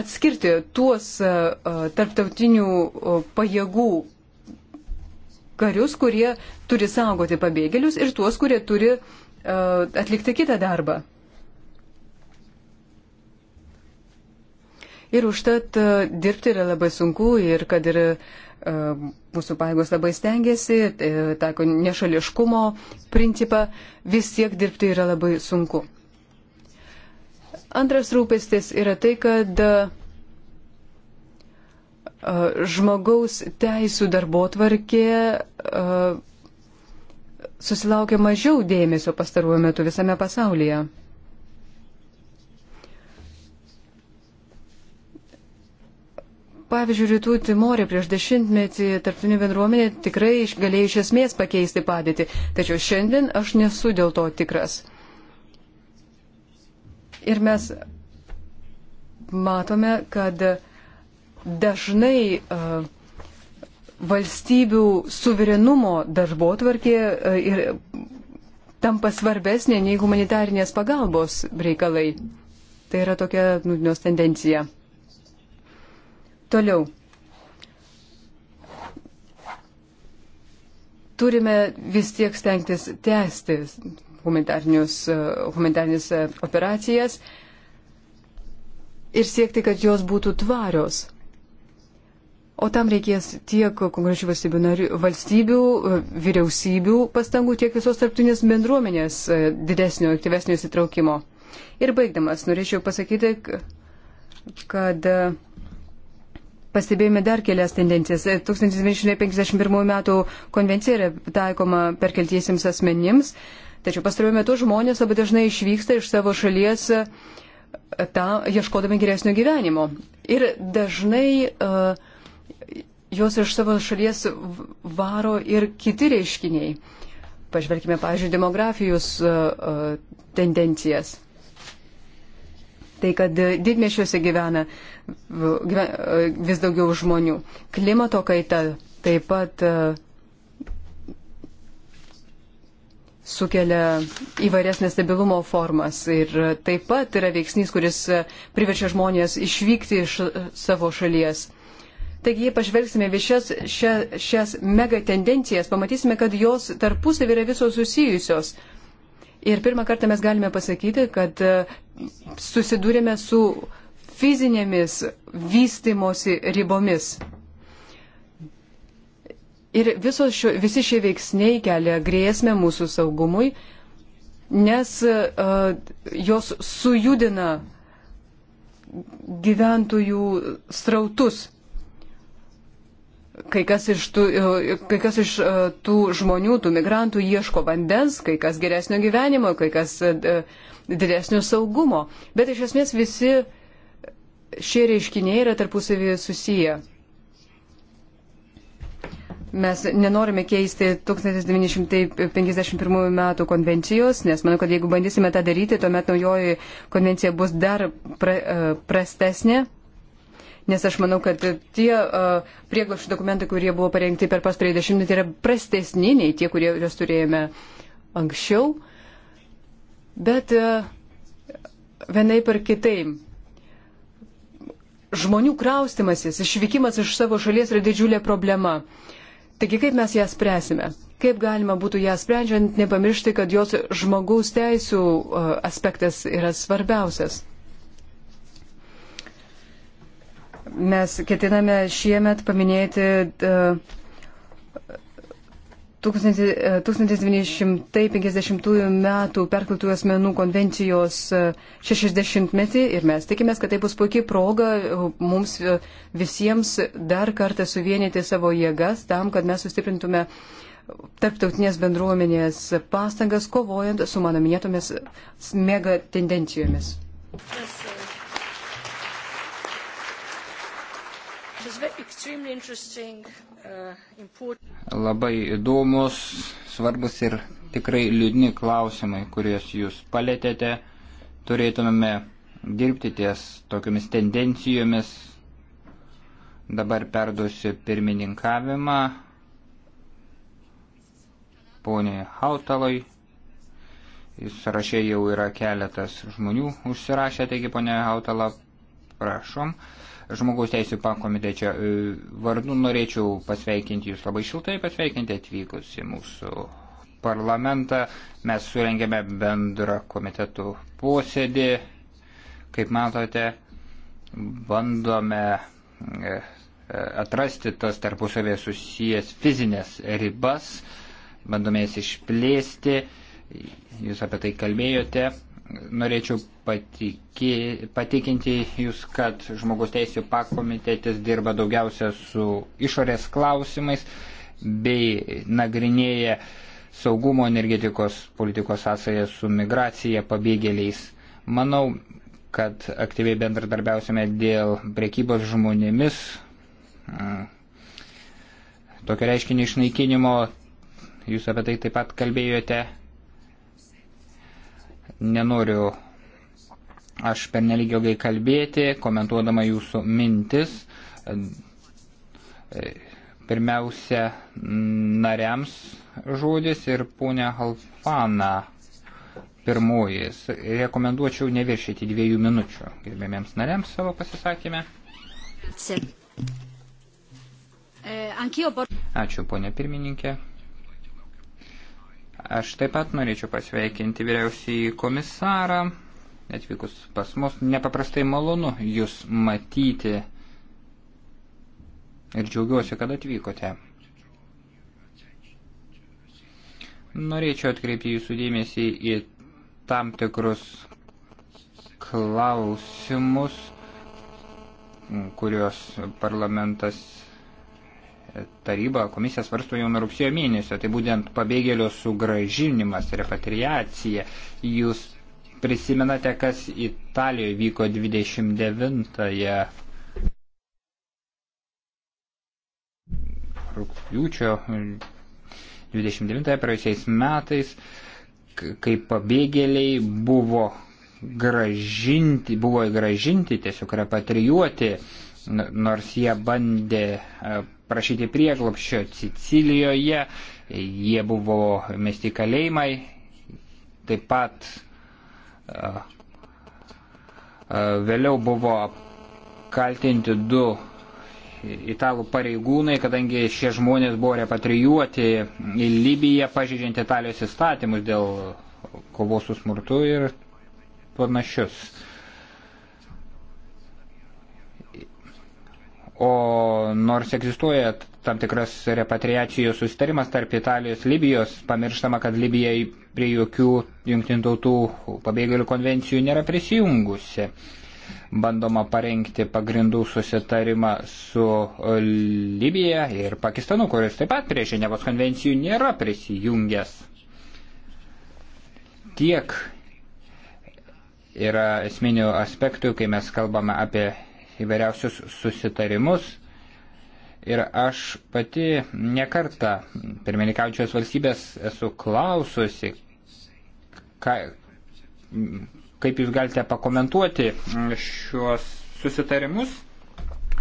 atskirti tuos tarptautinių pajėgų karius, kurie turi saugoti pabėgėlius ir tuos, kurie turi atlikti kitą darbą. Ir užtat e, dirbti yra labai sunku ir kad ir e, mūsų paėgos labai stengiasi, e, taiko nešališkumo principą, vis tiek dirbti yra labai sunku. Antras rūpestis yra tai, kad žmogaus teisų darbo tvarkė susilaukia mažiau dėmesio pastaruoju metu visame pasaulyje. Pavyzdžiui, rytų Timorė prieš dešimtmetį tarptautinė bendruomenė tikrai galėjo iš esmės pakeisti padėtį, tačiau šiandien aš nesu dėl to tikras. Ir mes matome, kad dažnai uh, valstybių suverenumo darbo tvarkė uh, ir tampa svarbesnė nei humanitarinės pagalbos reikalai. Tai yra tokia nūdienos tendencija. Toliau. Turime vis tiek stengtis tęsti e, humanitarnės e, operacijas ir siekti, kad jos būtų tvarios. O tam reikės tiek konkrečių valstybių, narių, valstybių, e, vyriausybių pastangų, tiek visos tarptautinės bendruomenės didesnio, aktyvesnio įsitraukimo. Ir baigdamas, norėčiau pasakyti, kad pastebėjome dar kelias tendencijas. 1951 m. konvencija yra taikoma perkeltiesiems asmenims, tačiau pastaruoju metu žmonės labai dažnai išvyksta iš savo šalies e, ta, ieškodami geresnio gyvenimo. Ir dažnai uh, e, jos iš savo šalies varo ir kiti reiškiniai. Pažvelkime, pažiūrėjau, demografijos uh, tendencijas. Tai, kad didmešiuose gyvena uh, vis daugiau žmonių. Klimato kaita taip pat e, sukelia įvairias nestabilumo formas ir taip pat yra veiksnys, kuris e, priverčia žmonės išvykti iš e, savo šalies. Taigi, jei pažvelgsime šias, šias, šias mega tendencijas, pamatysime, kad jos tarpusavį yra visos susijusios. Ir pirmą kartą mes galime pasakyti, kad susidūrėme su fizinėmis vystimosi ribomis. Ir šio, visi šie veiksniai kelia grėsmę mūsų saugumui, nes uh, jos sujudina gyventojų strautus. Kai kas iš tų, e, kai kas iš e, tų žmonių, tų migrantų ieško vandens, kai kas geresnio gyvenimo, kai kas didesnio saugumo. Bet iš esmės visi uh, šie reiškiniai yra tarpusavį susiję. Mes nenorime keisti 1951 metų konvencijos, nes manau, kad jeigu bandysime tą daryti, tuomet naujoji konvencija bus dar pra, e, prastesnė. Nes aš manau, kad tie uh, e, prieglašų dokumentai, kurie buvo parengti per pastarąjį dešimtmetį, yra prastesni nei tie, kurie juos turėjome anksčiau. Bet uh, e, vienai per kitaip žmonių kraustimasis, išvykimas iš savo šalies yra didžiulė problema. Taigi kaip mes ją spręsime? Kaip galima būtų ją sprendžiant, nepamiršti, kad jos žmogaus teisų e, aspektas yra svarbiausias. Mes ketiname šiemet paminėti uh, 1950 e, m. perkeltųjų asmenų konvencijos 60-metį e, ir mes tikimės, kad tai bus puikiai proga e, mums visiems dar kartą suvienyti savo jėgas tam, kad mes sustiprintume tarptautinės bendruomenės pastangas, kovojant su mano minėtomis mega tendencijomis. Yes, sir. Labai įdomus, svarbus ir tikrai liūdni klausimai, kuriuos jūs palėtėte. Turėtumėme dirbti ties tokiamis tendencijomis. Dabar perduosiu pirmininkavimą poniai Hautalai. Sąraše jau yra keletas žmonių užsirašę, taigi ponia Hautala, prašom žmogaus teisų pakomitečio e, vardu norėčiau pasveikinti jūs labai šiltai, pasveikinti atvykus į mūsų parlamentą. Mes surengėme bendrą komitetų posėdį. Kaip matote, bandome e, e, atrasti tas tarpusavėje susijęs fizinės ribas, bandome jas išplėsti. Jūs apie tai kalbėjote norėčiau patikė, patikinti Jūs, kad žmogus teisų pakomitėtis dirba daugiausia su išorės klausimais bei nagrinėja saugumo energetikos politikos sąsąją su migracija pabėgėliais. Manau, kad aktyviai bendradarbiausime dėl prekybos žmonėmis, tokio reiškinio išnaikinimo, jūs apie tai taip pat kalbėjote, Nenoriu aš per nelygio gai kalbėti, komentuodama jūsų mintis. E, pirmiausia, nariams žodis ir ponia Halfana pirmoji. Rekomenduočiau neviršyti dviejų minučių gerbėmiems nariams savo pasisakymę. Ačiū, ponė pirmininkė. Aš taip pat norėčiau pasveikinti vyriausiai komisarą, atvykus pas mus. Nepaprastai malonu jūs matyti ir džiaugiuosi, kad atvykote. Norėčiau atkreipti jūsų dėmesį į tam tikrus klausimus, kuriuos parlamentas taryba, komisija svarsto jau nuo rugsėjo mėnesio, tai būtent pabėgėlio sugražinimas, repatriacija. Jūs prisimenate, kas Italijoje vyko 29-ąją rūpjūčio 29-ąją praėjusiais metais, kai pabėgėliai buvo gražinti, buvo gražinti, tiesiog repatrijuoti, nors jie bandė e, prašyti prieglopščio Sicilijoje, jie buvo mesti kalėjimai, taip pat a, e, a, e, vėliau buvo kaltinti du italų pareigūnai, kadangi šie žmonės buvo repatrijuoti į Libiją, pažydžiant Italijos įstatymus dėl kovos su smurtu ir panašius O nors egzistuoja tam tikras repatriacijos sustarimas tarp Italijos ir Libijos, pamirštama, kad Libija prie jokių jungtinių tautų pabėgėlių konvencijų nėra prisijungusi. Bandoma parengti pagrindų susitarimą su e, Libija ir Pakistanu, kuris taip pat prie Ženevos konvencijų nėra prisijungęs. Tiek yra esminių aspektų, kai mes kalbame apie įvairiausius susitarimus. Ir aš pati nekartą pirmininkaujančios valstybės esu klaususi, ką, kaip jūs galite pakomentuoti šiuos susitarimus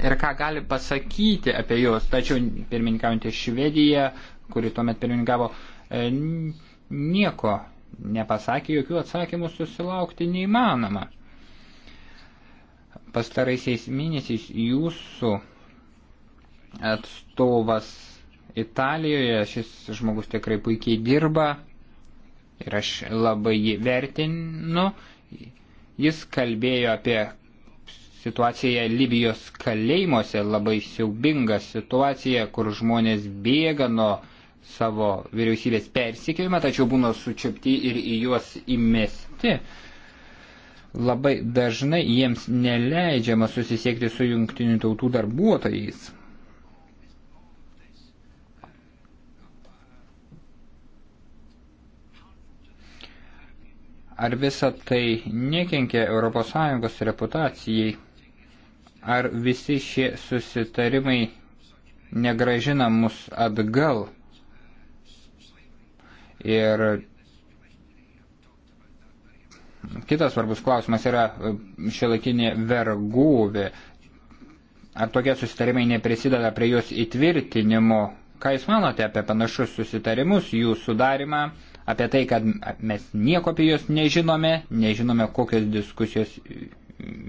ir ką gali pasakyti apie juos. Tačiau pirmininkaujantį Švediją, kuri tuomet pirmininkavo, e, nieko nepasakė, jokių atsakymų susilaukti neįmanoma pastaraisiais mėnesiais jūsų atstovas Italijoje, šis žmogus tikrai puikiai dirba ir aš labai jį vertinu. Jis kalbėjo apie situaciją Libijos kalėjimuose, labai siaubinga situacija, kur žmonės bėga nuo savo vyriausybės persikėjimą, tačiau būna sučiapti ir į juos įmesti labai dažnai jiems neleidžiama susisiekti su jungtinių tautų darbuotojais. Ar visa tai nekenkia ES reputacijai? Ar visi šie susitarimai negražina mus atgal? Ir Kitas svarbus klausimas yra e, šiolaikinė vergūvė. Ar tokie susitarimai neprisideda prie jos įtvirtinimo? Ką Jūs manote apie panašus susitarimus, jų sudarimą, apie tai, kad mes nieko apie juos nežinome, nežinome, kokios diskusijos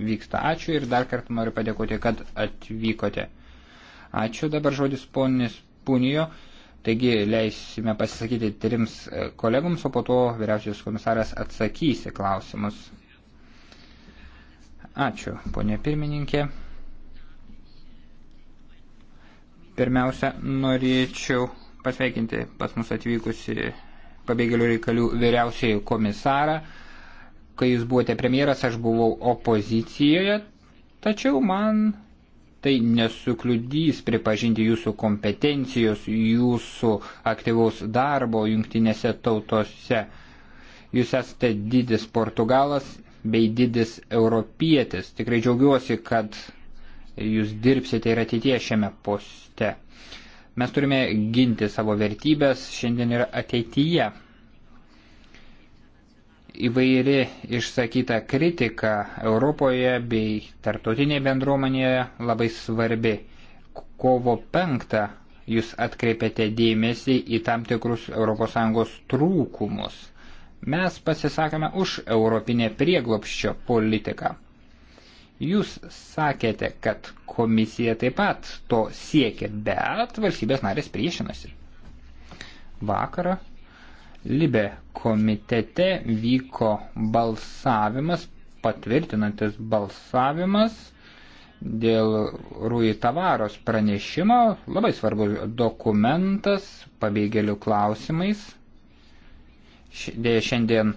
vyksta. Ačiū ir dar kartą noriu padėkoti, kad atvykote. Ačiū dabar žodis ponis Punijo. Taigi leisime pasisakyti trims e, kolegoms, o po to vyriausios komisaras atsakys į klausimus. Ačiū, ponė pirmininkė. Pirmiausia, norėčiau pasveikinti pas mus atvykusi pabėgėlių reikalių vyriausiai komisarą. Kai jūs buvote premjeras, aš buvau opozicijoje, tačiau man tai nesukliudys pripažinti jūsų kompetencijos, jūsų aktyvaus darbo jungtinėse tautose. Jūs esate didis portugalas bei didis europietis. Tikrai džiaugiuosi, kad jūs dirbsite ir ateitie šiame poste. Mes turime ginti savo vertybės šiandien ir ateityje. Įvairi išsakyta kritika Europoje bei tarptautinėje bendruomenėje labai svarbi. Kovo penktą jūs atkreipėte dėmesį į tam tikrus ES trūkumus. Mes pasisakome už europinę prieglopščio politiką. Jūs sakėte, kad komisija taip pat to siekia, bet valstybės narės priešinasi. Vakarą Libe komitete vyko balsavimas, patvirtinantis balsavimas dėl Rui Tavaros pranešimo, labai svarbus dokumentas pabėgėlių klausimais. Dėja šiandien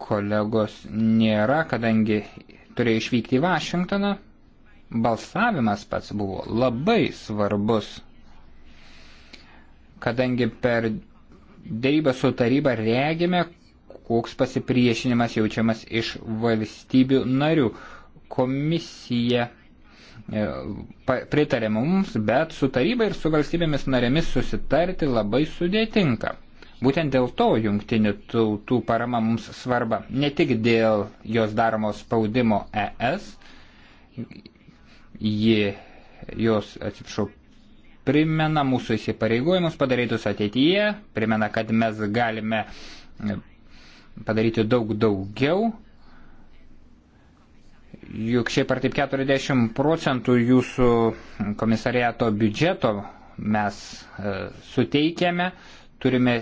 kolegos nėra, kadangi turėjo išvykti į Vašingtoną. Balsavimas pats buvo labai svarbus, kadangi per dėrybą su taryba regime, koks pasipriešinimas jaučiamas iš valstybių narių. Komisija e, pritarė mums, bet su taryba ir su valstybėmis narėmis susitarti labai sudėtinga. Būtent dėl to jungtinių tautų parama mums svarba, ne tik dėl jos daromos spaudimo ES, ji, jos, atsiprašau, primena mūsų įsipareigojimus padarytus ateityje, primena, kad mes galime e, padaryti daug daugiau. Juk šiaip ar taip 40 procentų jūsų komisariato biudžeto mes e, suteikiame, turime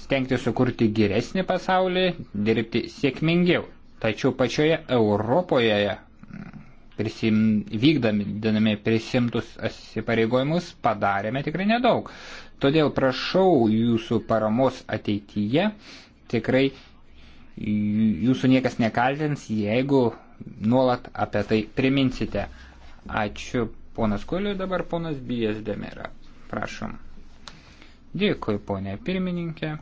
stengti sukurti geresnį pasaulį, dirbti sėkmingiau. Tačiau pačioje Europoje prisim, vykdami prisimtus įsipareigojimus padarėme tikrai nedaug. Todėl prašau jūsų paramos ateityje, tikrai jūsų niekas nekaltins, jeigu nuolat apie tai priminsite. Ačiū ponas Koliu, dabar ponas Bijas Demira. Prašom. Dėkui, ponė pirmininkė.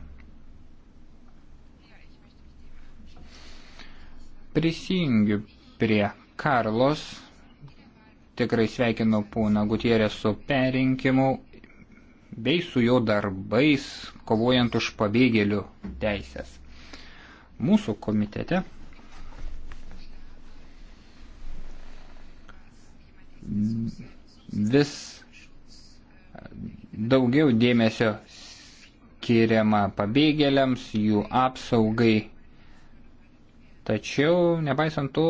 Prisijungiu prie Karlos. Tikrai sveikinu pūną Gutierę su perinkimu bei su jo darbais, kovojant už pabėgėlių teisės. Mūsų komitete vis daugiau dėmesio skiriama pabėgėliams, jų apsaugai. Tačiau, nepaisant to,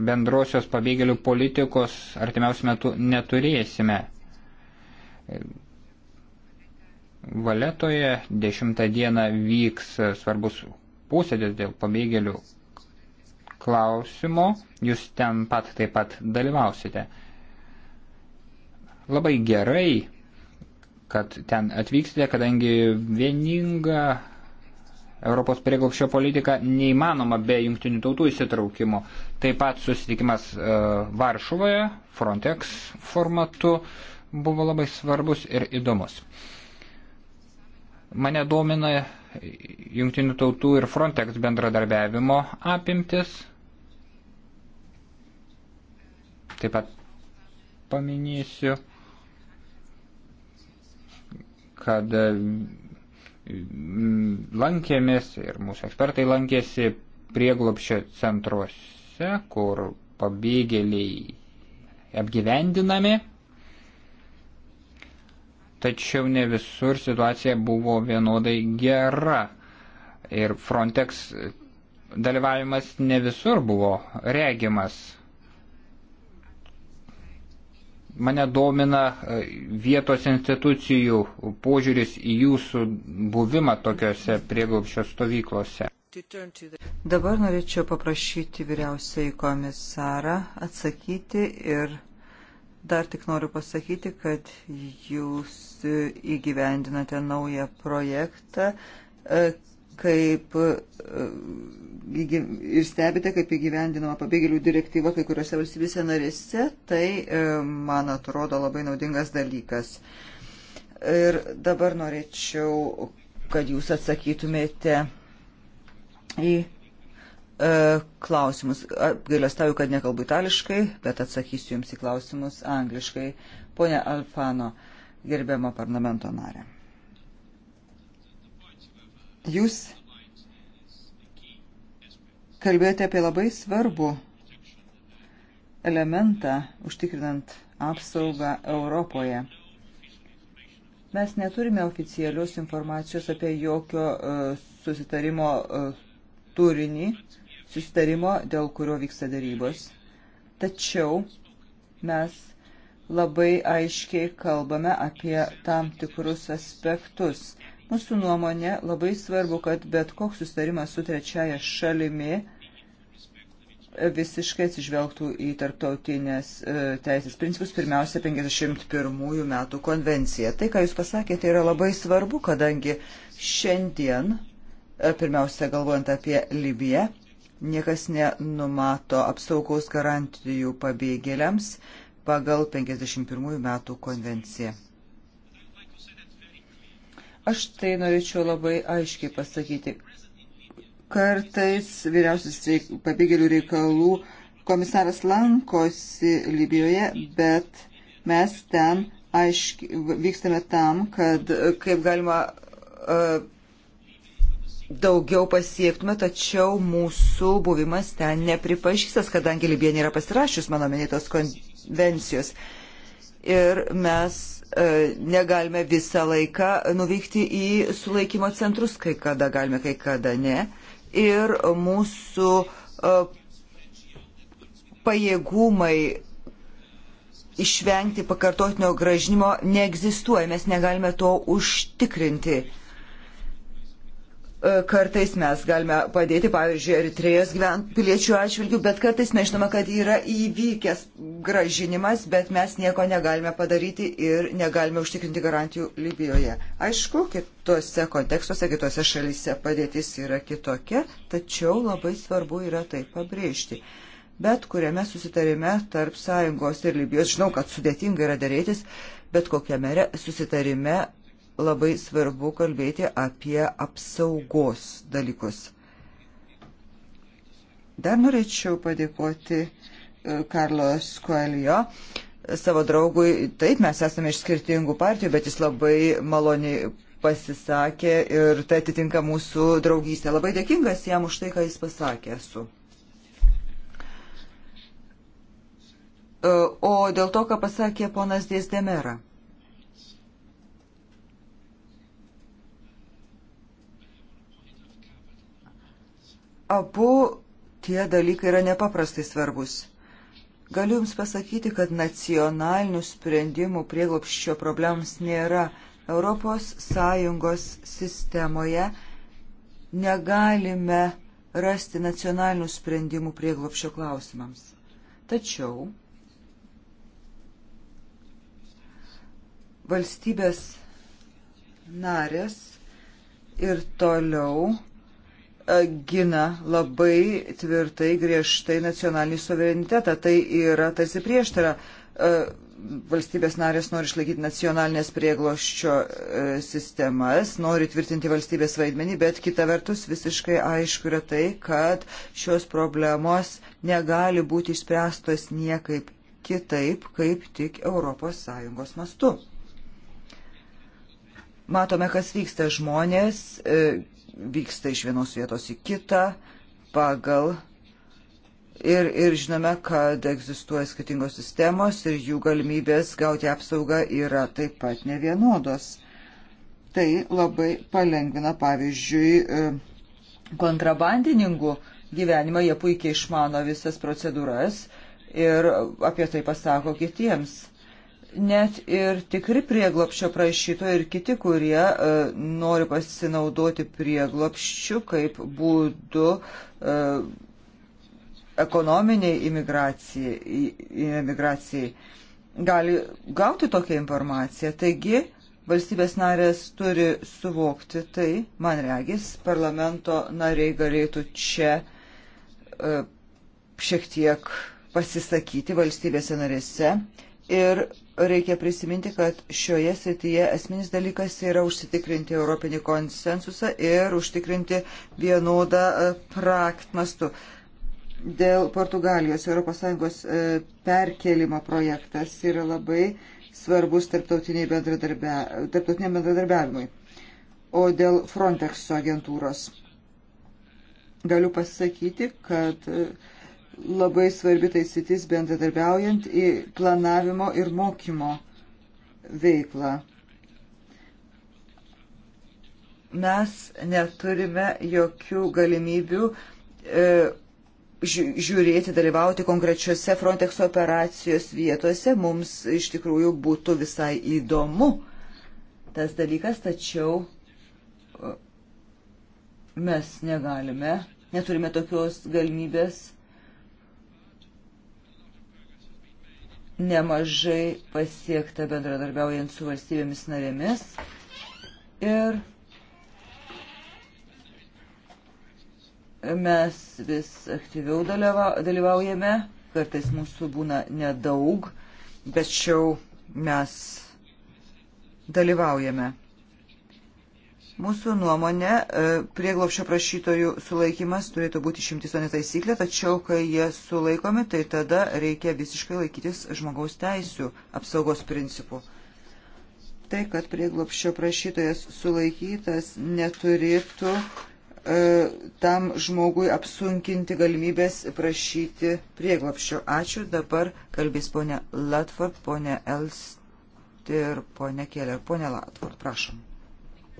bendrosios pabėgėlių politikos artimiausių metų neturėsime. Valetoje 10 dieną vyks svarbus posėdis dėl pabėgėlių klausimo. Jūs ten pat taip pat dalyvausite. Labai gerai, kad ten atvyksite, kadangi vieninga Europos prieglopščio politika neįmanoma be jungtinių tautų įsitraukimo. Taip pat susitikimas e, Varšuvoje Frontex formatu buvo labai svarbus ir įdomus. Mane domina jungtinių tautų ir Frontex bendradarbiavimo apimtis. Taip pat paminėsiu, kad lankėmės ir mūsų ekspertai lankėsi prieglopščio centruose, kur pabėgėliai apgyvendinami. Tačiau ne visur situacija buvo vienodai gera ir Frontex dalyvavimas ne visur buvo regimas. Mane domina e, vietos institucijų požiūris į jūsų buvimą tokiuose prieglobščio stovyklose. Dabar norėčiau paprašyti vyriausiai komisarą atsakyti ir dar tik noriu pasakyti, kad jūs įgyvendinate naują projektą e, kaip e, ir stebite, kaip įgyvendinama pabėgėlių direktyva kai kuriuose valstybėse narėse, tai e, man atrodo labai naudingas dalykas. Ir dabar norėčiau, kad jūs atsakytumėte į e, klausimus. Gailestauju, kad nekalbu itališkai, bet atsakysiu jums į klausimus angliškai. Pone Alfano, gerbiamo parlamento narė. Jūs kalbėjote apie labai svarbų elementą užtikrinant apsaugą Europoje. Mes neturime oficialios informacijos apie jokio e, susitarimo e, turinį, susitarimo, dėl kurio vyksta darybos. Tačiau mes labai aiškiai kalbame apie tam tikrus aspektus. Mūsų nuomonė labai svarbu, kad bet koks sustarimas su trečiaja šalimi visiškai atsižvelgtų į tarptautinės e, teisės principus, pirmiausia, 51 metų konvenciją. Tai, ką Jūs pasakėte, yra labai svarbu, kadangi šiandien, e, pirmiausia, galvojant apie Libiją, niekas nenumato apsaugos garantijų pabėgėliams pagal 51 metų konvenciją. Aš tai norėčiau labai aiškiai pasakyti. Kartais vyriausias pabėgėlių reikalų komisaras lankosi Libijoje, bet mes ten aiškiai vykstame tam, kad kaip galima uh, daugiau pasiektume, tačiau mūsų buvimas ten nepripažįstas, kadangi Libija nėra pasirašius mano minėtos konvencijos. Ir mes E, negalime visą laiką nuvykti į sulaikymo centrus, kai kada galime, kai kada ne. Ir mūsų e, pajėgumai išvengti pakartotinio gražinimo neegzistuoja, mes negalime to užtikrinti. E, kartais mes galime padėti, pavyzdžiui, Eritrėjos piliečių atžvilgių, bet kartais mes žinome, kad yra įvykęs gražinimas, bet mes nieko negalime padaryti ir negalime užtikrinti garantijų Libijoje. Aišku, kitose kontekstuose, kitose šalyse padėtis yra kitokia, tačiau labai svarbu yra tai pabrėžti. Bet kuriame susitarime tarp sąjungos ir Libijos, žinau, kad sudėtinga yra dėrėtis, bet kokiame susitarime labai svarbu kalbėti apie apsaugos dalykus. Dar norėčiau padėkoti Karlos e, Koelio e, savo draugui. Taip, mes esame iš skirtingų partijų, bet jis labai maloniai pasisakė ir tai atitinka mūsų draugystę. Labai dėkingas jam už tai, ką jis pasakė esu. E, o dėl to, ką pasakė ponas Dėsdemera. Abu tie dalykai yra nepaprastai svarbus. Galiu Jums pasakyti, kad nacionalinių sprendimų prieglopščio problems nėra. Europos Sąjungos sistemoje negalime rasti nacionalinių sprendimų prieglopščio klausimams. Tačiau valstybės narės ir toliau E, gina labai tvirtai, griežtai nacionalinį suverenitetą. Tai yra tarsi prieštara. E, valstybės narės nori išlaikyti nacionalinės priegloščio e, sistemas, nori tvirtinti valstybės vaidmenį, bet kita vertus visiškai aišku yra tai, kad šios problemos negali būti išspręstos niekaip kitaip, kaip tik ES mastu. Matome, kas vyksta žmonės, vyksta iš vienos vietos į kitą pagal ir, ir žinome, kad egzistuoja skirtingos sistemos ir jų galimybės gauti apsaugą yra taip pat nevienodos. Tai labai palengvina, pavyzdžiui, e, kontrabandininkų gyvenimą, jie puikiai išmano visas procedūras ir apie tai pasako kitiems net ir tikri prieglopščio prašytojai ir kiti, kurie e, nori pasinaudoti prieglopščių kaip būdu e, ekonominiai imigracijai, imigracijai, gali gauti tokią informaciją. Taigi valstybės narės turi suvokti tai, man regis, parlamento nariai galėtų čia e, šiek tiek pasisakyti valstybėse narėse Ir reikia prisiminti, kad šioje srityje esminis dalykas yra užsitikrinti europinį konsensusą ir užtikrinti vienodą e, praktmastų. Dėl Portugalijos ES e, perkelimo projektas yra labai svarbus tarptautiniam bendradarbia, bendradarbiavimui. O dėl Frontex agentūros galiu pasakyti, kad uh, labai svarbi taisytis bendradarbiaujant į planavimo ir mokymo veiklą. Mes neturime jokių galimybių e, žiūrėti, dalyvauti konkrečiose Frontex operacijos vietose. Mums iš tikrųjų būtų visai įdomu tas dalykas, tačiau e, mes negalime, neturime tokios galimybės nemažai pasiekta bendradarbiaujant su valstybėmis narėmis. Ir mes vis aktyviau dalyvaujame, kartais mūsų būna nedaug, bet šiau mes dalyvaujame. Mūsų nuomonė, e, prieglopšio prašytojų sulaikimas turėtų būti šimtis, o ne taisyklė, tačiau kai jie sulaikomi, tai tada reikia visiškai laikytis žmogaus teisų apsaugos principų. Tai, kad prieglopšio prašytojas sulaikytas neturėtų e, tam žmogui apsunkinti galimybės prašyti prieglopščio. Ačiū. Dabar kalbės ponė Latford, ponė Elst ir ponė Keller. Ponė Latford, prašom.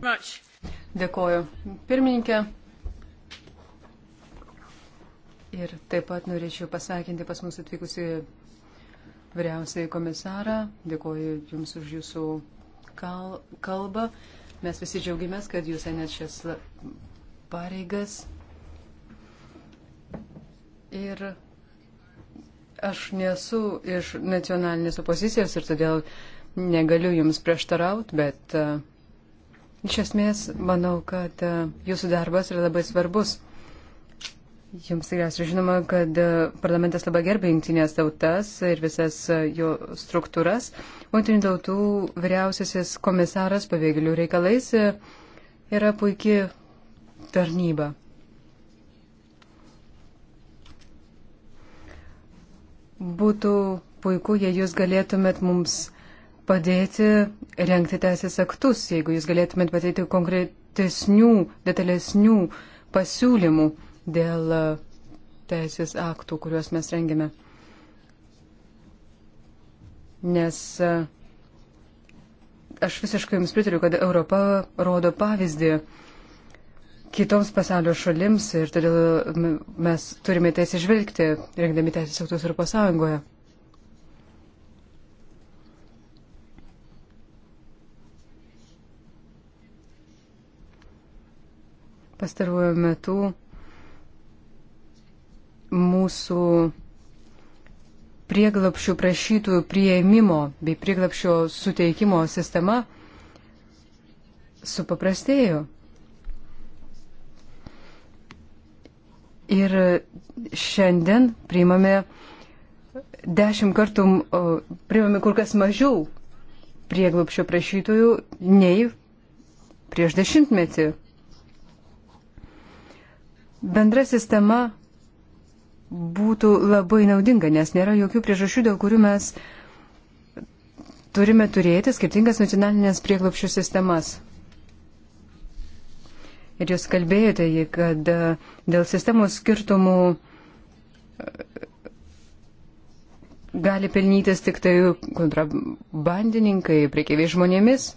Much. Dėkoju pirmininkė. Ir taip pat norėčiau pasveikinti pas mus atvykusi vyriausiai komisarą. Dėkoju Jums už Jūsų kal kalbą. Mes visi džiaugiamės, kad Jūs einat šias pareigas. Ir aš nesu iš nacionalinės opozicijos ir todėl negaliu Jums prieštaraut, bet uh, Iš esmės, manau, kad e, jūsų darbas yra labai svarbus. Jums tikriausiai žinoma, kad e, parlamentas labai gerbė jungtinės tautas ir visas e, jo struktūras. Jungtinių tautų vyriausiasis komisaras pavėgėlių reikalais yra puikia tarnyba. Būtų puiku, jei jūs galėtumėt mums padėti renkti teisės aktus, jeigu jūs galėtumėt pateikti konkretesnių, detalesnių pasiūlymų dėl e, teisės aktų, kuriuos mes rengiame. Nes e, aš visiškai jums pritariu, kad Europa rodo pavyzdį kitoms pasaulio šalims ir todėl mes turime teisę žvelgti, rengdami teisės aktus Europos Sąjungoje. pastaruoju metu mūsų prieglapšių prašytojų prieimimo bei prieglapšio suteikimo sistema supaprastėjo. Ir šiandien priimame dešimt kartų, priimame kur kas mažiau prieglapšio prašytojų nei prieš dešimtmetį. Bendra sistema būtų labai naudinga, nes nėra jokių priežasčių, dėl kurių mes turime turėti skirtingas nacionalinės prieglopščių sistemas. Ir jūs kalbėjote, kad e, dėl sistemos skirtumų e, gali pelnytis tik tai kontrabandininkai, priekeiviai žmonėmis.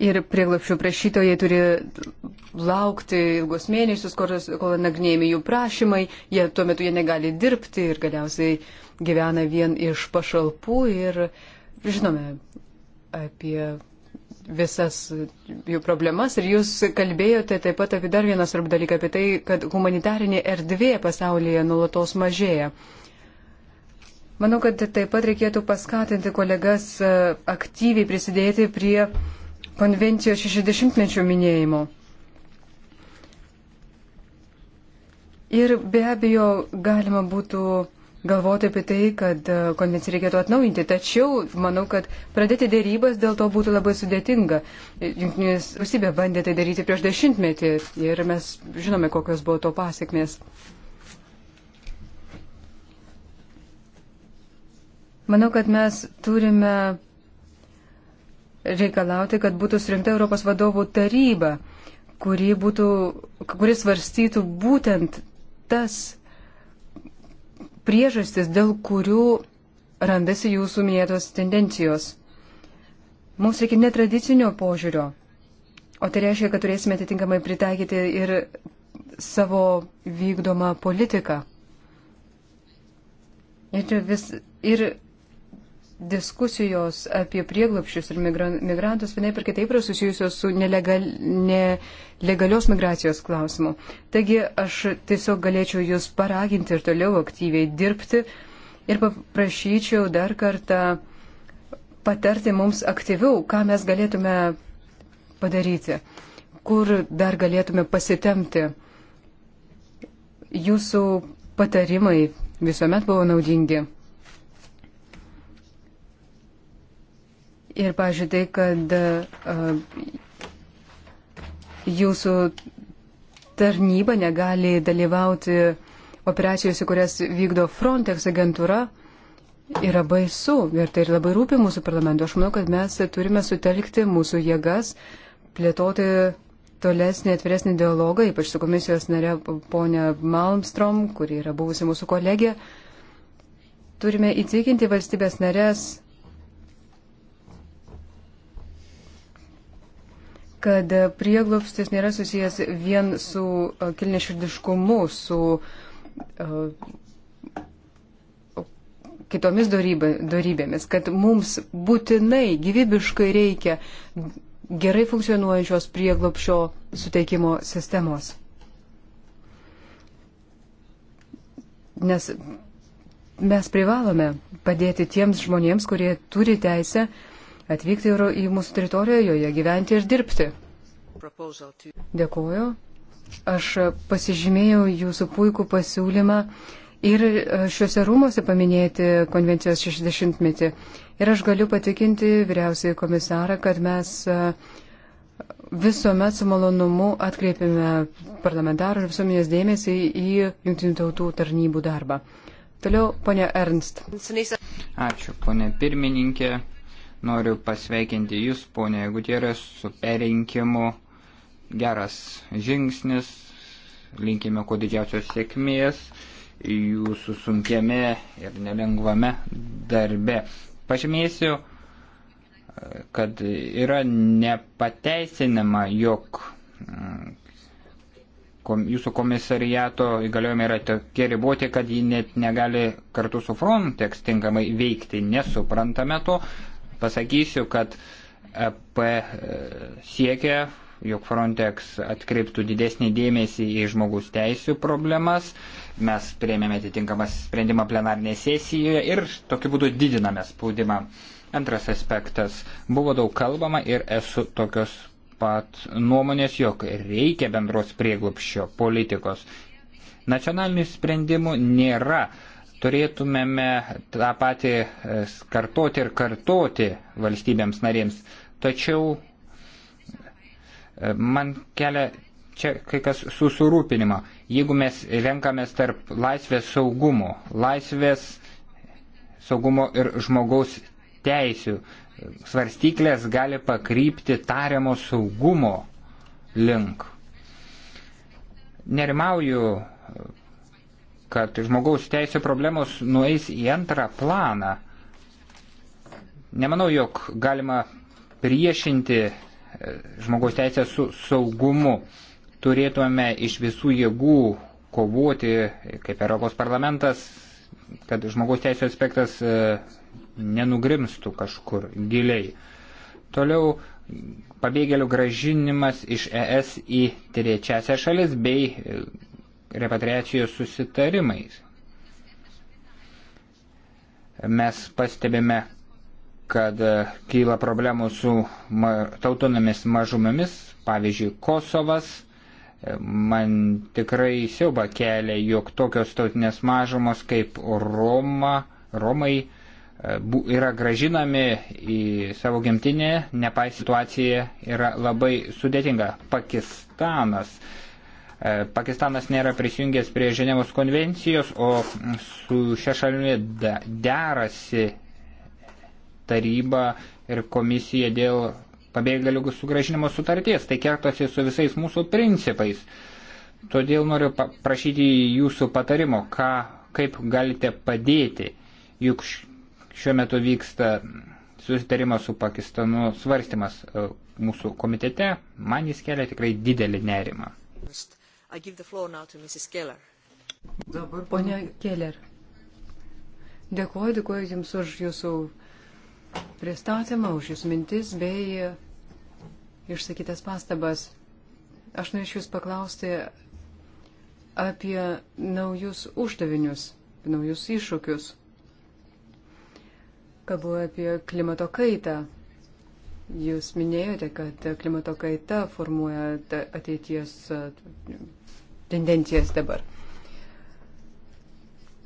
Ir prieglapšio prašytojai turi laukti ilgus mėnesius, kol nagrinėjami jų prašymai, jie tuo metu jie negali dirbti ir galiausiai gyvena vien iš pašalpų ir žinome apie visas jų problemas. Ir jūs kalbėjote taip pat apie dar vieną svarbų dalyką, apie tai, kad humanitarinė erdvė pasaulyje nulatos mažėja. Manau, kad taip pat reikėtų paskatinti kolegas e, aktyviai prisidėti prie konvencijos 60-mečio minėjimo. Ir be abejo, galima būtų galvoti apie tai, kad e, konvenciją reikėtų atnaujinti, tačiau manau, kad pradėti dėrybas dėl to būtų labai sudėtinga. Junktinės valstybė bandė tai daryti prieš dešimtmetį ir mes žinome, kokios buvo to pasiekmės. Manau, kad mes turime reikalauti, kad būtų surinkta Europos vadovų taryba, kuri, būtų, kuri svarstytų būtent tas priežastis, dėl kurių randasi jūsų mėtos tendencijos. Mums reikia netradicinio požiūrio, o tai reiškia, kad turėsime atitinkamai pritaikyti ir savo vykdomą politiką. Ir, vis, ir diskusijos apie prieglapšius ir migrantus vienaip ir kitaip yra susijusios su nelegal, nelegalios migracijos klausimu. Taigi aš tiesiog galėčiau Jūs paraginti ir toliau aktyviai dirbti ir paprašyčiau dar kartą patarti mums aktyviau, ką mes galėtume padaryti, kur dar galėtume pasitemti. Jūsų patarimai visuomet buvo naudingi. Ir pažiūrėjau tai, kad e, jūsų tarnyba negali dalyvauti operacijose, kurias vykdo Frontex agentūra, yra baisu ir tai ir labai rūpi mūsų parlamento. Aš manau, kad mes turime sutelkti mūsų jėgas, plėtoti tolesnį atviresnį dialogą, ypač su komisijos nare ponia Malmstrom, kuri yra buvusi mūsų kolegė. Turime įtikinti valstybės narės kad prieglobstis nėra susijęs vien su e, kilneširdiškumu, su uh, kitomis dorybė, dorybėmis, kad mums būtinai gyvybiškai reikia gerai funkcionuojančios prieglopšio suteikimo sistemos. Nes mes privalome padėti tiems žmonėms, kurie turi teisę uh, atvykti ir į mūsų teritoriją, joje gyventi ir dirbti. Dėkuoju. Aš pasižymėjau jūsų puikų pasiūlymą ir e, šiuose rūmose paminėti konvencijos 60-metį. Ir aš galiu patikinti vyriausiai komisarą, kad mes e, visuomet su malonumu atkreipiame parlamentarų ir visuomenės dėmesį į jungtinių tautų tarnybų darbą. Toliau, ponė Ernst. Ačiū, ponė pirmininkė. Noriu pasveikinti Jūs, ponė Gutierės, su perinkimu. Geras žingsnis. Linkime kuo didžiausios sėkmės Jūsų sunkiame ir nelengvame darbe. Pažymėsiu, kad yra nepateisinama, jog mm, jūsų komisariato įgaliojimai yra tokie riboti, kad ji net negali kartu su Frontex tinkamai veikti, nesuprantame to, Pasakysiu, kad EP e, siekia, jog Frontex atkreiptų didesnį dėmesį į žmogus teisų problemas. Mes prieimėme atitinkamą sprendimą plenarnėje sesijoje ir tokiu būdu didiname spaudimą. Antras aspektas. Buvo daug kalbama ir esu tokios pat nuomonės, jog reikia bendros prieglupščio politikos. Nacionalinių sprendimų nėra. Uh, turėtumėme tą patį e, kartoti ir kartoti valstybėms narėms. Tačiau e, man kelia čia kai kas susirūpinimo. Jeigu mes renkamės tarp laisvės saugumo, laisvės saugumo ir žmogaus teisių, svarstyklės gali pakrypti tariamo saugumo link. Nerimauju kad žmogaus teisė problemos nueis į antrą planą. Nemanau, jog galima priešinti e, žmogaus teisę su saugumu. Turėtume iš visų jėgų kovoti, kaip Europos parlamentas, kad žmogaus teisų aspektas e, nenugrimstų kažkur giliai. Toliau pabėgėlių gražinimas iš ES į trečiasią šalis bei e, repatriacijos susitarimais. Mes pastebime, kad e, kyla problemų su tautonomis mažumomis, pavyzdžiui, Kosovas. E, man tikrai siauba kelia, jog tokios tautinės mažumos kaip Roma, Romai e, yra gražinami į savo gimtinę, nepaisant situacija yra labai sudėtinga. Pakistanas Pakistanas nėra prisijungęs prie Ženevos konvencijos, o su šia šalimi derasi taryba ir komisija dėl pabėgėlių sugražinimo sutarties. Tai kertasi su visais mūsų principais. Todėl noriu prašyti jūsų patarimo, ką, kaip galite padėti, juk šiuo metu vyksta susitarimas su Pakistanu svarstymas e, mūsų komitete, man jis kelia tikrai didelį nerimą. Just. I give the floor now to Mrs. Keller. Dabar ponia Keller. Dėkuoju, dėkuoju Jums už Jūsų pristatymą, už Jūsų mintis bei e, išsakytas pastabas. Aš norėčiau Jūs paklausti apie naujus uždavinius, naujus iššūkius. Kalbu apie klimato kaitą, Jūs minėjote, kad klimato kaita formuoja ateities tendencijas dabar.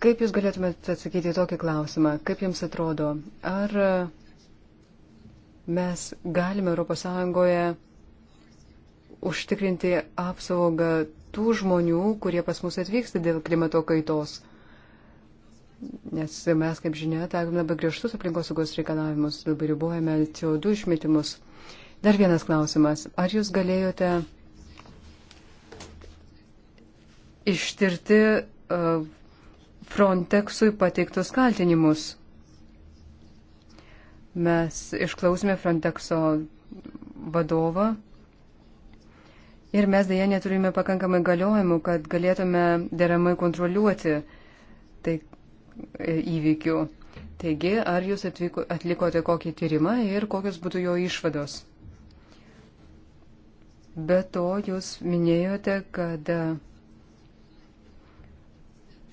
Kaip Jūs galėtumėte atsakyti tokį klausimą? Kaip Jums atrodo, ar mes galime ES užtikrinti apsaugą tų žmonių, kurie pas mus atvyksta dėl klimato kaitos? nes mes, kaip žinia, taikome labai griežtus aplinkosaugos reikalavimus, labai ribojame CO2 išmetimus. Dar vienas klausimas. Ar jūs galėjote ištirti uh, Frontexui pateiktus kaltinimus? Mes išklausime Frontexo vadovą ir mes dėja neturime pakankamai galiojimų, kad galėtume deramai kontroliuoti tai, įvykių. Taigi, ar jūs atvyko, atlikote kokį tyrimą ir kokios būtų jo išvados? Be to, jūs minėjote, kad e,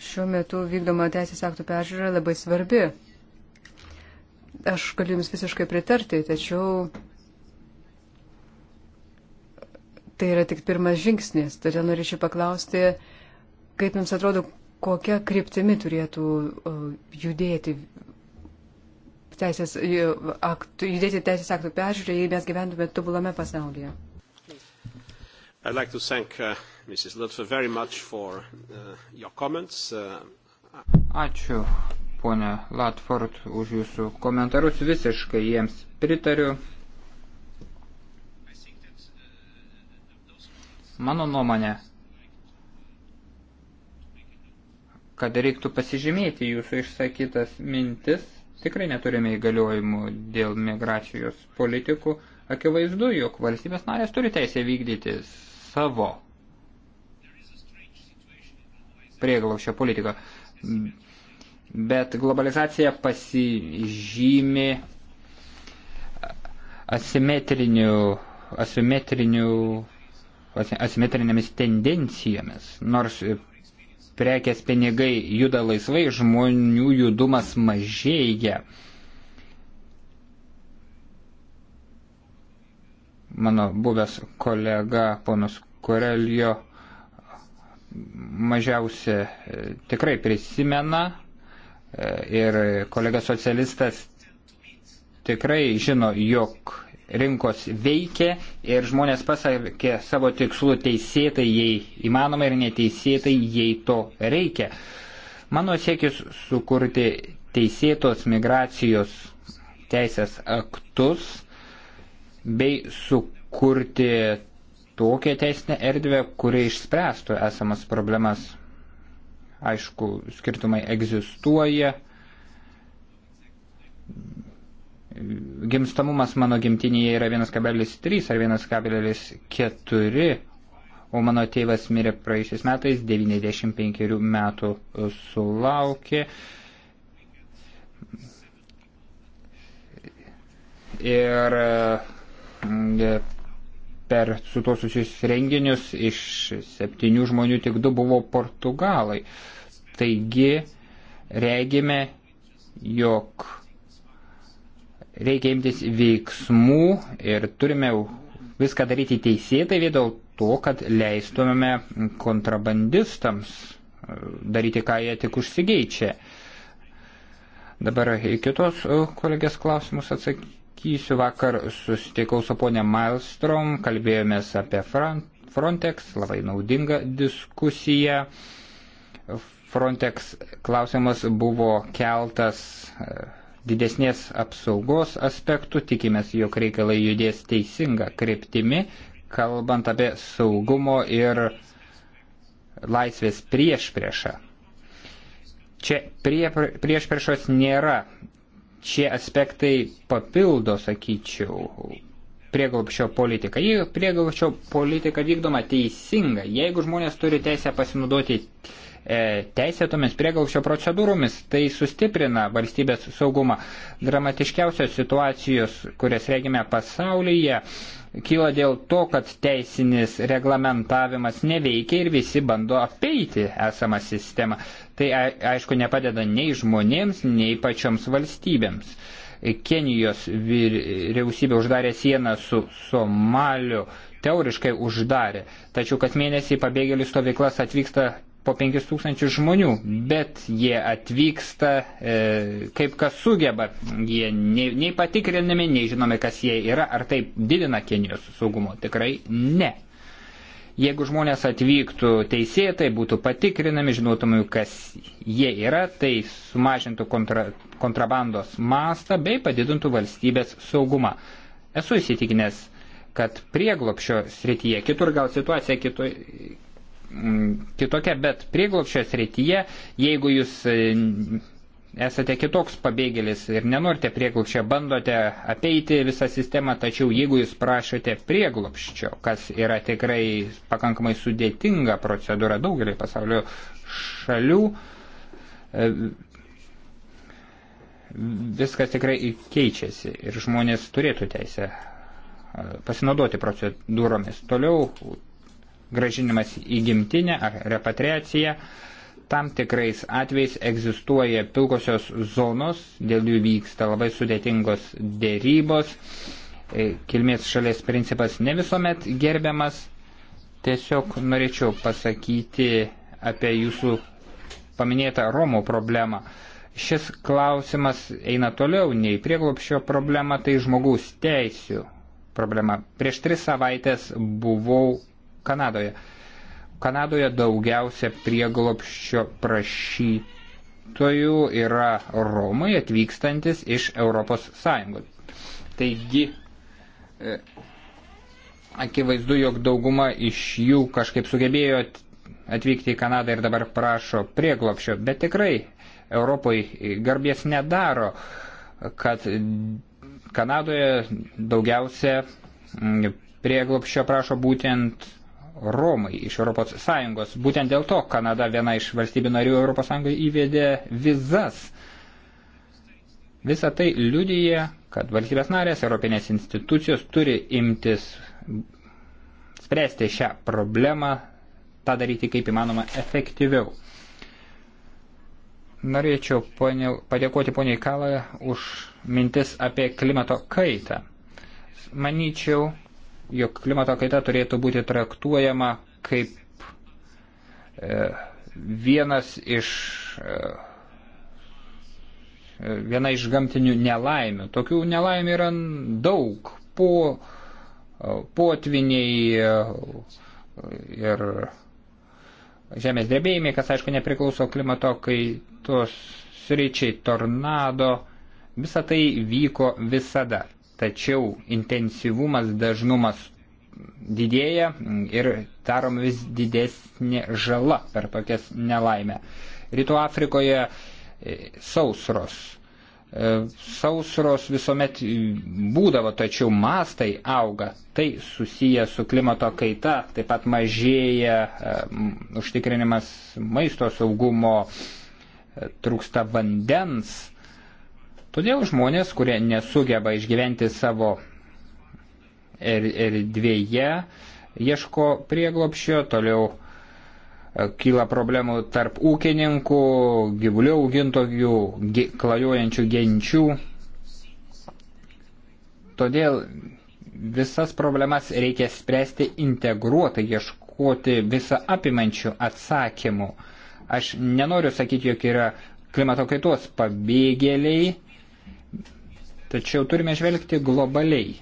šiuo metu vykdoma teisės aktų peržiūra labai svarbi. Aš galiu Jums visiškai pritarti, tačiau tai yra tik pirmas žingsnis. Todėl norėčiau paklausti, kaip Jums atrodo, kokia kryptimi turėtų e, judėti teisės, e, aktų, judėti teisės aktų peržiūrė, jei mes gyventume tobulame pasaulyje. I'd like to thank uh, Mrs. Lutfer very much for uh, your comments. Uh, Ačiū, ponė Latford, už jūsų komentarus. Visiškai jiems pritariu. Mano nuomonė, kad reiktų pasižymėti jūsų išsakytas mintis. Tikrai neturime įgaliojimų dėl migracijos politikų. Akivaizdu, jog valstybės narės turi teisę vykdyti savo prieglaušio politiką. Bet globalizacija pasižymi asimetrinių, asimetrinių, asimetrinėmis tendencijomis, nors prekės pinigai juda laisvai, žmonių judumas mažėja. Mano buvęs kolega ponus Korelio mažiausia e, tikrai prisimena e, ir kolega socialistas tikrai žino, jog rinkos veikia ir žmonės pasakė savo tikslų teisėtai, jei įmanoma ir neteisėtai, jei to reikia. Mano siekis sukurti teisėtos migracijos teisės aktus bei sukurti tokią teisinę erdvę, kuri išspręstų esamas problemas. Aišku, skirtumai egzistuoja, Gimstamumas mano gimtinėje yra 1,3 ar 1,4, o mano tėvas mirė praėjusiais metais, 95 metų sulaukė. Ir e, per su to susijusius renginius iš septynių žmonių tik du buvo portugalai. Taigi regime, jog reikia imtis veiksmų ir turime viską daryti teisėtai vien dėl to, kad leistumėme kontrabandistams e, daryti, ką jie tik užsigeičia. Dabar į kitos e, kolegės klausimus atsakysiu. Vakar susitikau su ponė Malstrom, kalbėjomės apie Frontex, labai naudinga diskusija. Frontex klausimas buvo keltas e, didesnės apsaugos aspektų, tikimės, jog reikalai judės teisinga kryptimi, kalbant apie saugumo ir laisvės prieš priešą. Čia prie, prieš priešos nėra. Šie aspektai papildo, sakyčiau, prieglopščio politiką. Jei prieglopščio politika vykdoma teisinga, jeigu žmonės turi teisę pasinaudoti E, teisėtomis priegaukščio procedūromis. Tai sustiprina valstybės saugumą. Dramatiškiausios situacijos, kurias regime pasaulyje, kyla dėl to, kad teisinis reglamentavimas neveikia ir visi bando apeiti esamą sistemą. Tai aišku nepadeda nei žmonėms, nei pačioms valstybėms. Kenijos vyriausybė uždarė sieną su Somaliu, teoriškai uždarė, tačiau kas mėnesį pabėgėlių stovyklas atvyksta po 5000 žmonių, bet jie atvyksta e, kaip kas sugeba, jie nei, nei patikrinami, nei žinome, kas jie yra, ar tai didina Kenijos saugumo, tikrai ne. Jeigu žmonės atvyktų teisėtai, tai būtų patikrinami, žinotumai, kas jie yra, tai sumažintų kontra, kontrabandos mastą bei padidintų valstybės saugumą. Esu įsitikinęs, kad prieglopšio srityje, kitur gal situacija kitoje Mm, kitokia, bet prieglopščios rytyje, jeigu jūs e, esate kitoks pabėgėlis ir nenorite prieglopščio, bandote apeiti visą sistemą, tačiau jeigu jūs prašote prieglopščio, kas yra tikrai pakankamai sudėtinga procedūra daugelį pasaulio šalių, e, viskas tikrai keičiasi ir žmonės turėtų teisę e, pasinaudoti procedūromis. Toliau gražinimas į gimtinę ar repatriacija. Tam tikrais atvejais egzistuoja pilkosios zonos, dėl jų vyksta labai sudėtingos dėrybos, e, kilmės šalies principas ne visuomet gerbiamas. Tiesiog norėčiau pasakyti apie jūsų paminėtą Romų problemą. Šis klausimas eina toliau nei prieglopščio problema, tai žmogaus teisių problema. Prieš tris savaitės buvau Kanadoje. Kanadoje daugiausia prieglopščio prašytojų yra Romai atvykstantis iš Europos Sąjungos. Taigi, e, akivaizdu, jog dauguma iš jų kažkaip sugebėjo atvykti į Kanadą ir dabar prašo prieglopščio, bet tikrai Europai garbės nedaro, kad Kanadoje daugiausia prieglopščio prašo būtent Romai iš ES. Būtent dėl to Kanada viena iš valstybių narių ES įvedė vizas. Visa tai liudyje, kad valstybės narės, Europinės institucijos turi imtis spręsti šią problemą, tą daryti kaip įmanoma efektyviau. Norėčiau ponė, padėkoti poniai Kalą už mintis apie klimato kaitą. Manyčiau, jog klimato kaita turėtų būti traktuojama kaip e, vienas iš e, viena iš gamtinių nelaimių. Tokių nelaimių yra daug. Po e, potviniai e, ir žemės drebėjimai, kas aišku nepriklauso klimato kaitos sričiai, tornado, visa tai vyko visada tačiau intensyvumas, dažnumas didėja ir darom vis didesnė žala per tokias nelaimę. Rytų Afrikoje e, sausros. E, sausros visuomet būdavo, tačiau mastai auga. Tai susiję su klimato kaita, taip pat mažėja e, užtikrinimas maisto saugumo, trūksta vandens Todėl žmonės, kurie nesugeba išgyventi savo er, erdvėje, ieško prieglopšio, toliau e, kyla problemų tarp ūkininkų, gyvulių augintojų, klajojančių genčių. Todėl visas problemas reikia spręsti integruotai, ieškoti visą apimančių atsakymų. Aš nenoriu sakyti, jog yra klimato kaitos pabėgėliai, Tačiau turime žvelgti globaliai.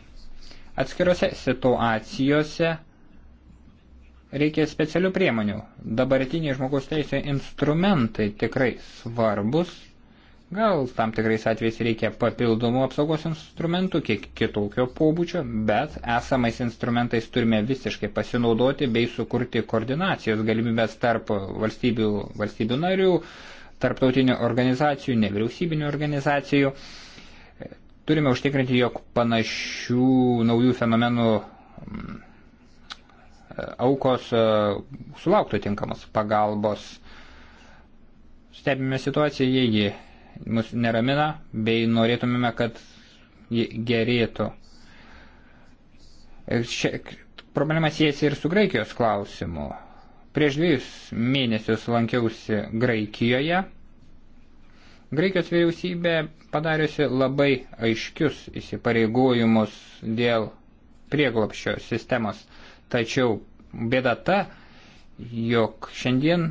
Atskirose situacijose reikia specialių priemonių. Dabartiniai žmogaus teisė instrumentai tikrai svarbus. Gal tam tikrais atvejais reikia papildomų apsaugos instrumentų, kiek kitokio pobūdžio, bet esamais instrumentais turime visiškai pasinaudoti bei sukurti koordinacijos galimybės tarp valstybių, valstybių narių, tarptautinių organizacijų, nevyriausybinių organizacijų. organizacijų Turime užtikrinti, jog panašių naujų fenomenų mm, aukos e, sulauktų tinkamos pagalbos. Stebime situaciją, jie mus neramina, bei norėtumėme, kad ji gerėtų. E, šia, problema siejasi ir su Graikijos klausimu. Prieš dviejus mėnesius lankiausi Graikijoje Graikijos vyriausybė padariusi labai aiškius įsipareigojimus dėl prieglopščio sistemos. Tačiau bėda ta, jog šiandien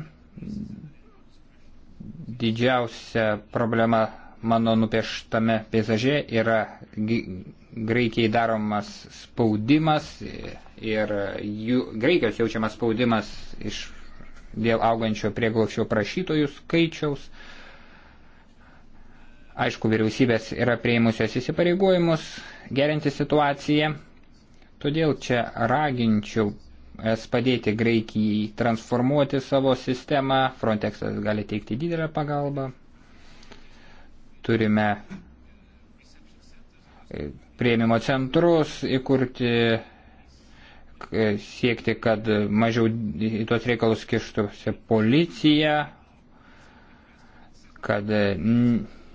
didžiausia problema mano nupieštame peizaže yra Graikijai daromas spaudimas ir jų, Graikijos jaučiamas spaudimas iš dėl augančio prieglaušio prašytojų skaičiaus. Aišku, vyriausybės yra prieimusios įsipareigojimus gerinti situaciją, todėl čia raginčiau es padėti Graikijai transformuoti savo sistemą, Frontexas gali teikti didelę pagalbą. Turime e, prieimimo centrus įkurti, e, siekti, kad mažiau į tuos reikalus kištųsi policija, kad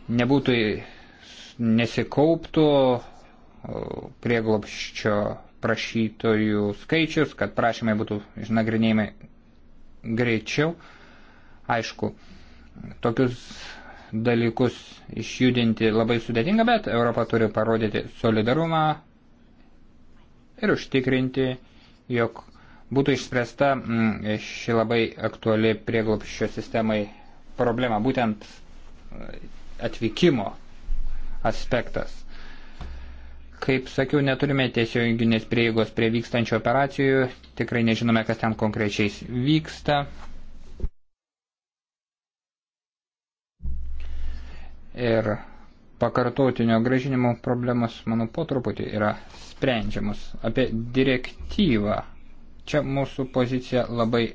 nebūtų nesikauptų prieglopščio prašytojų skaičius, kad prašymai būtų išnagrinėjami greičiau. Aišku, tokius dalykus išjudinti labai sudėtinga, bet Europa turi parodyti solidarumą ir užtikrinti, jog būtų išspręsta mm, ši labai aktuali prieglopščio sistemai problema. Būtent atvykimo aspektas. Kaip sakiau, neturime tiesioginės prieigos prie vykstančių operacijų, tikrai nežinome, kas ten konkrečiai vyksta. Ir pakartotinio gražinimo problemos, manau, po truputį yra sprendžiamus. Apie direktyvą. Čia mūsų pozicija labai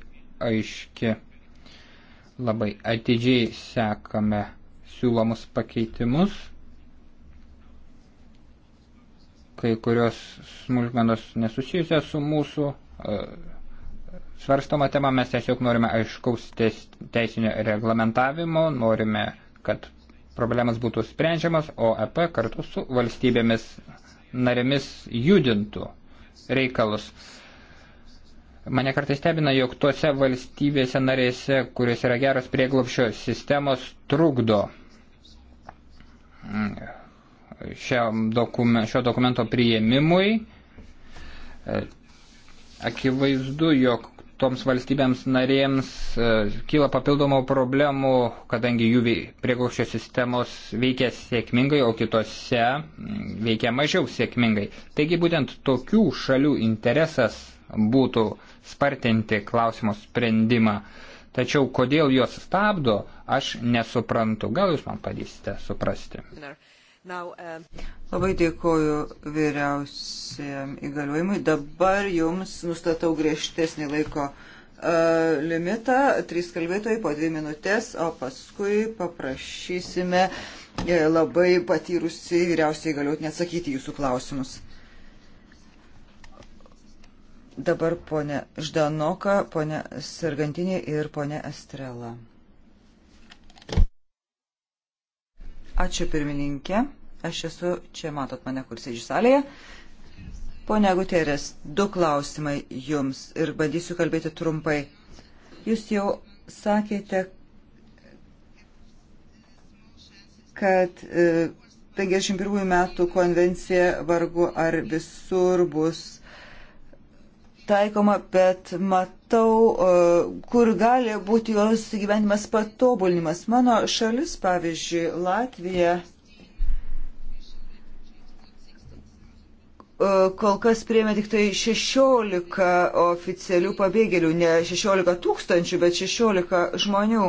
aiški. Labai atidžiai sekame siūlomus pakeitimus. Kai kurios smulkmenos nesusijusios su mūsų e, svarstoma tema, mes tiesiog norime aiškaus teisinio reglamentavimo, norime, kad problemas būtų sprendžiamas, o EP kartu su valstybėmis narėmis judintų reikalus. Mane kartais stebina, jog tuose valstybėse narėse, kuriuose yra geros prieglopšio sistemos, trukdo dokumen, šio dokumento priėmimui. E, akivaizdu, jog toms valstybėms narėms e, kyla papildomų problemų, kadangi jų prieglaušio sistemos veikia sėkmingai, o kitose mm, veikia mažiau sėkmingai. Taigi būtent tokių šalių interesas būtų spartinti klausimo sprendimą. Uh, tačiau kodėl juos stabdo, aš nesuprantu. Gal jūs man padėsite suprasti? Uh, labai dėkoju vyriausiam įgaliojimui. Dabar jums nustatau griežtesnį laiko uh, limitą, trys kalbėtojai po dvi minutės, o paskui paprašysime e, labai patyrusi vyriausiai galiuotinį atsakyti jūsų klausimus. Dabar ponė Ždanoka, ponė Sargantinė ir ponė Estrela. Ačiū pirmininkė. Aš esu, čia matot mane kur sėdžiu salėje. Pone Guterės, du klausimai jums ir bandysiu kalbėti trumpai. Jūs jau sakėte, kad 51 e, metų konvencija vargu ar visur bus taikoma, bet matau, e, kur gali būti jos gyvenimas patobulinimas. Mano šalis, pavyzdžiui, Latvija, e, kol kas priėmė tik tai 16 oficialių pabėgėlių, ne 16 tūkstančių, bet 16 žmonių.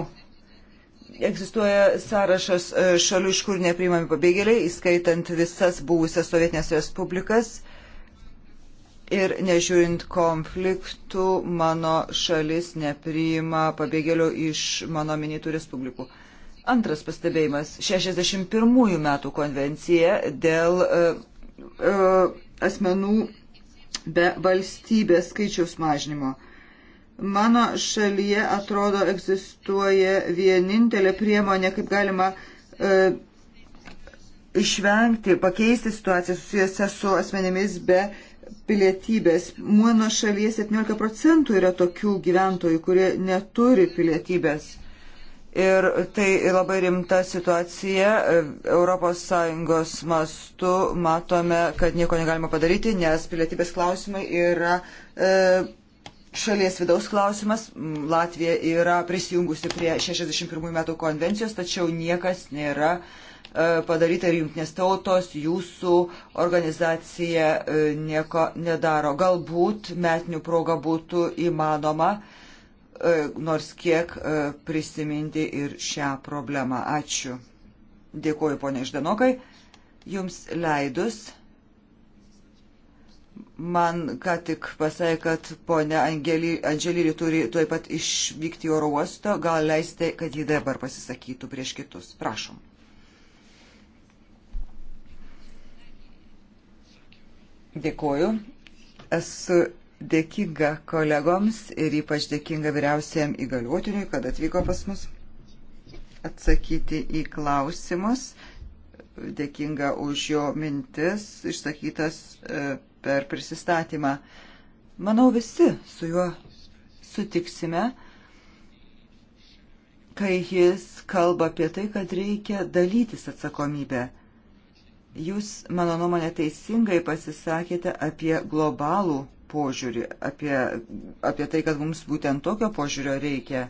Egzistuoja sąrašas e, šalių, iš kur nepriimami pabėgėliai, įskaitant visas buvusias Sovietinės Respublikas Ir nežiūrint konfliktų, mano šalis nepriima pabėgėlių iš mano minėtų respublikų. Antras pastebėjimas - 61 metų konvencija dėl uh, uh, asmenų be valstybės skaičiaus mažnymo. Mano šalyje atrodo egzistuoja vienintelė priemonė, kaip galima uh, išvengti, pakeisti situaciją susijusią su asmenėmis be valstybės pilietybės. Mano šalyje 17 procentų yra tokių gyventojų, kurie neturi pilietybės. Ir tai labai rimta situacija. ES mastu matome, kad nieko negalima padaryti, nes pilietybės klausimai yra e, šalies vidaus klausimas. Latvija yra prisijungusi prie 61 metų konvencijos, tačiau niekas nėra e, E, padaryta ir jungtinės tautos, jūsų organizacija e, nieko nedaro. Galbūt metinių proga būtų įmanoma e, nors kiek prisiminti ir šią problemą. Ačiū. Dėkuoju, ponia Išdanokai. Jums leidus. Man ką tik pasakė, kad ponia Andželylį turi tuoj pat išvykti į oro uosto. Gal leiste, kad ji dabar pasisakytų prieš kitus. Prašom. Dėkuoju. Esu dėkinga kolegoms ir ypač dėkinga vyriausiam įgaliuotiniui, kad atvyko pas mus atsakyti į klausimus. Dėkinga už jo mintis išsakytas e, per prisistatymą. Manau, visi su juo sutiksime, kai jis kalba apie tai, kad reikia dalytis atsakomybę Jūs, mano nuomonė, teisingai pasisakėte apie globalų požiūrį, apie, apie tai, kad mums būtent tokio požiūrio reikia.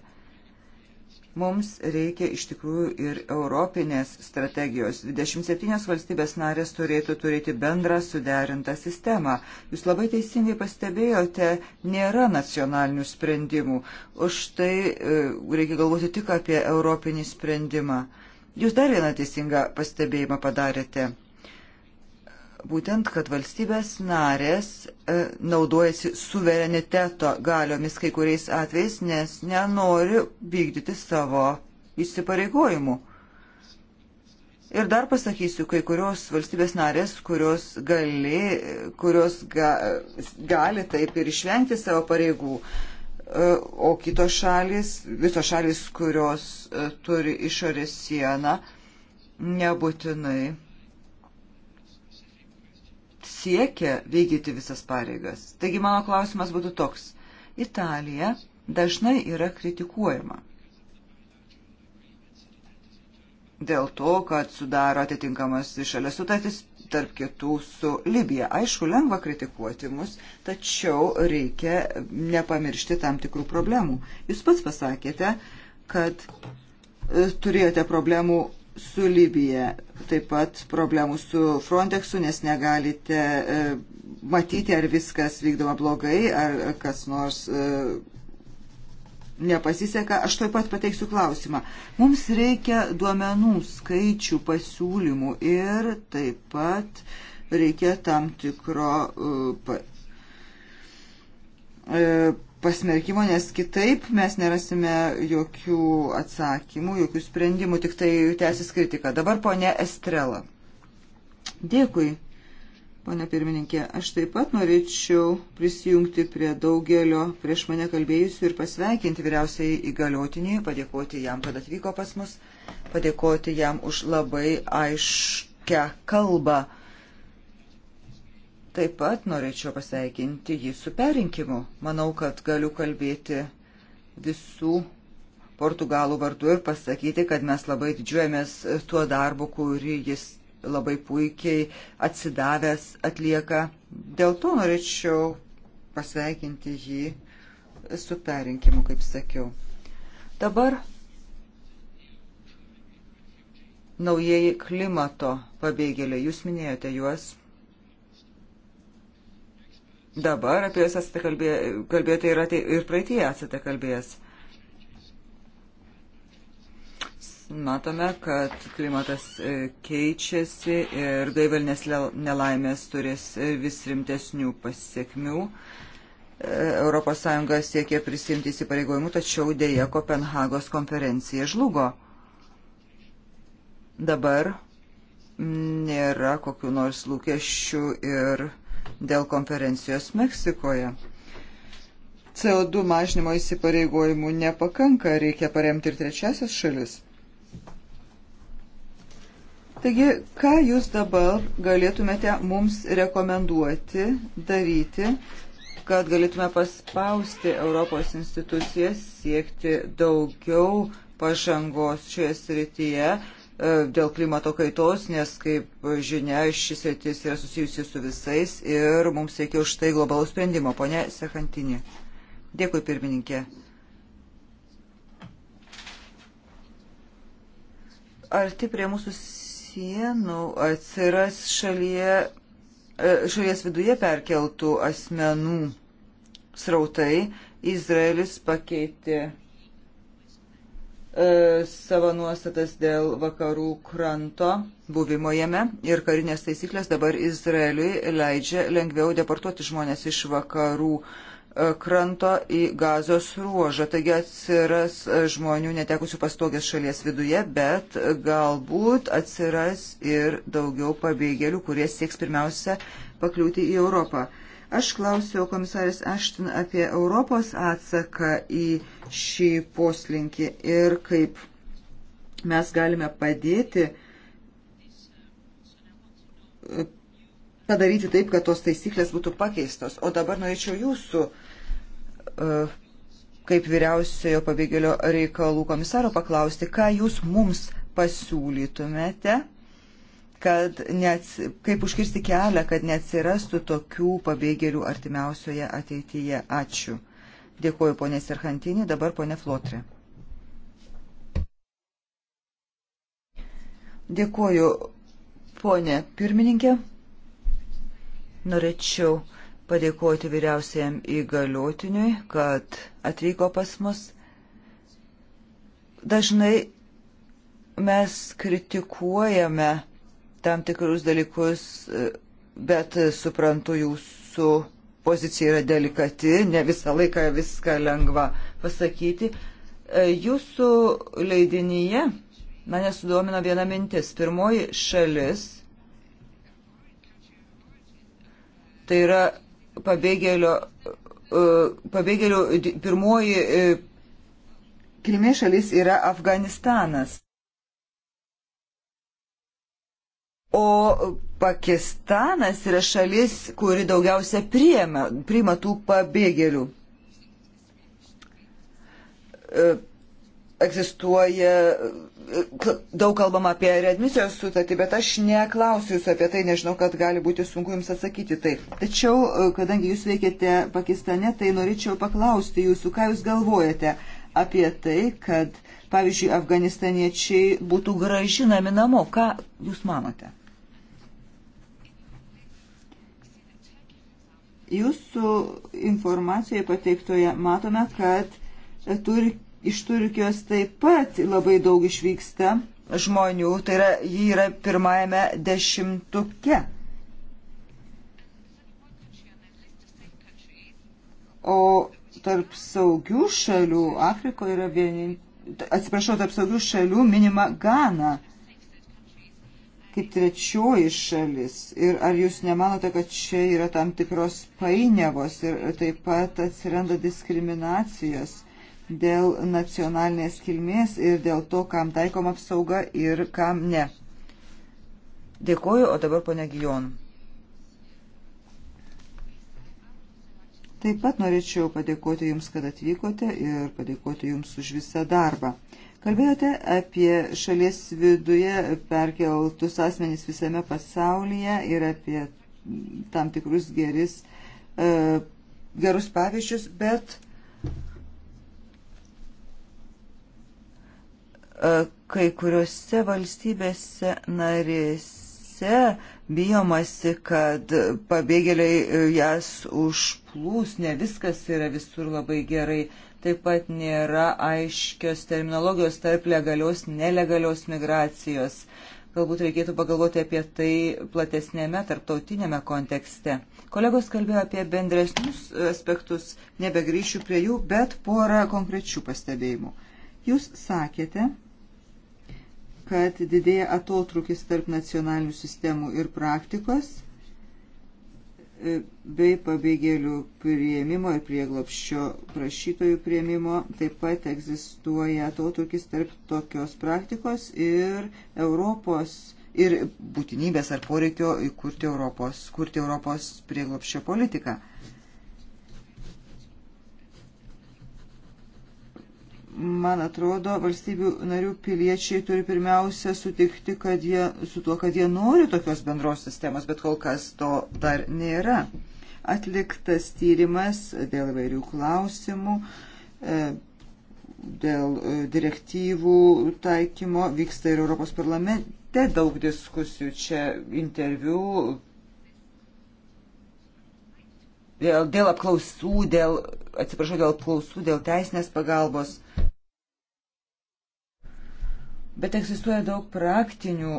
Mums reikia iš tikrųjų ir europinės strategijos. 27 valstybės narės turėtų turėti bendrą suderintą sistemą. Jūs labai teisingai pastebėjote, nėra nacionalinių sprendimų. Už tai e, reikia galvoti tik apie europinį sprendimą. Jūs dar vieną teisingą pastebėjimą padarėte būtent, kad valstybės narės e, naudojasi suvereniteto galiomis kai kuriais atvejais, nes nenori vykdyti savo įsipareigojimų. Ir dar pasakysiu, kai kurios valstybės narės, kurios, gali, kurios ga, gali taip ir išvengti savo pareigų, e, o kitos šalis, visos šalis, kurios e, turi išorės sieną, nebūtinai siekia vykdyti visas pareigas. Taigi mano klausimas būtų toks. Italija dažnai yra kritikuojama dėl to, kad sudaro atitinkamas šalia sutartis tarp kitų su Libija. Aišku, lengva kritikuoti mus, tačiau reikia nepamiršti tam tikrų problemų. Jūs pats pasakėte, kad e, turėjote problemų su Libija, taip pat problemų su Frontexu, nes negalite e, matyti, ar viskas vykdoma blogai, ar kas nors e, nepasiseka. Aš taip pat pateiksiu klausimą. Mums reikia duomenų, skaičių, pasiūlymų ir taip pat reikia tam tikro e, pasmerkimo, nes kitaip mes nerasime jokių atsakymų, jokių sprendimų, tik tai tęsis kritika. Dabar ponė Estrela. Dėkui, ponė pirmininkė. Aš taip pat norėčiau prisijungti prie daugelio prieš mane kalbėjusių ir pasveikinti vyriausiai įgaliotinį, padėkoti jam, kad atvyko pas mus, padėkoti jam už labai aiškę kalbą Taip pat norėčiau pasveikinti jį su perinkimu. Manau, kad galiu kalbėti visų portugalų vardu ir pasakyti, kad mes labai didžiuojamės tuo darbu, kurį jis labai puikiai atsidavęs atlieka. Dėl to norėčiau pasveikinti jį su perinkimu, kaip sakiau. Dabar naujieji klimato pabėgėliai, jūs minėjote juos dabar apie jūs esate kalbė, kalbėjote tai ir, atė, ir praeitie esate kalbėjęs. Matome, kad klimatas e, keičiasi ir gaivalinės nelaimės turės e, vis rimtesnių pasiekmių. ES siekė prisimti įsipareigojimų, tačiau dėja Kopenhagos konferencija žlugo. Dabar nėra kokiu nors lūkesčių ir uh, dėl konferencijos Meksikoje. CO2 mažinimo įsipareigojimų nepakanka, reikia paremti ir trečiasias šalis. Taigi, ką jūs dabar galėtumėte mums rekomenduoti daryti, kad galėtume paspausti Europos institucijas siekti daugiau pažangos šioje srityje, dėl klimato kaitos, nes, kaip žinia, šis rytis yra susijusi su visais ir mums reikia už tai globalų sprendimo. Pone Sekantinė. Dėkui, pirmininkė. Arti prie mūsų sienų atsiras šalyje, e, šalies viduje perkeltų asmenų srautai. Izraelis pakeitė E, savo nuostatas dėl vakarų kranto buvimo jame ir karinės taisyklės dabar Izraeliui leidžia lengviau deportuoti žmonės iš vakarų e, kranto į gazos ruožą. Taigi atsiras e, žmonių netekusių pastogės šalies viduje, bet galbūt atsiras ir daugiau pabėgėlių, kurie sieks pirmiausia pakliūti į Europą. Aš klausiau komisarės Ashton apie Europos atsaką į šį poslinkį ir kaip mes galime padėti padaryti taip, kad tos taisyklės būtų pakeistos. O dabar norėčiau jūsų, e, kaip vyriausiojo pabėgėlio reikalų komisaro, paklausti, ką jūs mums pasiūlytumėte kad neats, kaip užkirsti kelią, kad neatsirastų tokių pabėgėlių artimiausioje ateityje. Ačiū. Dėkuoju ponė Serhantinė, dabar ponė Flotrė. Dėkuoju ponė pirmininkė. Norėčiau padėkoti vyriausiam įgaliotiniui, kad atvyko pas mus. Dažnai mes kritikuojame tam tikrus dalykus, bet suprantu jūsų pozicija yra delikati, ne visą laiką viską lengva pasakyti. Jūsų leidinyje mane sudomino viena mintis. Pirmoji šalis tai yra pabėgėlio, e, pabėgėlių pirmoji e, kilmė šalis yra Afganistanas. O Pakistanas yra šalis, kuri daugiausia priima, priima tų pabėgėlių. E, egzistuoja, e, daug kalbama apie readmisijos sutartį, bet aš neklausiu jūsų apie tai, nežinau, kad gali būti sunku jums atsakyti tai. Tačiau, e, kadangi jūs veikiate Pakistane, tai norėčiau paklausti jūsų, ką jūs galvojate apie tai, kad, pavyzdžiui, afganistaniečiai būtų gražinami namo. Ką jūs manote? Jūsų informacijoje pateiktoje matome, kad tur, iš Turkijos taip pat labai daug išvyksta žmonių, tai yra, jį yra pirmajame dešimtuke. O tarp saugių šalių Afrikoje yra vienintelė, atsiprašau, tarp saugių šalių minima Gana kaip trečioji šalis. Ir ar jūs nemanote, kad čia yra tam tikros painiavos ir taip pat atsiranda diskriminacijos dėl nacionalinės kilmės ir dėl to, kam taikoma apsauga ir kam ne? Dėkoju, o dabar ponia Gijon. Taip pat norėčiau padėkoti Jums, kad atvykote ir padėkoti Jums už visą darbą. Kalbėjote apie šalies viduje perkeltus asmenys visame pasaulyje ir apie tam tikrus geris, e, gerus pavyzdžius, bet e, kai kuriuose valstybėse narėse bijomasi, kad pabėgėliai e, jas užplūs, ne viskas yra visur labai gerai Taip pat nėra aiškios terminologijos tarp legalios, nelegalios migracijos. Galbūt reikėtų pagalvoti apie tai platesnėme tarptautinėme kontekste. Kolegos kalbėjo apie bendresnius aspektus, nebegrįšiu prie jų, bet porą konkrečių pastebėjimų. Jūs sakėte, kad didėja atotrukis tarp nacionalinių sistemų ir praktikos – bei pabėgėlių prieimimo ir prieglopščio prašytojų prieimimo. Taip pat egzistuoja atotrukis tarp tokios praktikos ir Europos ir būtinybės ar poreikio įkurti Europos, kurti Europos prieglopščio politiką. man atrodo, valstybių narių piliečiai turi pirmiausia sutikti kad jie, su tuo, kad jie nori tokios bendros sistemos, bet kol kas to dar nėra. Atliktas tyrimas dėl vairių klausimų, e, dėl e, direktyvų taikymo vyksta ir Europos parlamente daug diskusijų, čia interviu, dėl, dėl apklausų, dėl, atsiprašau, dėl apklausų, dėl teisinės pagalbos bet egzistuoja daug praktinių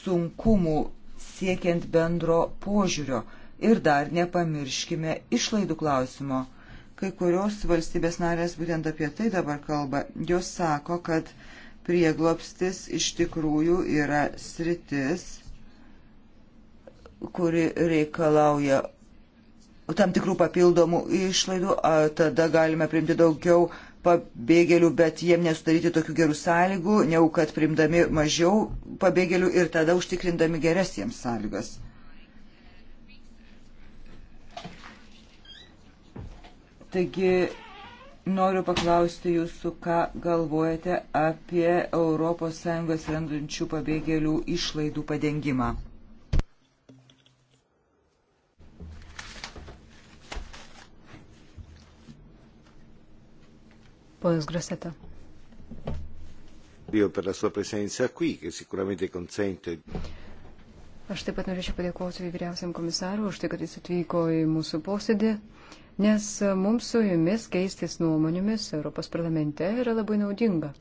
sunkumų siekiant bendro požiūrio. Ir dar nepamirškime išlaidų klausimo. Kai kurios valstybės narės būtent apie tai dabar kalba. Jos sako, kad prieglopstis iš tikrųjų yra sritis, kuri reikalauja tam tikrų papildomų išlaidų, tada galime priimti daugiau pabėgėlių, bet jiem nesudaryti tokių gerų sąlygų, negu kad primdami mažiau pabėgėlių ir tada užtikrindami geres jiems sąlygas. Taigi noriu paklausti jūsų, ką galvojate apie ES rendančių pabėgėlių išlaidų padengimą. Ponas Graseta. Aš taip pat norėčiau padėkoti vyriausiam komisarui už tai, kad jis atvyko į mūsų posėdį, nes mums su jumis keistis nuomonėmis Europos parlamente yra labai naudinga.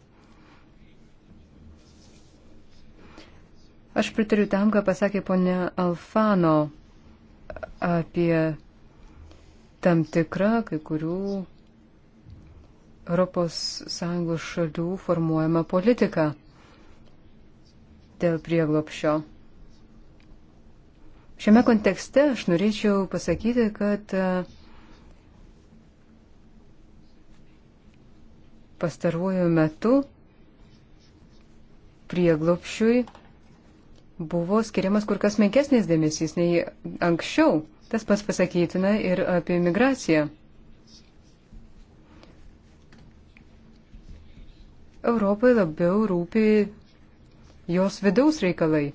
Aš pritariu tam, ką pasakė ponia Alfano apie tam tikrą kai kurių ES šalių formuojama politika dėl prieglopšio. Šiame kontekste aš norėčiau pasakyti, kad e, pastaruoju metu prieglopšiui buvo skiriamas kur kas menkesnis dėmesys nei anksčiau. Tas pats pasakytina ir apie migraciją. Europai labiau rūpi jos vidaus reikalai.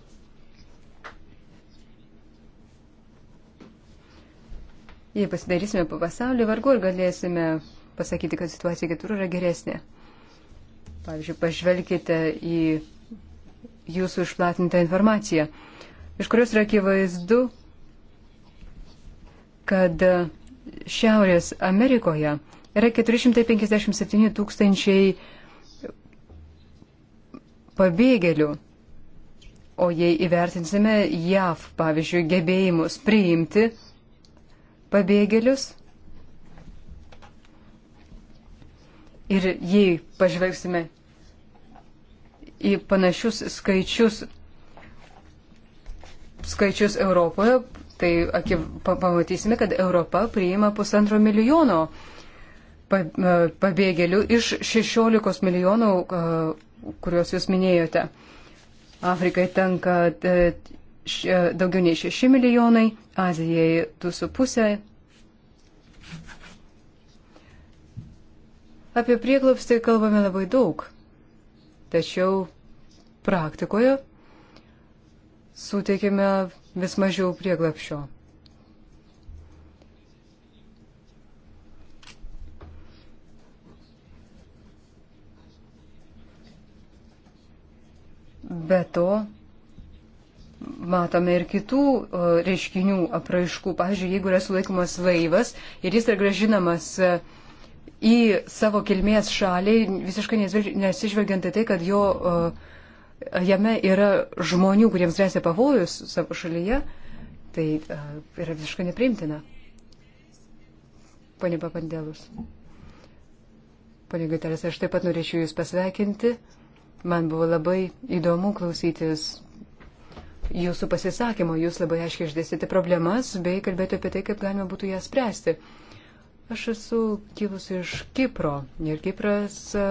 Jei pasidarysime po pasaulį, vargu ar galėsime pasakyti, kad situacija kitur yra geresnė. Pavyzdžiui, pažvelkite į jūsų išplatintą informaciją, iš kurios yra akivaizdu, kad Šiaurės Amerikoje yra 457 tūkstančiai 000 pabėgėlių. O jei įvertinsime JAV, pavyzdžiui, gebėjimus priimti pabėgėlius, ir jei pažvelgsime į panašius skaičius, skaičius Europoje, tai akiv, pamatysime, kad Europa priima pusantro milijono e, pabėgėlių iš 16 milijonų uh, kuriuos jūs minėjote. Afrikai tenka e, daugiau nei 6 milijonai, Azijai 2,5. Apie prieglobstį kalbame labai daug, tačiau praktikoje suteikime vis mažiau prieglapšio. Be to, matome ir kitų reiškinių apraiškų. Pavyzdžiui, jeigu yra sulaikomas laivas ir jis yra gražinamas e, į savo kilmės šalį, visiškai nesižvelgiant į tai, kad jo, jame yra žmonių, kuriems grėsia pavojus savo šalyje, tai e, yra visiškai nepriimtina. Pane Papandėlus. Pane Guterės, aš taip pat norėčiau Jūs pasveikinti. Man buvo labai įdomu klausytis jūsų pasisakymo. Jūs labai aiškiai išdėstėte problemas bei kalbėjote apie tai, kaip galima būtų jas spręsti. Aš esu kilusi iš Kipro ir Kipras e,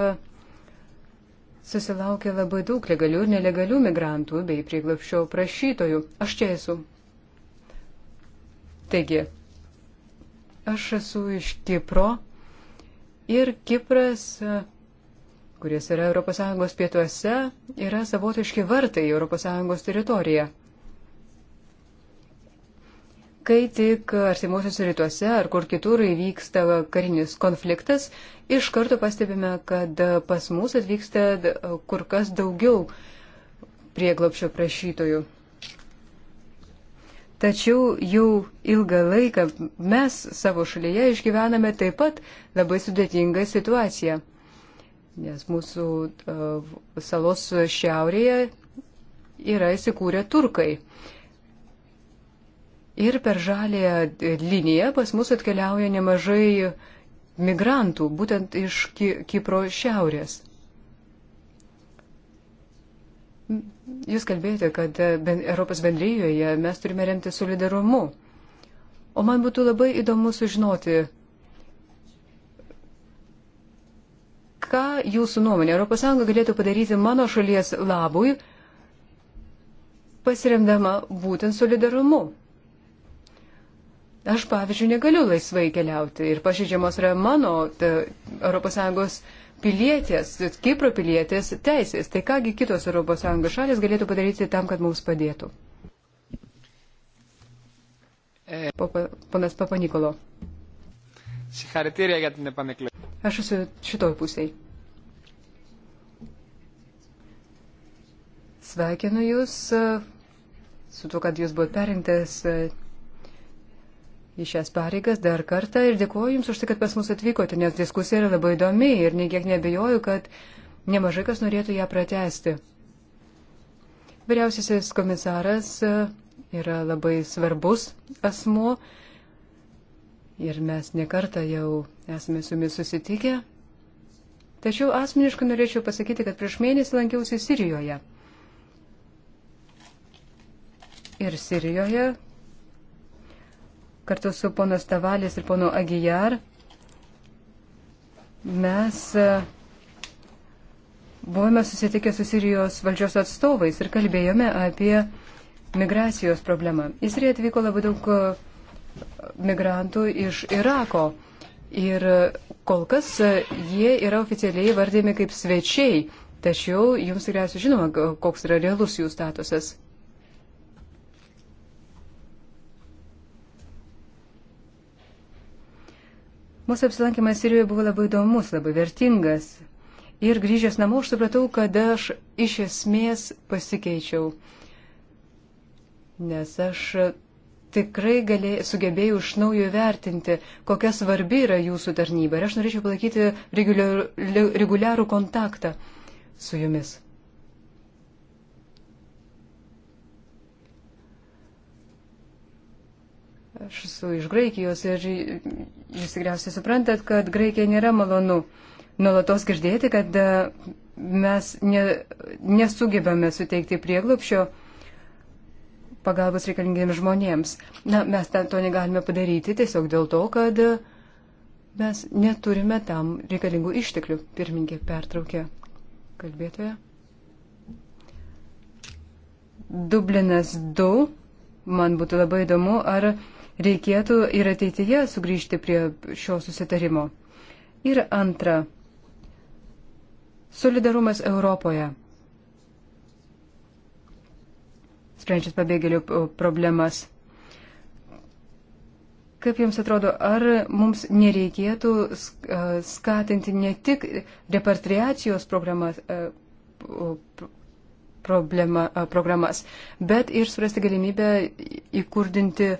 susilaukė labai daug legalių ir nelegalių migrantų bei prieglapščio prašytojų. Aš čia esu. Taigi, aš esu iš Kipro ir Kipras e, kuris yra ES pietuose, yra savotiški vartai į ES teritoriją. Kai tik artimuosiuose rytuose ar kur kitur įvyksta karinis konfliktas, iš karto pastebime, kad pas mus atvyksta kur kas daugiau prieglopšio prašytojų. Tačiau jau ilgą laiką mes savo šalyje išgyvename taip pat labai sudėtingą situaciją nes mūsų e, salos šiaurėje yra įsikūrę turkai. Ir per žalę liniją pas mus atkeliauja nemažai migrantų, būtent iš Kipro šiaurės. Jūs kalbėjote, kad e, Europos bendryjoje mes turime remti solidarumu. O man būtų labai įdomu sužinoti, ką jūsų nuomonė ES galėtų padaryti mano šalies labui, pasiremdama būtent solidarumu. Aš, pavyzdžiui, negaliu laisvai keliauti ir pažydžiamos yra mano ES pilietės, Kipro pilietės teisės. Tai kągi kitos ES šalis galėtų padaryti tam, kad mums padėtų. E- ponas Papanikolo. Συγχαρητήρια για την επανεκλογή. Aš esu šitoj pusėj. Sveikinu Jūs su to, kad Jūs buvote perinktas į šias pareigas dar kartą ir dėkuoju Jums už tai, kad pas mus atvykote, nes diskusija yra labai įdomi ir niekiek nebejoju, kad nemažai kas norėtų ją pratesti. Vyriausiasis komisaras yra labai svarbus asmuo ir mes nekartą jau esame su jumis susitikę. Tačiau asmeniškai norėčiau pasakyti, kad prieš mėnesį lankiausi Sirijoje. Ir Sirijoje kartu su pono Stavalės ir pono Agijar mes e, buvome susitikę su Sirijos valdžios atstovais ir kalbėjome apie migracijos problemą. Į Siriją atvyko labai daug migrantų iš Irako. Ir kol kas jie yra oficialiai vardėmi kaip svečiai, tačiau jums tikriausiai žinoma, koks yra realus jų statusas. Mūsų apsilankimas Sirijoje buvo labai įdomus, labai vertingas. Ir grįžęs namo aš supratau, kad aš iš esmės pasikeičiau. Nes aš tikrai galė, sugebėjo iš naujo vertinti, kokia svarbi yra jūsų tarnyba. Ir aš norėčiau palaikyti reguliarų, reguliarų kontaktą su jumis. Aš esu iš Graikijos ir jūs tikriausiai suprantat, kad Graikija nėra malonu nuolatos girdėti, kad mes ne, nesugebame suteikti prieglopšio pagalbos reikalingiems žmonėms. Na, mes to negalime padaryti tiesiog dėl to, kad e, mes neturime tam reikalingų išteklių. Pirmininkė pertraukė kalbėtoje. Dublinas 2. Man būtų labai įdomu, ar reikėtų ir ateityje sugrįžti prie šio susitarimo. Ir antra. Solidarumas Europoje. sprendžiant pabėgėlių problemas. Kaip Jums atrodo, ar mums nereikėtų skatinti ne tik repatriacijos programas, problema, programas bet ir surasti galimybę įkurdinti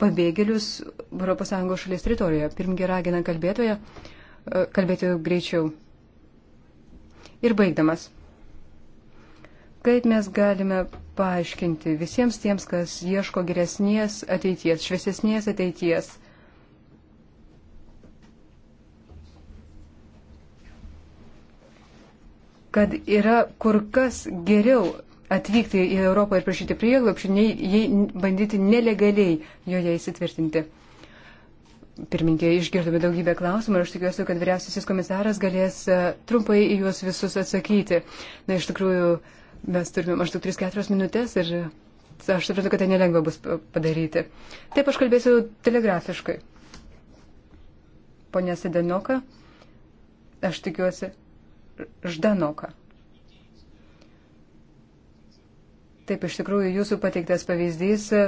pabėgėlius ES šalies teritorijoje? Pirmgi ragina kalbėtoje kalbėti greičiau. Ir baigdamas. Kaip mes galime paaiškinti visiems tiems, kas ieško geresnės ateities, šviesesnės ateities? kad yra kur kas geriau atvykti į Europą ir prašyti prieglopšį, nei jei bandyti nelegaliai joje įsitvirtinti. Pirminkė, išgirdome daugybę klausimų ir aš tikiuosi, kad vyriausiasis komisaras galės e, trumpai į juos visus atsakyti. Na, iš tikrųjų, uh, Mes turime maždaug 3-4 minutės ir aš suprantu, kad tai nelengva bus padaryti. Taip aš kalbėsiu telegrafiškai. Pone Sedenoka, aš tikiuosi, Ždanoka. Taip, iš tikrųjų, jūsų pateiktas pavyzdys e,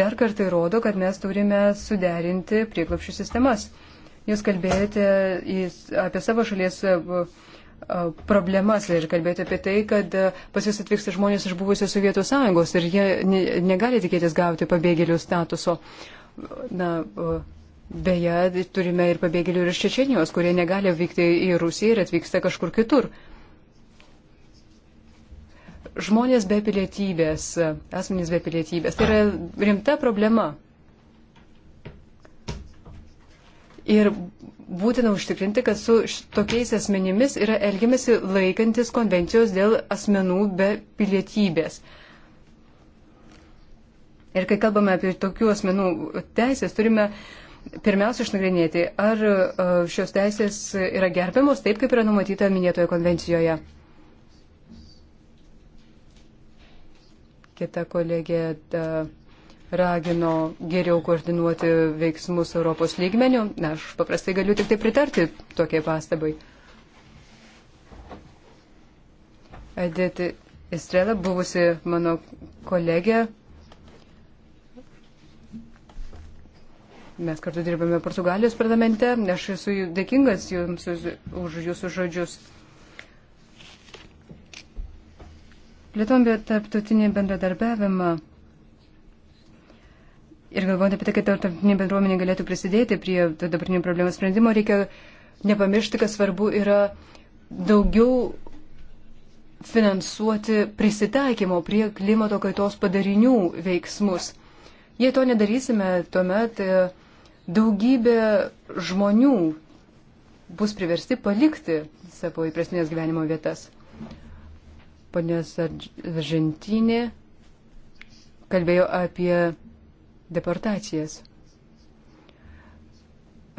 dar kartai rodo, kad mes turime suderinti prieklapšių sistemas. Jūs kalbėjote į, apie savo šalies e, problemas ir kalbėti apie tai, kad pas jūs atvyksta žmonės iš buvusios Sovietų sąjungos ir jie ne, negali tikėtis gauti pabėgėlių statuso. Na, beje, turime ir pabėgėlių ir iš Čečenijos, kurie negali vykti į Rusiją ir atvyksta kažkur kitur. Žmonės be pilietybės, asmenys be pilietybės, tai yra rimta problema. Ir būtina užtikrinti, kad su tokiais asmenimis yra elgiamasi laikantis konvencijos dėl asmenų be pilietybės. Ir kai kalbame apie tokių asmenų teisės, turime pirmiausia išnagrinėti, ar e, šios teisės yra gerbiamos taip, kaip yra numatyta minėtoje konvencijoje. Kita kolegė. Da, ragino geriau koordinuoti veiksmus Europos lygmenių. Na, aš paprastai galiu tik tai pritarti tokiai pastabai. Edith Estrela, buvusi mano kolegė, mes kartu dirbame Portugalijos parlamente, aš esu dėkingas jums už jūsų žodžius. Plėtombė tarptautinį bendradarbiavimą Ir galvojant apie tai, kaip tarptautinė bendruomenė galėtų prisidėti prie dabartinių problemų sprendimo, reikia nepamiršti, kad svarbu yra daugiau finansuoti prisitaikymo prie klimato kaitos padarinių veiksmus. Jei to nedarysime, tuomet e, daugybė žmonių bus priversti palikti savo įprastinės gyvenimo vietas. Ponės Argentinė kalbėjo apie deportacijas.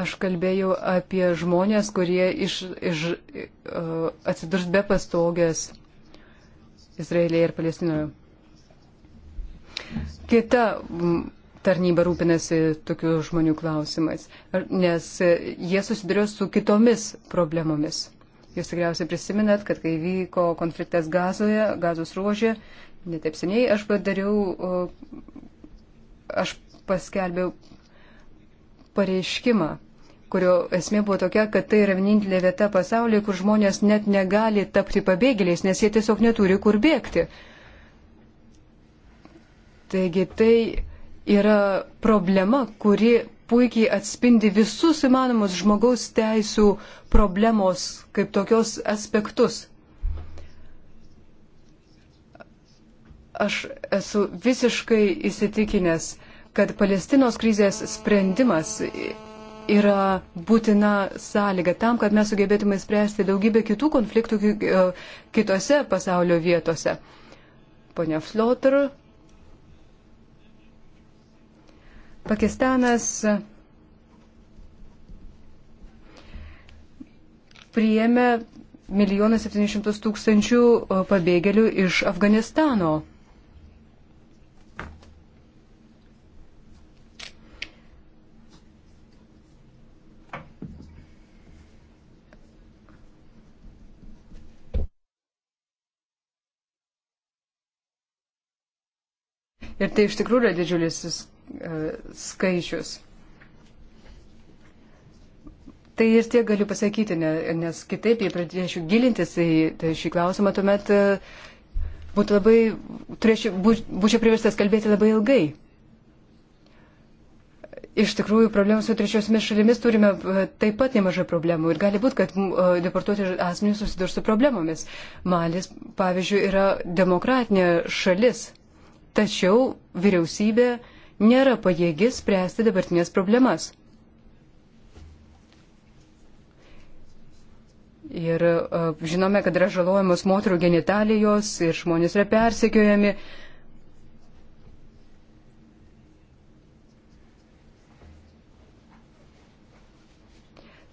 Aš kalbėjau apie žmonės, kurie iš, iš, uh, atsidurs be pastogės Izraelėje ir Palestinoje. Kita tarnyba rūpinasi tokių žmonių klausimais, nes jie susiduria su kitomis problemomis. Jūs tikriausiai prisiminat, kad kai vyko konfliktas Gazoje, Gazos ruožė, netaip seniai aš padariau, aš paskelbė pareiškimą, kurio esmė buvo tokia, kad tai yra vienintelė vieta pasaulyje, kur žmonės net negali tapti pabėgėliais, nes jie tiesiog neturi kur bėgti. Taigi tai yra problema, kuri puikiai atspindi visus įmanomus žmogaus teisų problemos kaip tokios aspektus. Aš esu visiškai įsitikinęs, kad Palestinos krizės sprendimas yra būtina sąlyga tam, kad mes sugebėtume spręsti daugybę kitų konfliktų e, kitose pasaulio vietose. Pone Flotter, Pakistanas priėmė 1 700 tūkstančių pabėgėlių iš Afganistano. Ir tai iš tikrųjų yra didžiulis e, skaičius. Tai ir tiek galiu pasakyti, nes kitaip, jei pradėčiau gilintis į tai šį klausimą, tuomet e, būtų labai, turėčiau, būčiau priverstas kalbėti labai ilgai. Iš tikrųjų, problemų su trečiosiomis šalimis turime e, taip pat nemažai problemų ir gali būti, kad deportuoti asmenys susidurs su problemomis. Malis, pavyzdžiui, yra demokratinė šalis. Tačiau vyriausybė nėra pajėgi spręsti dabartinės problemas. Ir e, žinome, kad yra žalojamos moterų genitalijos ir žmonės yra persekiojami.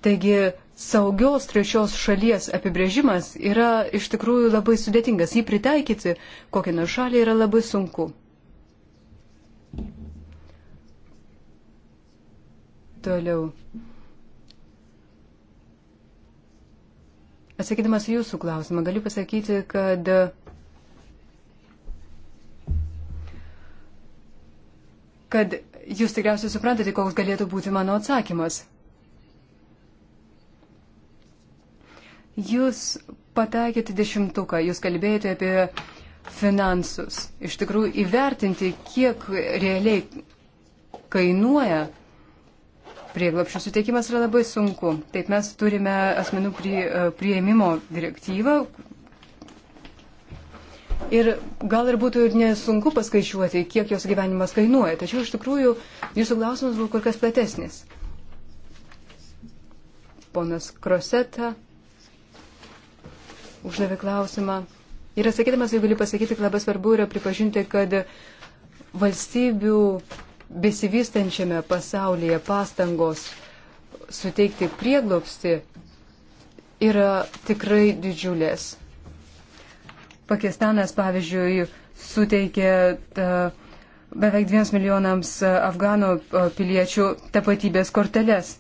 Taigi saugios trečios šalies apibrėžimas yra iš tikrųjų labai sudėtingas. Jį pritaikyti kokią nors šalį yra labai sunku. Toliau. Atsakydamas jūsų klausimą, galiu pasakyti, kad kad jūs tikriausiai suprantate, koks galėtų būti mano atsakymas. Jūs patekėte dešimtuką, jūs kalbėjote apie finansus. Iš tikrųjų, įvertinti, kiek realiai kainuoja prieglapšio suteikimas yra labai sunku. Taip mes turime asmenų prie, e, prieimimo direktyvą. Ir gal ir būtų ir nesunku paskaičiuoti, kiek jos gyvenimas kainuoja. Tačiau iš tikrųjų jūsų klausimas buvo kur kas platesnis. Ponas Kroseta uždavė klausimą. Ir atsakydamas, jau galiu pasakyti, kad labai svarbu yra pripažinti, kad valstybių besivystančiame pasaulyje pastangos suteikti prieglopsti yra tikrai didžiulės. Pakistanas, pavyzdžiui, suteikė e, beveik 2 milijonams afgano piliečių tapatybės korteles.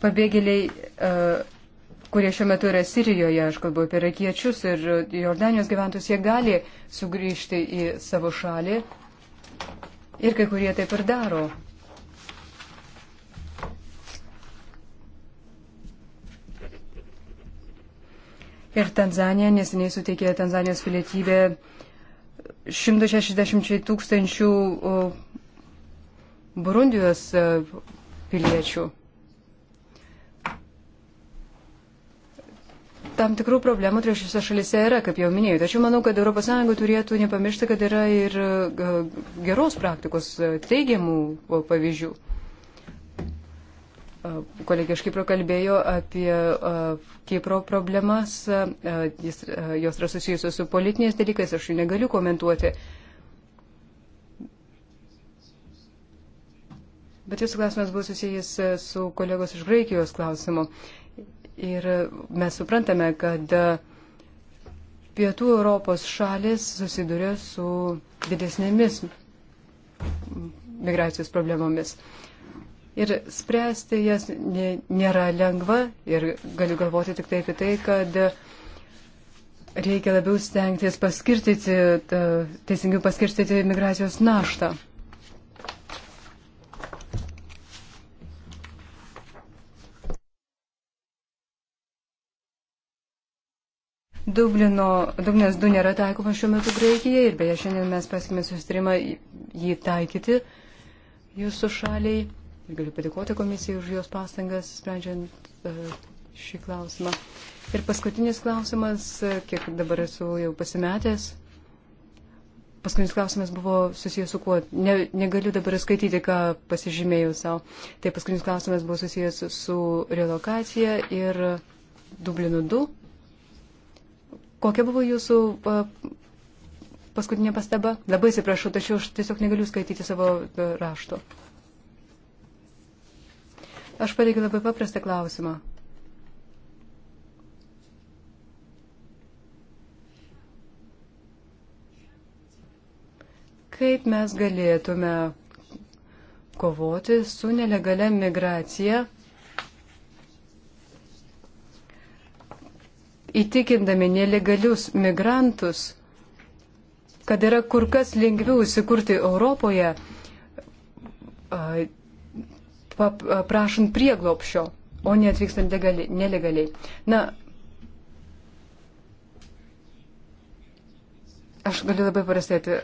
pabėgėliai, e, kurie šiuo metu yra Sirijoje, aš kalbu apie rakiečius ir Jordanijos gyventojus, jie gali sugrįžti į savo šalį ir kai kurie taip ir daro. Ir Tanzanija neseniai suteikė Tanzanijos pilietybę 160 tūkstančių e, Burundijos e, piliečių. tam tikrų problemų trečiose šalise yra, kaip jau minėjau. Tačiau manau, kad ES turėtų nepamiršti, kad yra ir e, geros praktikos e, teigiamų pavyzdžių. E, kolegė iš Kipro kalbėjo apie Kipro problemas, jis, jos yra susijusios su politiniais dalykais, aš jų negaliu komentuoti. Bet jūsų klausimas bus susijęs su kolegos iš Graikijos klausimu. Uh, Ir mes suprantame, kad pietų Europos šalis susiduria su didesnėmis migracijos problemomis. Ir spręsti jas nėra lengva ir galiu galvoti tik tai apie tai, kad reikia labiau stengtis paskirtyti, teisingiau paskirtyti migracijos naštą. Dublino, Dublinas 2 nėra taikoma šiuo metu Graikijai ir beje šiandien mes pasikime susitarimą jį taikyti jūsų šaliai. Ir galiu padėkoti komisijai už jos pastangas sprendžiant uh, šį klausimą. Ir paskutinis klausimas, e, kiek dabar esu jau pasimetęs. Paskutinis klausimas buvo susijęs su kuo? Ne, negaliu dabar skaityti, ką pasižymėjau savo. Tai paskutinis klausimas buvo susijęs su relokacija ir Dublinu 2. Kokia buvo jūsų paskutinė pastaba? Labai atsiprašau, tačiau aš tiesiog negaliu skaityti savo rašto. Aš pateikiu labai paprastą klausimą. Kaip mes galėtume kovoti su nelegalia migracija įtikindami nelegalius migrantus, kad yra kur kas lengviau įsikurti Europoje, prašant prieglopšio, o ne atvykstant nelegaliai. Na, aš galiu labai prastai